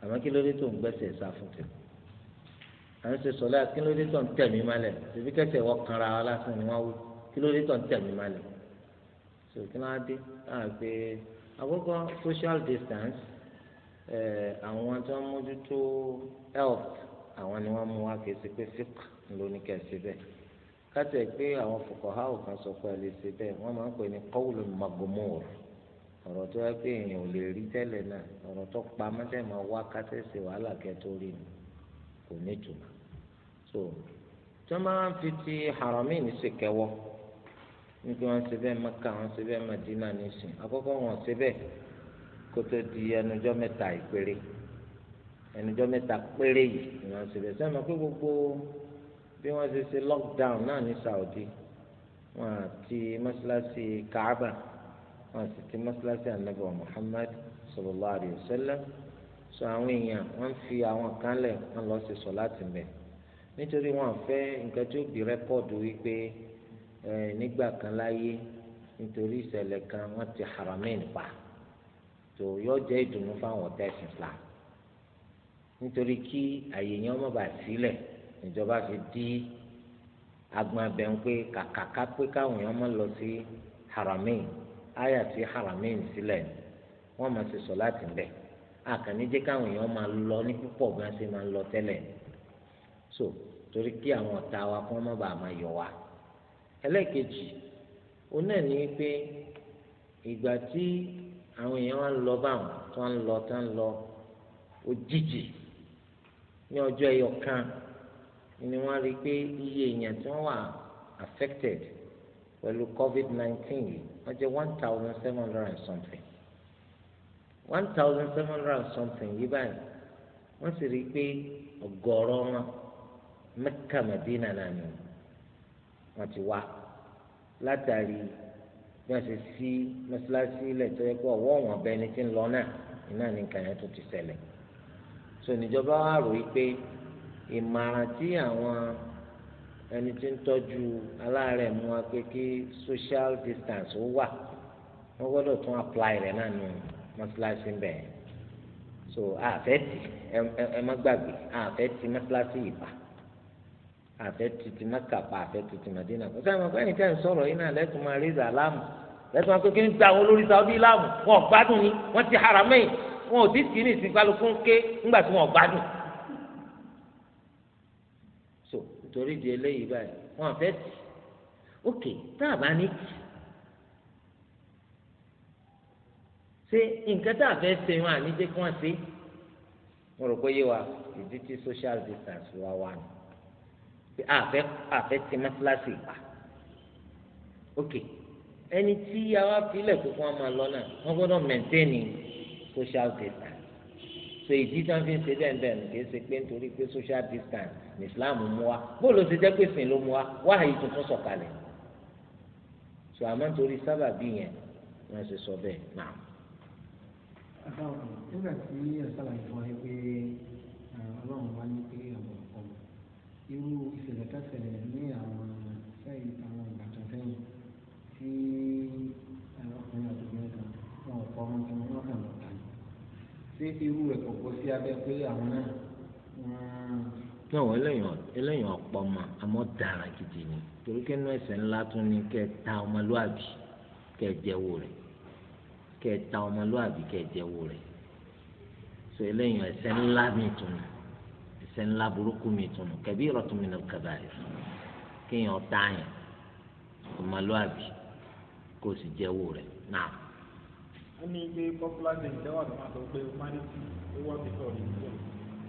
àmọ́ kí ló dé tó ń gbẹ́sẹ̀ sá fún tèmi à ń ṣe sọ́lá kí ló dé tó ń tẹ̀mí malẹ̀ tèmi kẹsẹ̀ wọ́n kanra wa lásán ni wọ́n wí kí ló dé tó ń tẹ̀mí malẹ̀ sọ kí dé láà àkọ́kọ́ social distance àwọn tó ń mójútó health àwọn ni wọ́n mú wá kìí ṣe pé sick lóní kẹsì bẹ́ẹ̀ kátẹ pé àwọn fòkànhá òkan sọ pé àlè ṣe wọ́n máa ń pè ní kọwùlù magomor ọ̀rọ̀ tó yẹ pé èèyàn ò lè rí tẹ́lẹ̀ náà ọrọ tó pa mọtẹ ni kò ní so máa ń fi ti kótó di ẹnujọ́ mẹ́ta ìpéré ẹnujọ́ mẹ́ta péré yìí ni wọ́n ṣe bẹ́ẹ̀ sẹ́wọ̀n pé gbogbo bí wọ́n ṣe ṣe lockdown náà ní Saudi wọ́n àti mọ́ṣáláṣí Kaaba wọ́n àti ti mọ́ṣáláṣí anabiwa Muhammad sallallahu alayhi wa sallam sọ àwọn èèyàn wọ́n fi àwọn kan lẹ̀ wọ́n lọ ṣe sọ láti mẹ́ nítorí wọ́n fẹ́ nǹkan tó di rẹ́kọ̀dù wípé nígbà kan láyé nítorí ìṣẹ̀lẹ̀ kan wọ́n ti Haramain pa tó yọ jẹ́ ìdùnnú fáwọn tẹ̀sán Islam nítorí kí àyè yẹn ọmọ bá sílẹ̀ ìjọba fi dí agbọn abẹ ń pé kàkàká pé káwọn èèyàn máa lọ sí haramain àyà sí haramain sílẹ̀ wọ́n máa ti sọ láti bẹ̀ àkànní jẹ́ káwọn èèyàn máa lọ ní púpọ̀ bí wọ́n ṣe máa lọ tẹ́lẹ̀ so torí kí àwọn ọ̀tá wa kí wọ́n má bàa máa yọ wa ẹlẹ́ẹ̀kejì òun ní pé ìgbà tí àwọn èèyàn wá ń lọ báwọn tó ń lọ tó ń lọ òjijì ní ọjọ́ ẹyọ kan ni wọ́n rí i pé iye èèyàn tí wọ́n wà affected pẹ̀lú covid nineteen yìí wọ́n jẹ́ one thousand seven hundred and something one thousand seven hundred and something yìí báyìí wọ́n sì rí i pé ọ̀gọ̀ọ̀rọ̀ wọn Mẹ́kà Mẹ́dínà náà ni wọ́n ti wá látàrí bí wọ́n ṣe sí mọ́ṣáláṣí ilẹ̀ tó yẹ kó ọwọ́ ọ̀wọ́n ọbẹ̀ ẹni tí ń lọ náà iná ní nǹkan yẹn tó ti ṣẹlẹ̀ so níjọba wa rò wípé ìmọ̀ràn tí àwọn ẹni tí ń tọ́jú aláàárẹ̀ mú wa pé kí social distance ó wà wọ́n gbọ́dọ̀ tún apply rẹ̀ náà nù mọ́ṣáláṣí ń bẹ̀ so àfẹ́ tì ẹ má gbàgbé àfẹ́ tì ìbà àfẹ́ titi mẹ́kà pa àfẹ́ titi mẹ́dínà kò sáyẹn mọ̀kọ́ ẹ̀yìn tẹ́ ń sọ̀rọ̀ yìí náà lẹ́tùn máa rí ìzà láàmù lẹ́tùn máa kékeré ń ta àwọn olórí Saudi láàmù wọn ò gbádùn ni wọ́n ti haramẹ́yìn wọn ò ti tì í ní ìsìnkálukú ń ké nígbà tí wọn gbádùn. so nítorí di eléyìí báyìí wọn àfẹ́ tì ókè tá a bá ní tì ṣé nǹkan tá a fẹ́ ṣe wọn àní kí wọ́n ṣe mo rò pé yé wa ìdí tí social distance wa wà ní pé àfẹ́ àfẹ́ ti mọ́sálásì pa ah, ok ẹni tí àwa filẹ̀ kó fún wa máa lọ náà wọ́n gbọ́dọ̀ mẹ́ntẹ́ẹ̀nì social distance so ìdí tí wọ́n fi ń ṣe dẹ́ndẹ́n kì í ṣe pé nítorí pé social distance ní Islam mú wa bóòlù ti jẹ́ pé sìn ló mú wa wáhà yìí tuntun sọ̀kalẹ̀ so àmọ́ nítorí sábàbí yẹn wọ́n ṣe sọ bẹ́ẹ̀ náà. àbáwọ̀ nígbà tí ọ̀sán àìfọ́ ẹgbẹ́ ọlọ́run wá ní p irú ìṣẹ̀lẹ̀ kẹsẹ̀lẹ̀ ní àwọn sẹ́yìn àwọn ìbàdàn sẹ́yìn tí ọkùnrin àti obìnrin kan wọn ò kọ́ ọmọ tí wọ́n kàn lọ tà ní. ṣé irú rẹ̀ kò kó sí abẹ́ pé àwọn náà wọ́n. náà wọ́n eléyàn eléyàn ọ̀pọ̀ ọmọ àmọ́ dára gidi ni torí kí inú ẹ̀ṣẹ̀ ńlá tún ni kẹ́ ẹ ta ọmọlúàbí kẹ́ ẹ jẹ́wọ́ rẹ̀ kẹ́ ẹ ta ọmọlúàbí kẹ́ ẹ jẹ́wọ́ rẹ̀ so eléyàn ẹ̀ṣẹ̀ ńlá mi tún ni ẹ̀ṣẹ̀ ńlá burúkú mi tunu kabiratun minal kabair kéèyàn tààyàn ọmọlúwàbí kó o sì jẹ́wọ́ rẹ̀ náà. ó ní pé popular day ìjẹ́wọ́ àti máa sọ pé humanity ó wọ́n ti sọ̀rọ̀ ìjọ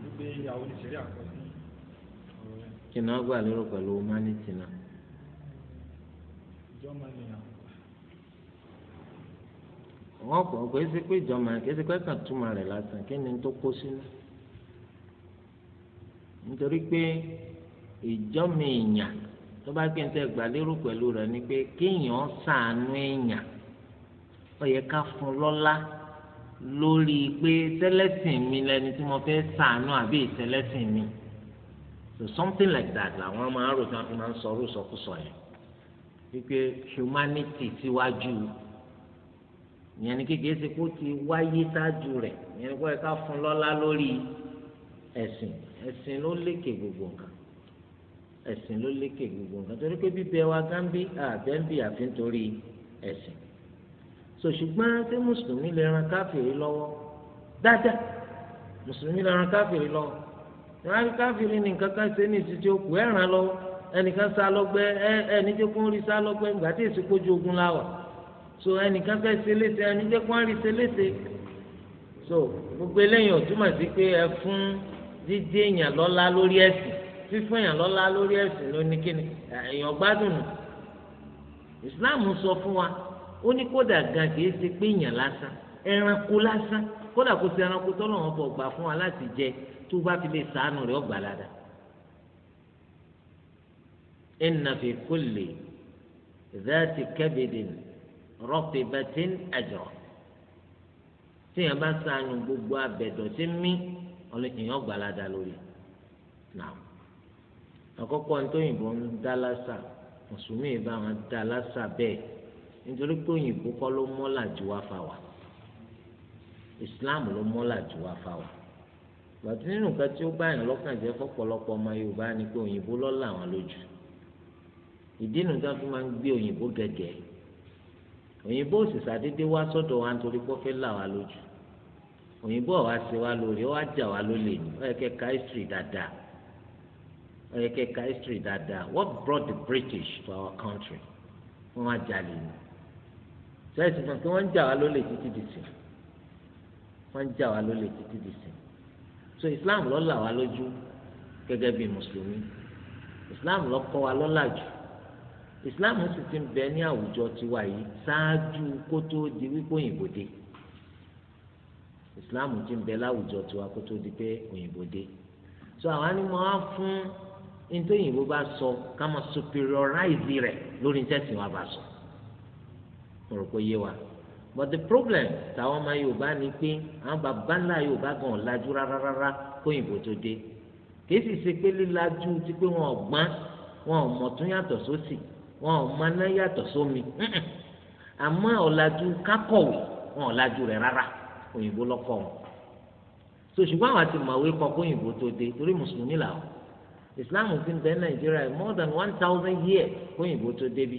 wípé ìyàwó ní sẹ́rí àkọsí ọ̀rọ̀ rẹ̀. kí ni lérò pẹ̀lú humanity náà. ìjọba ni àwọn wọn kò kò é ṣe pé ìjọba kò é ṣe pé kàn túmọ̀ rẹ̀ lásán kí ni tó kó sínú nítorí pé ìjọ́mi èèyàn tó bá gbé níta ìgbàlérò pẹ̀lú rẹ̀ ni pé kéèyàn ṣàánú èèyàn ó yẹ ká fún lọ́lá lórí pé tẹ́lẹ̀sìn mi lẹni tí mo fẹ́ ṣàánú àbí ìtẹ́lẹ̀sìn mi so something like that làwọn máa ń rò tí wọ́n fi máa ń sọ ọrú ìsọkúsọ yẹn wípé humanity síwájú ìyẹn ni kékeré ṣe kó ti wáyé ṣáájú rẹ̀ ìyẹn ni kó yẹ ká fún lọ́lá lórí ẹ̀sìn ẹ̀sìn ló lékè gbogbo nǹkan ẹ̀sìn ló lékè gbogbo nǹkan torí pé bíbẹ wa gánbí àbẹ́ńbí àfi nítorí ẹ̀sìn so ṣùgbọ́n ṣé mùsùlùmí lè ran káfíìrì lọ́wọ́ dáadáa mùsùlùmí lè ran káfíìrì lọ́wọ́ ìran káfíìrì ní nǹkan kan ṣe ní ìtìjú òkú ẹ̀ ràn lọ́wọ́ ẹnìkan sá lọ́gbẹ́ ẹ ẹni tó kún rí sá lọ́gbẹ́ ńgbà tí èsì kójú ogun láwà so ẹnìkan fẹ́ ṣe léṣe ẹni tó kún rí ṣe léṣe so gbogbo eléyìí ò túmọ̀ sí pé ẹ fún dídé èèyàn lọ́lá lórí ẹ̀sìn fífún èèyàn lọ́lá lórí ẹ̀sìn ló ní kíni èèyàn gbádùn nù Islam sọ fún wa ó ní kódà gan kìí ṣe pé èèyàn lásán ẹranko lásán kódà kó ṣe ẹranko tọ́lọ̀ wọn bọ̀ gbà fún wa láti jẹ tó bá fi lè sàánù rẹ̀ ọgbà ládàá inna fi kulli zaati kabidin rọpìbẹtìn ẹjọ tíyẹn bá sàánù gbogbo abẹdọ tí ń mí èèyàn gbàládà lórí náà àkọ́kọ́ ní tóyìnbó ń dá lásà mùsùlùmí bá wọn dá lásà bẹ́ẹ̀ nítorí pé òyìnbó kọ́ ló mọ́là jù wá fà wá islam ló mọ́là jù wá fà wá gbàtí nínú nǹkan tí ó báyìí lọ́kàn jẹ́ fọ́pọ̀lọpọ̀ ọmọ yorùbá ni pé òyìnbó lọ́la àwọn lójú ìdí nu tá a fi máa ń gbé òyìnbó gẹ̀gẹ̀ òyìnbó sì ṣàdédé wá sọ́dọ̀ wa nítorí pé ó fẹ́ là wá lójú òyìnbó ọ̀wá ṣe wá lórí ó wá jà wá lólè ní ọ̀yẹ̀kẹ́ káísírì dáadáa ọ̀yẹ̀kẹ́ káísírì dáadáa what brought the British to our country wọ́n wá jalè ní sẹ́ẹ̀sì náà kí wọ́n ń jà wá lólè títí di sìn wọ́n jà wá lólè títí di sìn so Islam ló là wá lójú gẹ́gẹ́ bí mùsùlùmí Islam ló kọ́ wa lọ́lá jù Islam sì ti ń bẹ ní àwùjọ tiwa yìí ṣáájú kó di wípé òyìnbó dé islam ti ń bẹ láwùjọ tiwa kó tó di pé òyìnbó dé so àwọn anímọ̀ á fún nítorí òyìnbó bá sọ ká superiorize rẹ̀ lórí tẹ̀sán wa bá sọ mo rò pé yé wa but the problem táwọn ọmọ yorùbá ni pé àwọn bàbá ńlá yorùbá gan ọ̀ lajú rárá rárá kó òyìnbó tó dé kìí sì ṣe pé lílajú ti pé wọn ò gbọ́n wọn ò mọ̀ tún yàtọ̀ sósì wọn ò mọ̀ náà yàtọ̀ sómi àmọ́ ọ̀làjú kákọ̀wé wọn ò lajú rẹ̀ rárá òyìnbó lọ́kọ̀ wọn so ṣùgbọ́n àwọn àti màwé kọ kóyìnbó tó dé torí mùsùlùmí làwọn islam ti ń bẹ nàìjíríà more than one thousand years kóyìnbó tó débi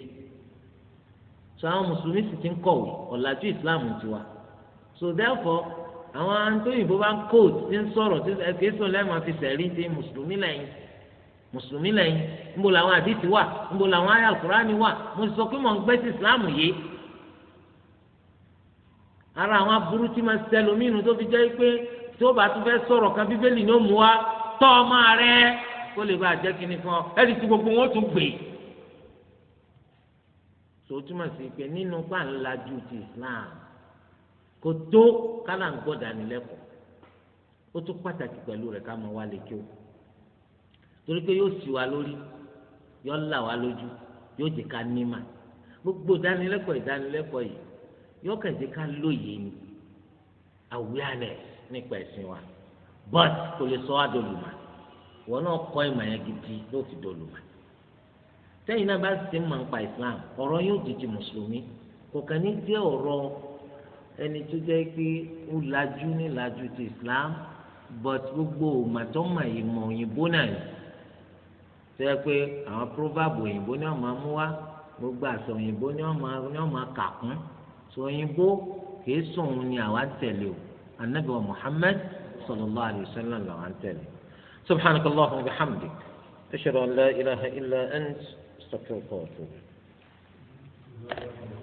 so àwọn mùsùlùmí sì ti ń kọ̀wé ọ̀làjú islam tiwa so therefore àwọn tóyìnbó bá ń kóòtù ti ń sọ̀rọ̀ tí ẹ̀kẹ́ sùn fi sẹ̀rí ti mùsùlùmí lẹ́yìn mùsùlùmí lẹ́yìn níbo làwọn àdìsí wà níbo làwọn ayé àkùránì ara àwọn aburú tí máa sẹlómìnú tó fi jẹ́ pé tó bá tún fẹ́ sọ̀rọ̀ kan bíbélì ni ó mú wa tọ́ ọmọ rẹ kó lè bá jẹ́ kínní fún ọ ẹ̀rí tí gbogbo wọn tún gbè. tó túmọ̀ sí pé nínú pàǹlajú ti Islam kò tó kálá ń gbọ́ dánilẹ́kọ̀ọ́ ó tún pàtàkì pẹ̀lú rẹ̀ ká máa wá lè kí o torí pé yóò sì wá lórí yóò là wá lójú yóò jẹ́ ká nímà gbogbo ìdánilẹ́kọ̀ọ́ ìdánilẹ́kọ̀ọ́ yìí yóò kàn jẹ́ ká lóye ni awareness nípa ẹ̀sìn wa but kò lè sọ adolùmọ̀ wọn náà kọ́ ìmọ̀ yẹn gidi ló fi dolùmọ̀ tẹ́yìn náà bá ti mọ̀ nípa Islam ọ̀rọ̀ yóò di ti mùsùlùmí kò kàn ní jẹ́ ọ̀rọ̀ ẹni tó jẹ́ pé ó lajú ní lajú ti Islam but gbogbo òmàtọ́mà ìmọ̀ òyìnbó náà ni tẹ́ pé àwọn proverb òyìnbó ni wọ́n máa mú wá gbogbo àṣà òyìnbó ni wọ́n máa kà kún. sòyìnbó kìí sòun ni àwa ń tẹ̀lé o anabi wa muhammad sallallahu alayhi wa sallam làwa ń tẹ̀lé subhanak allah wa bihamdik ashhadu an la ilaha illa ant astaghfiruka wa atubu ilayk.